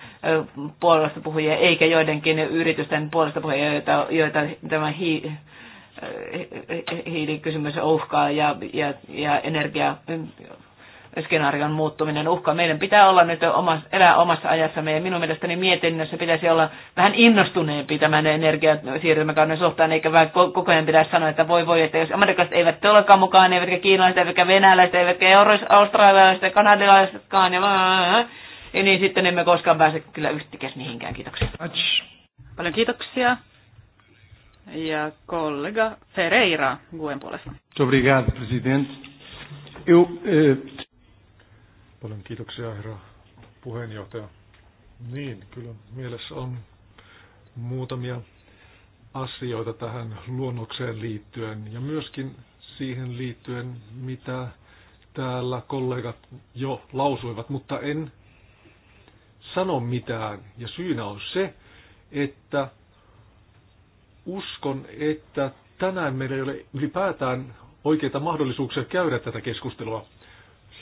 puolesta puhujia, eikä joidenkin yritysten puolesta puhujia, joita, joita tämä hi, hiilikysymys uhkaa ja, ja, ja energia skenaarion muuttuminen uhka. Meidän pitää olla nyt omassa, elää omassa ajassamme ja minun mielestäni mietinnössä pitäisi olla vähän innostuneempi tämän energiasiirrymäkauden suhtaan, eikä vähän koko ajan pidä sanoa, että voi voi, että jos amerikkalaiset eivät olekaan mukaan, eivätkä kiinalaiset, eivätkä venäläiset, eivätkä australialaiset, kanadalaisetkaan, ja ja niin sitten emme koskaan pääse kyllä yhtikäs mihinkään. Kiitoksia. Paljon kiitoksia. Ja kollega Ferreira Guen puolesta. Obrigado, presidente. Eu eh, Paljon kiitoksia, herra puheenjohtaja. Niin, kyllä mielessä on muutamia asioita tähän luonnokseen liittyen ja myöskin siihen liittyen, mitä täällä kollegat jo lausuivat, mutta en sano mitään. Ja syynä on se, että uskon, että tänään meillä ei ole ylipäätään oikeita mahdollisuuksia käydä tätä keskustelua,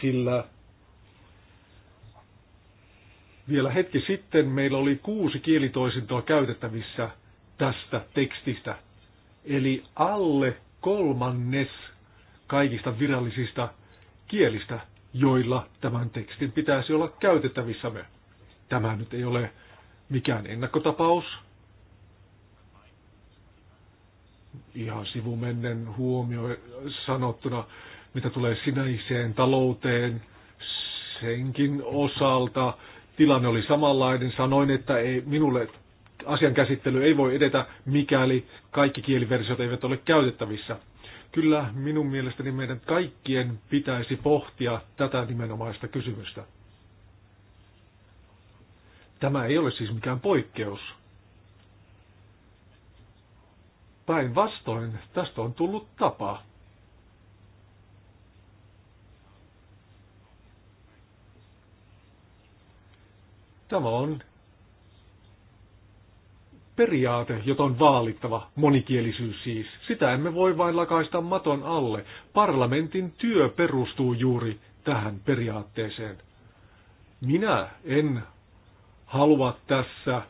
sillä vielä hetki sitten meillä oli kuusi kielitoisintoa käytettävissä tästä tekstistä, eli alle kolmannes kaikista virallisista kielistä, joilla tämän tekstin pitäisi olla käytettävissämme. Tämä nyt ei ole mikään ennakkotapaus. Ihan sivumennen huomio sanottuna, mitä tulee sinäiseen talouteen, senkin osalta tilanne oli samanlainen. Sanoin, että ei, minulle asian käsittely ei voi edetä, mikäli kaikki kieliversiot eivät ole käytettävissä. Kyllä minun mielestäni meidän kaikkien pitäisi pohtia tätä nimenomaista kysymystä. Tämä ei ole siis mikään poikkeus. Päinvastoin tästä on tullut tapa. Tämä on periaate, jota on vaalittava, monikielisyys siis. Sitä emme voi vain lakaista maton alle. Parlamentin työ perustuu juuri tähän periaatteeseen. Minä en halua tässä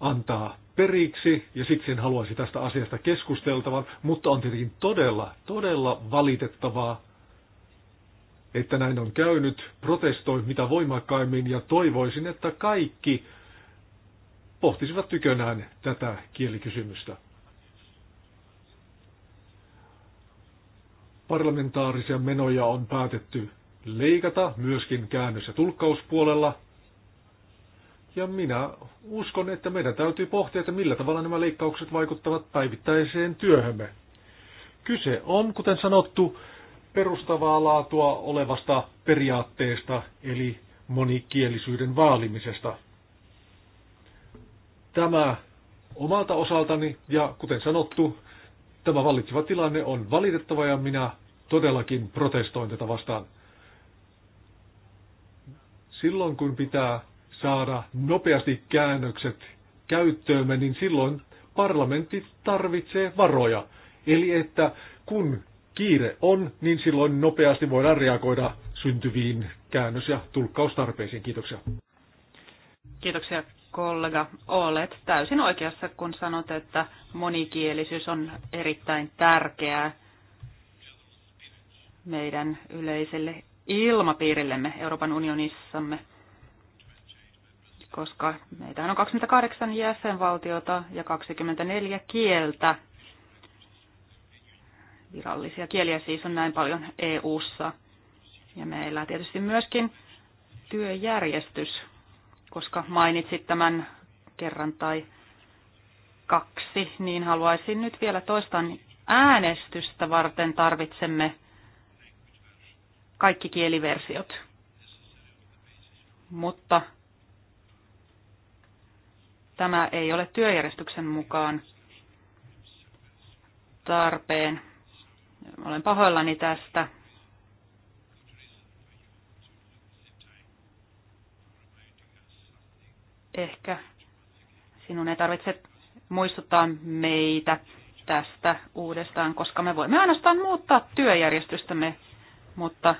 antaa periksi ja siksi en haluaisi tästä asiasta keskusteltavan, mutta on tietenkin todella, todella valitettavaa, että näin on käynyt, protestoi mitä voimakkaimmin ja toivoisin, että kaikki pohtisivat tykönään tätä kielikysymystä. Parlamentaarisia menoja on päätetty leikata myöskin käännös- ja tulkkauspuolella. Ja minä uskon, että meidän täytyy pohtia, että millä tavalla nämä leikkaukset vaikuttavat päivittäiseen työhömme. Kyse on, kuten sanottu, perustavaa laatua olevasta periaatteesta, eli monikielisyyden vaalimisesta. Tämä omalta osaltani, ja kuten sanottu, tämä vallitseva tilanne on valitettava ja minä todellakin protestoin tätä vastaan. Silloin kun pitää saada nopeasti käännökset käyttöömme, niin silloin parlamentti tarvitsee varoja. Eli että kun kiire on, niin silloin nopeasti voidaan reagoida syntyviin käännös- ja tulkkaustarpeisiin. Kiitoksia. Kiitoksia kollega. Olet täysin oikeassa, kun sanot, että monikielisyys on erittäin tärkeää meidän yleiselle ilmapiirillemme Euroopan unionissamme, koska meitä on 28 jäsenvaltiota ja 24 kieltä virallisia kieliä siis on näin paljon EU-ssa. Ja meillä tietysti myöskin työjärjestys, koska mainitsit tämän kerran tai kaksi, niin haluaisin nyt vielä toistan äänestystä varten tarvitsemme kaikki kieliversiot. Mutta tämä ei ole työjärjestyksen mukaan tarpeen olen pahoillani tästä. Ehkä sinun ei tarvitse muistuttaa meitä tästä uudestaan, koska me voimme ainoastaan muuttaa työjärjestystämme, mutta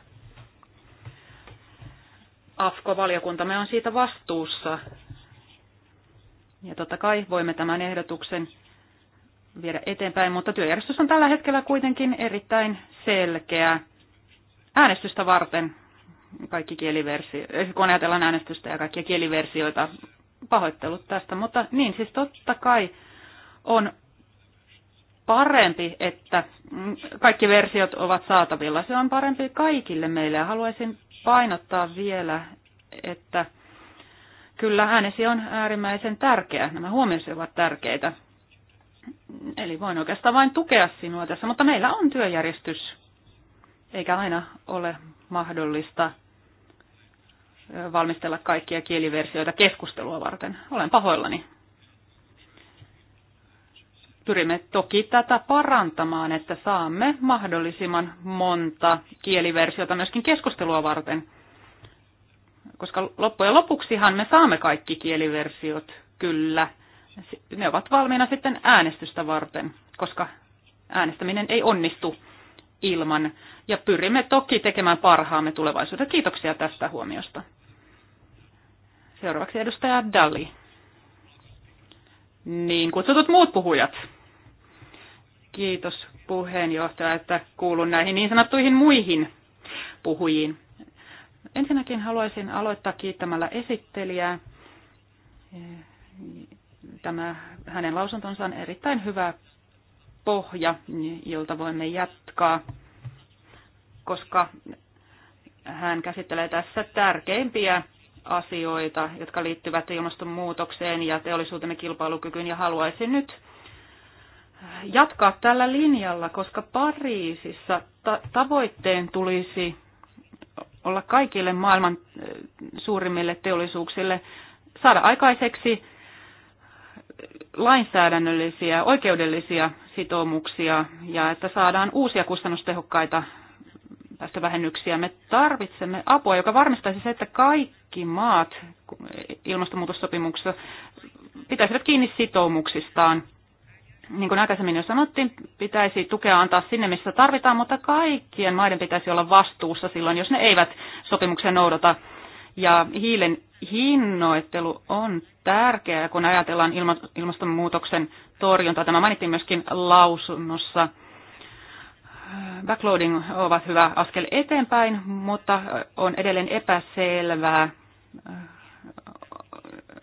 AFKO-valiokuntamme on siitä vastuussa. Ja totta kai voimme tämän ehdotuksen viedä eteenpäin, mutta työjärjestys on tällä hetkellä kuitenkin erittäin selkeä äänestystä varten kaikki kieliversioita, eh, kun ajatellaan äänestystä ja kaikkia kieliversioita, pahoittelut tästä, mutta niin siis totta kai on parempi, että kaikki versiot ovat saatavilla. Se on parempi kaikille meille ja haluaisin painottaa vielä, että kyllä äänesi on äärimmäisen tärkeä. Nämä huomiosi ovat tärkeitä. Eli voin oikeastaan vain tukea sinua tässä, mutta meillä on työjärjestys, eikä aina ole mahdollista valmistella kaikkia kieliversioita keskustelua varten. Olen pahoillani. Pyrimme toki tätä parantamaan, että saamme mahdollisimman monta kieliversiota myöskin keskustelua varten. Koska loppujen lopuksihan me saamme kaikki kieliversiot, kyllä – ne ovat valmiina sitten äänestystä varten, koska äänestäminen ei onnistu ilman. Ja pyrimme toki tekemään parhaamme tulevaisuudessa. Kiitoksia tästä huomiosta. Seuraavaksi edustaja Dali. Niin kutsutut muut puhujat. Kiitos puheenjohtaja, että kuulun näihin niin sanottuihin muihin puhujiin. Ensinnäkin haluaisin aloittaa kiittämällä esittelijää tämä hänen lausuntonsa on erittäin hyvä pohja, jolta voimme jatkaa, koska hän käsittelee tässä tärkeimpiä asioita, jotka liittyvät ilmastonmuutokseen ja teollisuutemme kilpailukykyyn, ja haluaisin nyt jatkaa tällä linjalla, koska Pariisissa ta- tavoitteen tulisi olla kaikille maailman eh, suurimmille teollisuuksille saada aikaiseksi lainsäädännöllisiä, oikeudellisia sitoumuksia ja että saadaan uusia kustannustehokkaita päästövähennyksiä. Me tarvitsemme apua, joka varmistaisi se, että kaikki maat ilmastonmuutossopimuksessa pitäisivät kiinni sitoumuksistaan. Niin kuin aikaisemmin jo sanottiin, pitäisi tukea antaa sinne, missä tarvitaan, mutta kaikkien maiden pitäisi olla vastuussa silloin, jos ne eivät sopimuksia noudata. Ja hiilen hinnoittelu on tärkeää, kun ajatellaan ilmastonmuutoksen torjuntaa. Tämä mainittiin myöskin lausunnossa. Backloading ovat hyvä askel eteenpäin, mutta on edelleen epäselvää,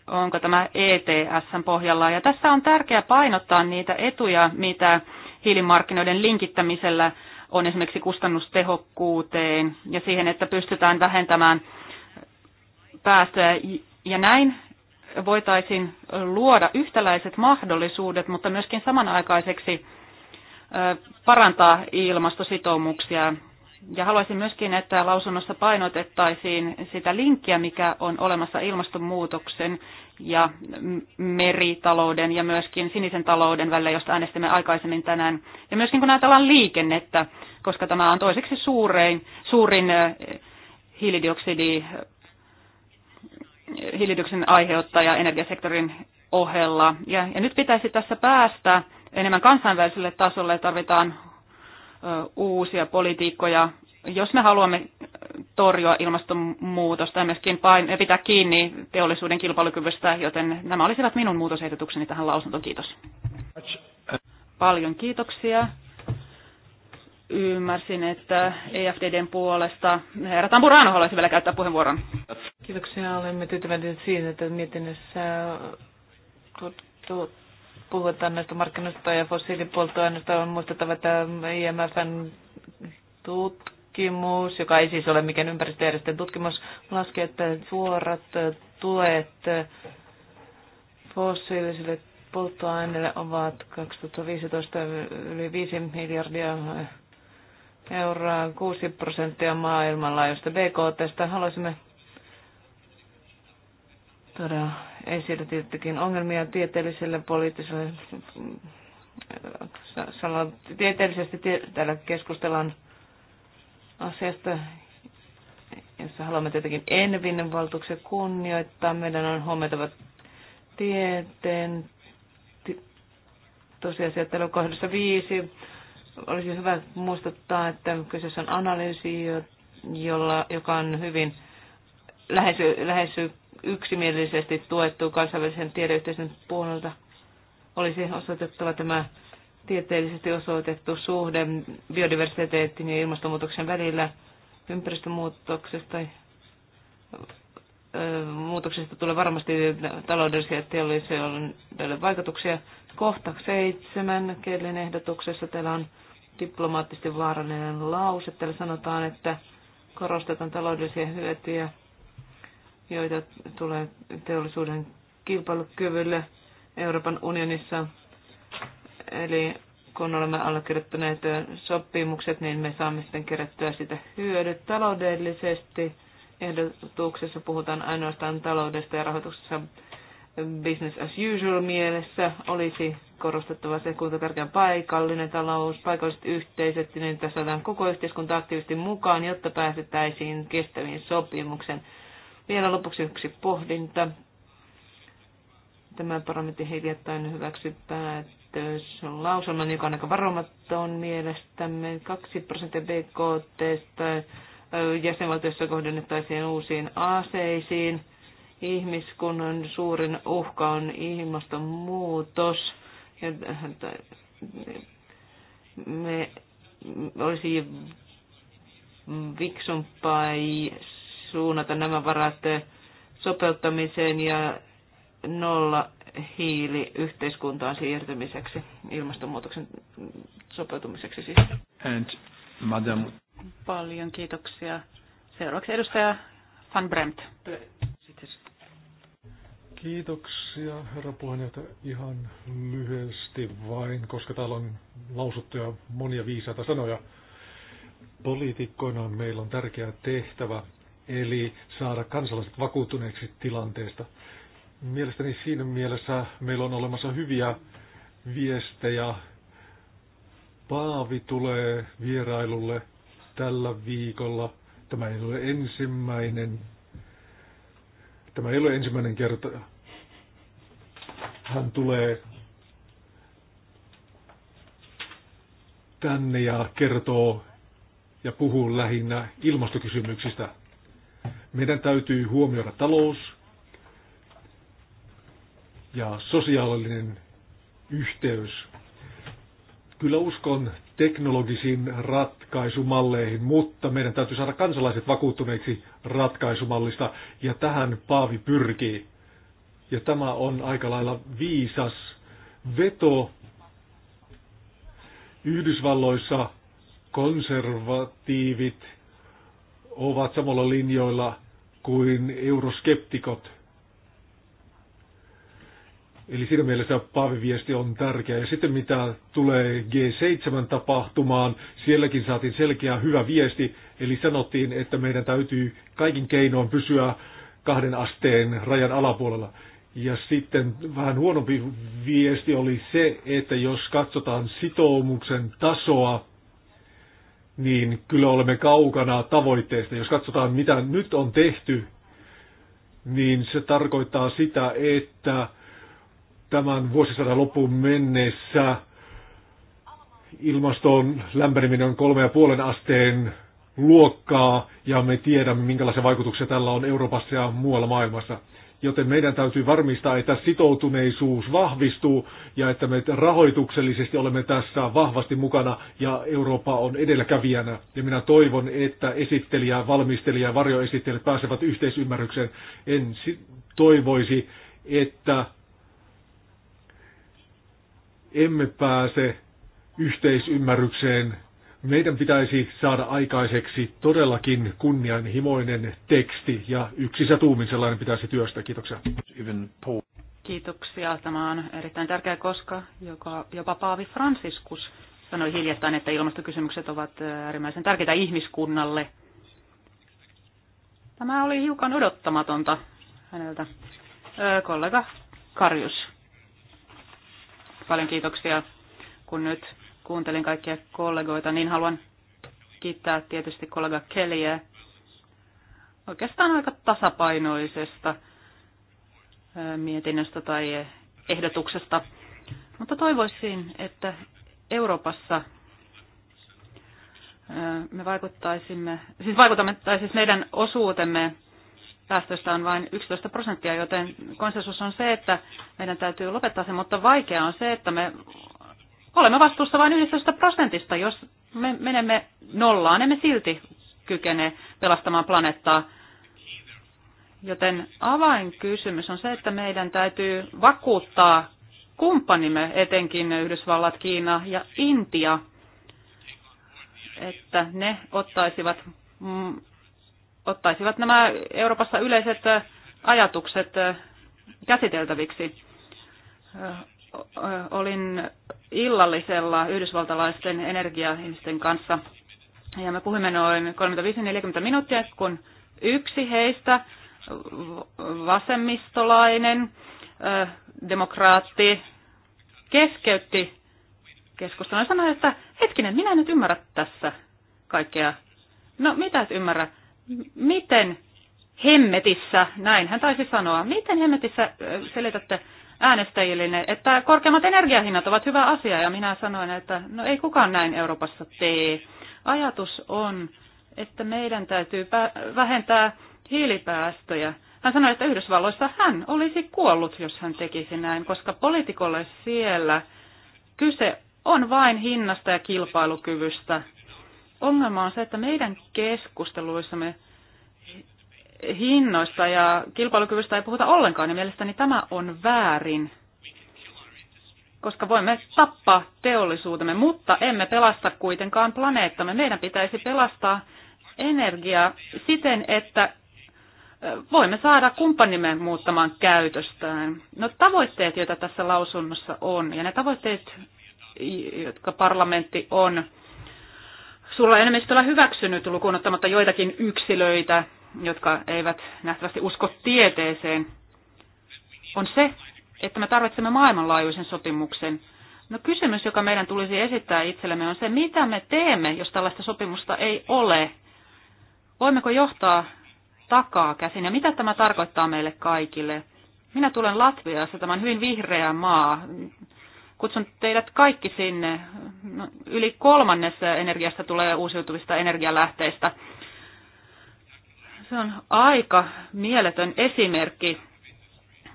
onko tämä ETS pohjalla. Ja tässä on tärkeää painottaa niitä etuja, mitä hiilimarkkinoiden linkittämisellä on esimerkiksi kustannustehokkuuteen ja siihen, että pystytään vähentämään – päästöjä ja näin voitaisiin luoda yhtäläiset mahdollisuudet, mutta myöskin samanaikaiseksi parantaa ilmastositoumuksia. Ja haluaisin myöskin, että lausunnossa painotettaisiin sitä linkkiä, mikä on olemassa ilmastonmuutoksen ja meritalouden ja myöskin sinisen talouden välillä, josta äänestimme aikaisemmin tänään. Ja myöskin kun ajatellaan liikennettä, koska tämä on toiseksi suurin, suurin hiilidioksidi hiilidioksidin aiheuttaja energiasektorin ohella. Ja, ja nyt pitäisi tässä päästä enemmän kansainväliselle tasolle, tarvitaan ö, uusia politiikkoja, jos me haluamme torjua ilmastonmuutosta ja myöskin pain- ja pitää kiinni teollisuuden kilpailukyvystä, joten nämä olisivat minun muutosehdotukseni tähän lausuntoon. Kiitos. Paljon kiitoksia ymmärsin, että EFDDn puolesta herra Tampurano haluaisi vielä käyttää puheenvuoron. Kiitoksia. Olemme tyytyväisiä siihen, että mietinnössä puhutaan näistä markkinoista ja fossiilipolttoaineista. On muistettava, että IMFn e tutkimus, joka ei siis ole mikään ympäristöjärjestön tutkimus, laski, että suorat tuet fossiilisille polttoaineille ovat 2015 yli 5 miljardia euroa, 6 prosenttia maailmanlaajuista BKT. Haluaisimme tuoda esille tietenkin ongelmia tieteelliselle poliittiselle tieteellisesti täällä keskustellaan asiasta, jossa haluamme tietenkin Envin valtuuksia kunnioittaa. Meidän on huomioitava tieteen tosiasiat, täällä kohdassa viisi olisi hyvä muistuttaa, että kyseessä on analyysi, jolla, joka on hyvin lähes, lähes yksimielisesti tuettu kansainvälisen tiedeyhteisön puolelta. Olisi osoitettava tämä tieteellisesti osoitettu suhde biodiversiteetin ja ilmastonmuutoksen välillä ympäristömuutoksesta muutoksesta tulee varmasti taloudellisia ja teollisia vaikutuksia. Kohta seitsemän kielen ehdotuksessa täällä on diplomaattisesti vaarallinen lause. Täällä sanotaan, että korostetaan taloudellisia hyötyjä, joita tulee teollisuuden kilpailukyvylle Euroopan unionissa. Eli kun olemme allekirjoittaneet sopimukset, niin me saamme sitten kerättyä sitä hyödyt taloudellisesti. Ehdotuksessa puhutaan ainoastaan taloudesta ja rahoituksessa business as usual mielessä olisi korostettava se, kuinka tärkeä paikallinen talous, paikalliset yhteisöt, niin tässä saadaan koko yhteiskunta aktiivisesti mukaan, jotta pääsettäisiin kestäviin sopimuksen. Vielä lopuksi yksi pohdinta. Tämä parlamentti hiljattain hyväksy päätös on lauselman, joka on aika varomaton mielestämme. 2 prosenttia BKTstä jäsenvaltiossa kohdennettaisiin uusiin aseisiin. Ihmiskunnan suurin uhka on ilmastonmuutos ja me olisi viksumpaa suunnata nämä varat sopeuttamiseen ja nolla hiili yhteiskuntaan siirtymiseksi, ilmastonmuutoksen sopeutumiseksi siis. And madam. Paljon kiitoksia. Seuraavaksi edustaja Van Bremt. Kiitoksia, herra puheenjohtaja. Ihan lyhyesti vain, koska täällä on lausuttuja monia viisaita sanoja. Poliitikkoina meillä on tärkeä tehtävä, eli saada kansalaiset vakuuttuneeksi tilanteesta. Mielestäni siinä mielessä meillä on olemassa hyviä viestejä. Paavi tulee vierailulle tällä viikolla. Tämä ei ole ensimmäinen Tämä ei ole ensimmäinen kerta. Hän tulee tänne ja kertoo ja puhuu lähinnä ilmastokysymyksistä. Meidän täytyy huomioida talous ja sosiaalinen yhteys. Kyllä uskon teknologisiin ratkaisumalleihin, mutta meidän täytyy saada kansalaiset vakuuttuneiksi ratkaisumallista, ja tähän Paavi pyrkii. Ja tämä on aika lailla viisas veto. Yhdysvalloissa konservatiivit ovat samalla linjoilla kuin euroskeptikot. Eli siinä mielessä paaviviesti on tärkeä. Ja sitten mitä tulee G7-tapahtumaan, sielläkin saatiin selkeä hyvä viesti. Eli sanottiin, että meidän täytyy kaikin keinoin pysyä kahden asteen rajan alapuolella. Ja sitten vähän huonompi viesti oli se, että jos katsotaan sitoumuksen tasoa, niin kyllä olemme kaukana tavoitteesta. Jos katsotaan, mitä nyt on tehty, niin se tarkoittaa sitä, että tämän vuosisadan loppuun mennessä ilmaston lämpeneminen on kolme ja puolen asteen luokkaa ja me tiedämme, minkälaisia vaikutuksia tällä on Euroopassa ja muualla maailmassa. Joten meidän täytyy varmistaa, että sitoutuneisuus vahvistuu ja että me rahoituksellisesti olemme tässä vahvasti mukana ja Eurooppa on edelläkävijänä. Ja minä toivon, että esittelijä, valmistelija ja varjoesittelijät pääsevät yhteisymmärrykseen. En toivoisi, että emme pääse yhteisymmärrykseen. Meidän pitäisi saada aikaiseksi todellakin kunnianhimoinen teksti ja yksi tuumin sellainen pitäisi työstää. Kiitoksia. Kiitoksia. Tämä on erittäin tärkeä koska joka, jopa Paavi Franciscus sanoi hiljattain, että ilmastokysymykset ovat äärimmäisen tärkeitä ihmiskunnalle. Tämä oli hiukan odottamatonta häneltä. Ö, kollega Karjus. Paljon kiitoksia, kun nyt kuuntelin kaikkia kollegoita, niin haluan kiittää tietysti kollega Kellyä oikeastaan aika tasapainoisesta mietinnöstä tai ehdotuksesta. Mutta toivoisin, että Euroopassa me vaikuttaisimme, siis vaikutamme, tai siis meidän osuutemme päästöistä on vain 11 prosenttia, joten konsensus on se, että meidän täytyy lopettaa se, mutta vaikea on se, että me olemme vastuussa vain 11 prosentista. Jos me menemme nollaan, emme silti kykene pelastamaan planeettaa. Joten avainkysymys on se, että meidän täytyy vakuuttaa kumppanimme, etenkin Yhdysvallat, Kiina ja Intia, että ne ottaisivat ottaisivat nämä Euroopassa yleiset ajatukset käsiteltäviksi. Olin illallisella yhdysvaltalaisten energiaihmisten kanssa ja me puhuimme noin 35-40 minuuttia, kun yksi heistä, vasemmistolainen demokraatti, keskeytti keskustelun ja sanoi, että hetkinen, minä en nyt ymmärrä tässä kaikkea. No mitä et ymmärrä? miten hemmetissä, näin hän taisi sanoa, miten hemmetissä selitätte äänestäjille, että korkeammat energiahinnat ovat hyvä asia, ja minä sanoin, että no ei kukaan näin Euroopassa tee. Ajatus on, että meidän täytyy vähentää hiilipäästöjä. Hän sanoi, että Yhdysvalloissa hän olisi kuollut, jos hän tekisi näin, koska poliitikolle siellä kyse on vain hinnasta ja kilpailukyvystä. Ongelma on se, että meidän keskusteluissamme hinnoista ja kilpailukyvystä ei puhuta ollenkaan, ja mielestäni tämä on väärin, koska voimme tappaa teollisuutemme, mutta emme pelasta kuitenkaan planeettamme. Meidän pitäisi pelastaa energiaa siten, että voimme saada kumppanimme muuttamaan käytöstään. No tavoitteet, joita tässä lausunnossa on, ja ne tavoitteet, jotka parlamentti on sulla enemmistöllä hyväksynyt lukuun ottamatta joitakin yksilöitä, jotka eivät nähtävästi usko tieteeseen, on se, että me tarvitsemme maailmanlaajuisen sopimuksen. No kysymys, joka meidän tulisi esittää itsellemme, on se, mitä me teemme, jos tällaista sopimusta ei ole. Voimmeko johtaa takaa käsin ja mitä tämä tarkoittaa meille kaikille? Minä tulen Latviasta, tämä on hyvin vihreä maa, Kutsun teidät kaikki sinne. No, yli kolmannes energiasta tulee uusiutuvista energialähteistä. Se on aika mieletön esimerkki.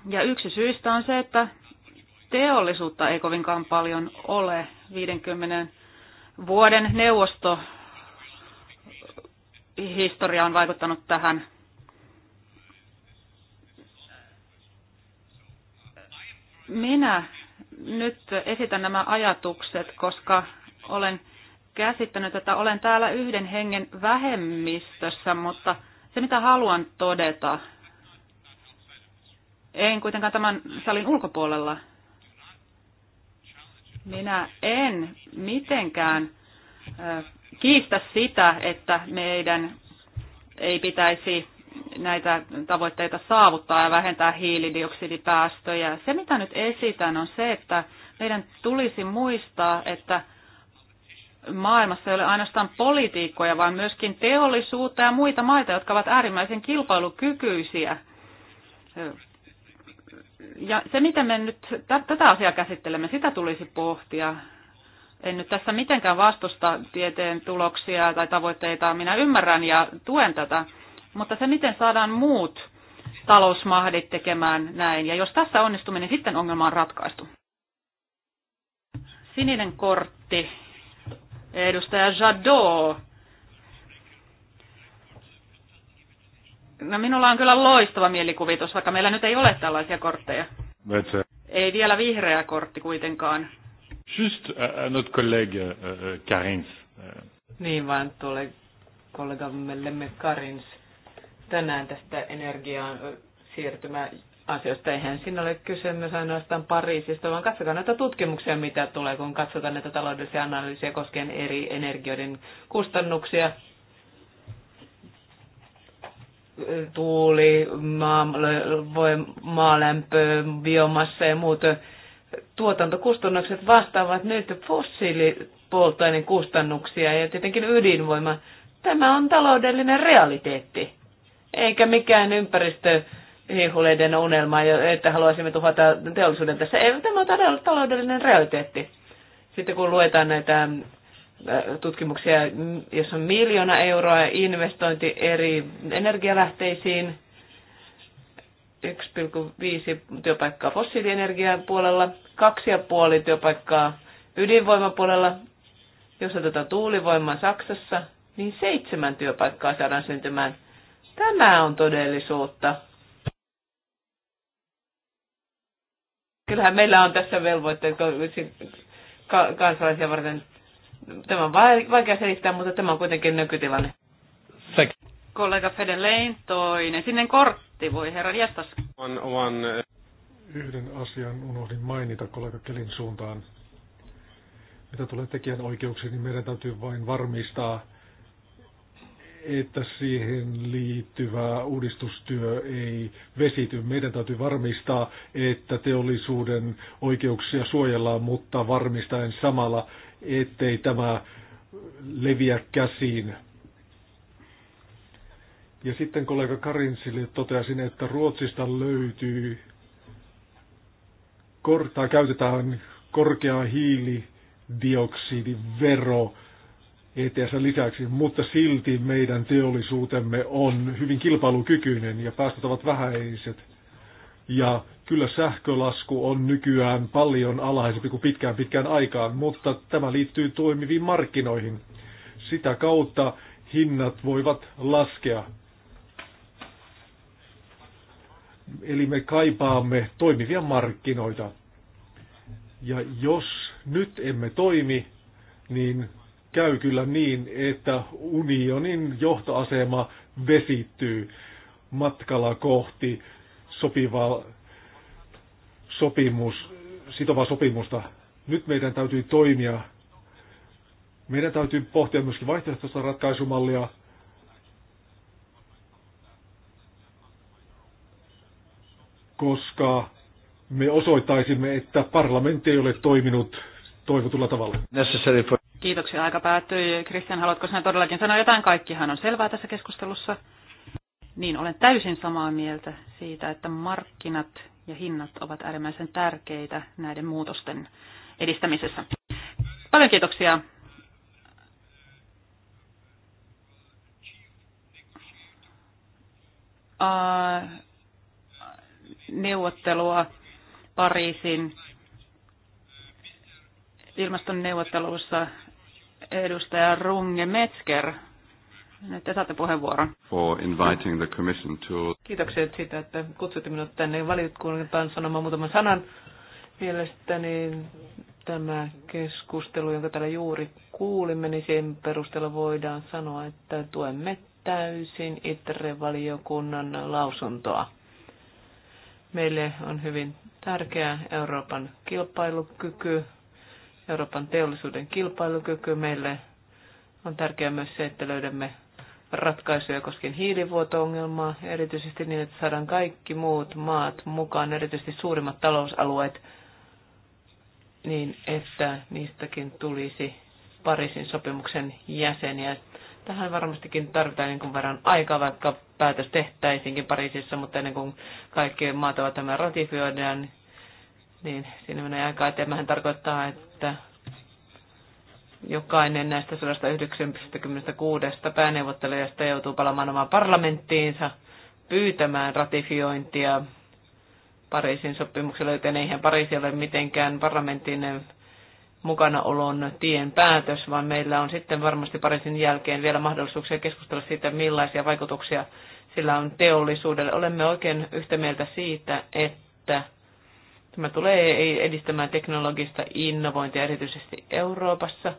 Ja yksi syystä on se, että teollisuutta ei kovinkaan paljon ole 50 vuoden neuvosto historia on vaikuttanut tähän. Minä nyt esitän nämä ajatukset, koska olen käsittänyt, että olen täällä yhden hengen vähemmistössä, mutta se mitä haluan todeta, en kuitenkaan tämän salin ulkopuolella. Minä en mitenkään kiistä sitä, että meidän ei pitäisi näitä tavoitteita saavuttaa ja vähentää hiilidioksidipäästöjä. Se, mitä nyt esitän, on se, että meidän tulisi muistaa, että maailmassa ei ole ainoastaan politiikkoja, vaan myöskin teollisuutta ja muita maita, jotka ovat äärimmäisen kilpailukykyisiä. Ja se, miten me nyt tätä asiaa käsittelemme, sitä tulisi pohtia. En nyt tässä mitenkään vastusta tieteen tuloksia tai tavoitteita. Minä ymmärrän ja tuen tätä mutta se, miten saadaan muut talousmahdit tekemään näin, ja jos tässä onnistuminen niin sitten ongelma on ratkaistu. Sininen kortti. Edustaja Jadot. No minulla on kyllä loistava mielikuvitus, vaikka meillä nyt ei ole tällaisia kortteja. Metsä. Ei vielä vihreä kortti kuitenkaan. Just uh, notre collègue uh, Karins. Niin vaan tuolle kollegamme Karins tänään tästä energiaan siirtymä asioista. Eihän siinä ole kysymys ainoastaan Pariisista, vaan katsotaan. näitä tutkimuksia, mitä tulee, kun katsotaan näitä taloudellisia analyysiä koskien eri energioiden kustannuksia. Tuuli, maa, maalämpö, biomassa ja muut tuotantokustannukset vastaavat nyt fossiilipolttoaineen kustannuksia ja tietenkin ydinvoima. Tämä on taloudellinen realiteetti eikä mikään ympäristö hiihuleiden unelma, että haluaisimme tuhota teollisuuden tässä. Ei, tämä on taloudellinen realiteetti. Sitten kun luetaan näitä äh, tutkimuksia, jos on miljoona euroa investointi eri energialähteisiin, 1,5 työpaikkaa fossiilienergian puolella, 2,5 työpaikkaa ydinvoimapuolella, jos otetaan tuulivoimaa Saksassa, niin seitsemän työpaikkaa saadaan syntymään Tämä on todellisuutta. Kyllähän meillä on tässä velvoitteet kansalaisia varten. Tämä on vaikea selittää, mutta tämä on kuitenkin nykytilanne. Thank kollega Fedelein toinen. Sinne kortti, voi herra Jastas. One, one. Uh, Yhden asian unohdin mainita kollega Kelin suuntaan. Mitä tulee tekijän oikeuksiin, niin meidän täytyy vain varmistaa, että siihen liittyvä uudistustyö ei vesity. Meidän täytyy varmistaa, että teollisuuden oikeuksia suojellaan, mutta varmistaen samalla, ettei tämä leviä käsiin. Ja sitten kollega Karinsille toteasin, että Ruotsista löytyy, kortaa käytetään korkea hiilidioksidivero ets lisäksi, mutta silti meidän teollisuutemme on hyvin kilpailukykyinen ja päästöt ovat vähäiset. Ja kyllä sähkölasku on nykyään paljon alhaisempi kuin pitkään pitkään aikaan, mutta tämä liittyy toimiviin markkinoihin. Sitä kautta hinnat voivat laskea. Eli me kaipaamme toimivia markkinoita. Ja jos nyt emme toimi, niin käy kyllä niin, että unionin johtoasema vesittyy matkalla kohti sopivaa sopimus, sitovaa sopimusta. Nyt meidän täytyy toimia. Meidän täytyy pohtia myöskin vaihtoehtoista ratkaisumallia. Koska me osoittaisimme, että parlamentti ei ole toiminut toivotulla tavalla. Necessary for... Kiitoksia, aika päättyi. Kristian, haluatko sinä todellakin sanoa jotain? Kaikkihan on selvää tässä keskustelussa. Niin, olen täysin samaa mieltä siitä, että markkinat ja hinnat ovat äärimmäisen tärkeitä näiden muutosten edistämisessä. Paljon kiitoksia. neuvottelua Pariisin ilmastonneuvottelussa. Edustaja Runge Metzger, nyt te saatte puheenvuoron. For inviting the commission to... Kiitoksia siitä, että kutsutte minut tänne valiokuntaan sanomaan muutaman sanan. Mielestäni tämä keskustelu, jonka täällä juuri kuulimme, niin sen perusteella voidaan sanoa, että tuemme täysin ITRE-valiokunnan lausuntoa. Meille on hyvin tärkeää Euroopan kilpailukyky Euroopan teollisuuden kilpailukyky. Meille on tärkeää myös se, että löydämme ratkaisuja koskien hiilivuoto-ongelmaa, erityisesti niin, että saadaan kaikki muut maat mukaan, erityisesti suurimmat talousalueet, niin että niistäkin tulisi Pariisin sopimuksen jäseniä. Tähän varmastikin tarvitaan niin verran aikaa, vaikka päätös tehtäisinkin Pariisissa, mutta ennen kuin kaikki maat ovat tämän ratifioidaan, niin siinä menee aikaa. eteenpäin. tarkoittaa, että jokainen näistä 196 pääneuvottelijasta joutuu palaamaan omaan parlamenttiinsa pyytämään ratifiointia Pariisin sopimukselle, joten eihän Pariisi ole mitenkään parlamentin mukanaolon tien päätös, vaan meillä on sitten varmasti Pariisin jälkeen vielä mahdollisuuksia keskustella siitä, millaisia vaikutuksia sillä on teollisuudelle. Olemme oikein yhtä mieltä siitä, että Tämä tulee edistämään teknologista innovointia erityisesti Euroopassa.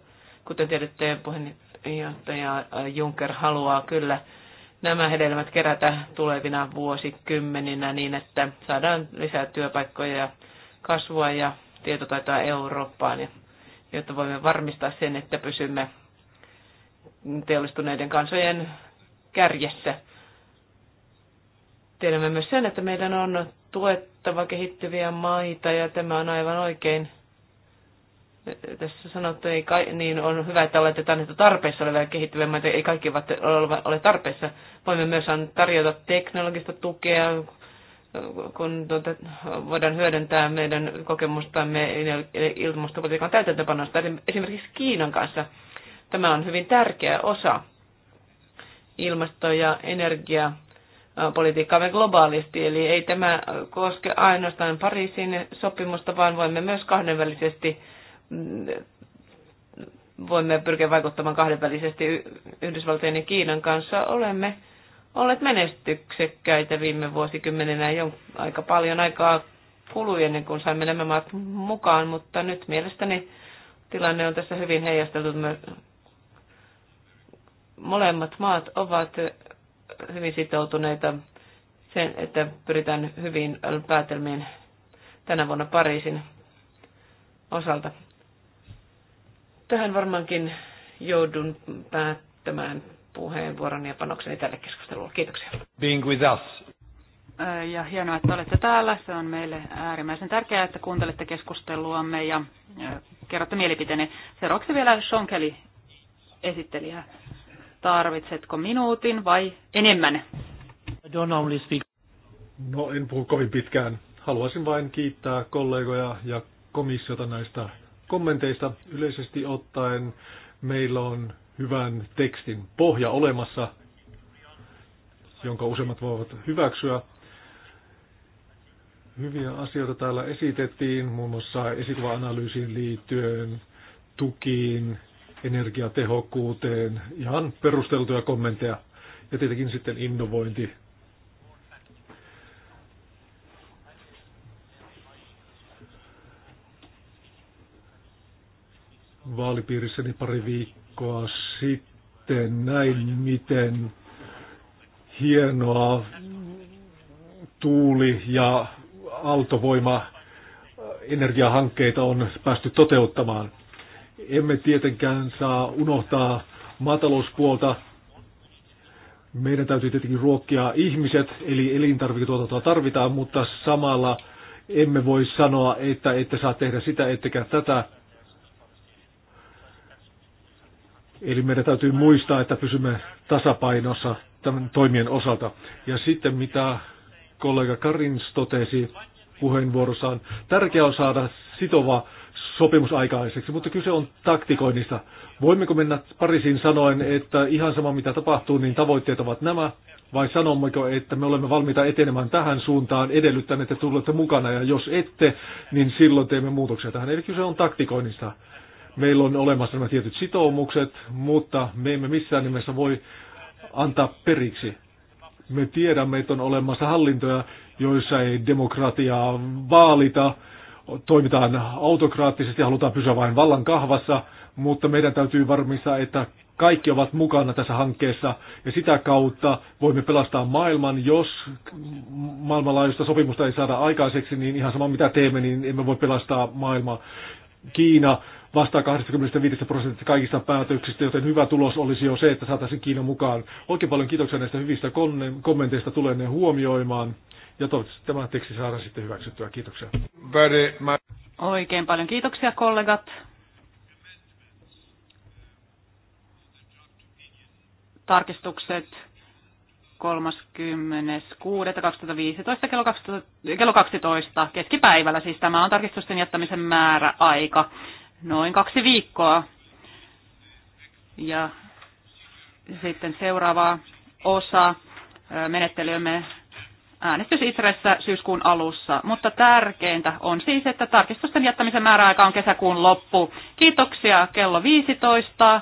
Kuten tiedätte, puheenjohtaja Juncker haluaa kyllä nämä hedelmät kerätä tulevina vuosikymmeninä niin, että saadaan lisää työpaikkoja ja kasvua ja tietotaitoa Eurooppaan, jotta voimme varmistaa sen, että pysymme teollistuneiden kansojen kärjessä. Tiedämme myös sen, että meidän on tuettava kehittyviä maita ja tämä on aivan oikein tässä sanottu, ei kai, niin on hyvä, että oletetaan, että tarpeessa olevia kehittyviä maita ei kaikki ole tarpeessa. Voimme myös tarjota teknologista tukea, kun tuota, voidaan hyödyntää meidän kokemustamme ilmastopolitiikan täytäntöpanosta esimerkiksi Kiinan kanssa. Tämä on hyvin tärkeä osa ilmasto- ja energia politiikkaamme globaalisti. Eli ei tämä koske ainoastaan Pariisin sopimusta, vaan voimme myös kahdenvälisesti mm, voimme pyrkiä vaikuttamaan kahdenvälisesti Yhdysvaltojen ja Kiinan kanssa. Olemme olleet menestyksekkäitä viime vuosikymmeninä jo aika paljon aikaa kului ennen kuin saimme nämä maat mukaan, mutta nyt mielestäni tilanne on tässä hyvin heijasteltu. Molemmat maat ovat hyvin sitoutuneita sen, että pyritään hyvin päätelmiin tänä vuonna Pariisin osalta. Tähän varmaankin joudun päättämään puheenvuoron ja panokseni tälle keskustelulle. Kiitoksia. Being with us. Ja hienoa, että olette täällä. Se on meille äärimmäisen tärkeää, että kuuntelette keskusteluamme ja kerrotte mielipiteenne. Seuraavaksi vielä Sean Kelly, esittelijä Tarvitsetko minuutin vai enemmän? I don't normally speak. No en puhu kovin pitkään. Haluaisin vain kiittää kollegoja ja komissiota näistä kommenteista. Yleisesti ottaen meillä on hyvän tekstin pohja olemassa, jonka useimmat voivat hyväksyä. Hyviä asioita täällä esitettiin, muun muassa esikuva-analyysiin liittyen, tukiin, energiatehokkuuteen. Ihan perusteltuja kommentteja. Ja tietenkin sitten innovointi. Vaalipiirissäni pari viikkoa sitten näin, miten hienoa tuuli- ja aaltovoima energiahankkeita on päästy toteuttamaan – emme tietenkään saa unohtaa maatalouspuolta. Meidän täytyy tietenkin ruokkia ihmiset, eli elintarviketuotantoa tarvitaan, mutta samalla emme voi sanoa, että ette saa tehdä sitä, ettekä tätä. Eli meidän täytyy muistaa, että pysymme tasapainossa tämän toimien osalta. Ja sitten mitä kollega Karins totesi puheenvuorossaan, tärkeää on saada sitova sopimus aikaiseksi, mutta kyse on taktikoinnista. Voimmeko mennä Pariisiin sanoen, että ihan sama mitä tapahtuu, niin tavoitteet ovat nämä, vai sanommeko, että me olemme valmiita etenemään tähän suuntaan edellyttäen, että tulette mukana, ja jos ette, niin silloin teemme muutoksia tähän. Eli kyse on taktikoinnista. Meillä on olemassa nämä tietyt sitoumukset, mutta me emme missään nimessä voi antaa periksi. Me tiedämme, että on olemassa hallintoja, joissa ei demokratiaa vaalita, toimitaan autokraattisesti, halutaan pysyä vain vallan kahvassa, mutta meidän täytyy varmistaa, että kaikki ovat mukana tässä hankkeessa ja sitä kautta voimme pelastaa maailman. Jos maailmanlaajuista sopimusta ei saada aikaiseksi, niin ihan sama mitä teemme, niin emme voi pelastaa maailmaa. Kiina vastaa 25 prosentista kaikista päätöksistä, joten hyvä tulos olisi jo se, että saataisiin Kiina mukaan. Oikein paljon kiitoksia näistä hyvistä kommenteista, tulee ne huomioimaan. Ja toivottavasti tämä teksti saadaan sitten hyväksyttyä. Kiitoksia. Oikein paljon kiitoksia kollegat. Tarkistukset 30.6.2015 kello, kello 12 keskipäivällä. Siis tämä on tarkistusten jättämisen määrä aika noin kaksi viikkoa. Ja sitten seuraava osa menettelyömme äänestys Israelissa syyskuun alussa. Mutta tärkeintä on siis, että tarkistusten jättämisen määräaika on kesäkuun loppu. Kiitoksia kello 15.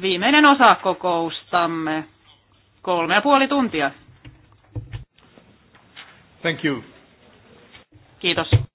Viimeinen osa kokoustamme. Kolme ja puoli tuntia. Thank you. Kiitos.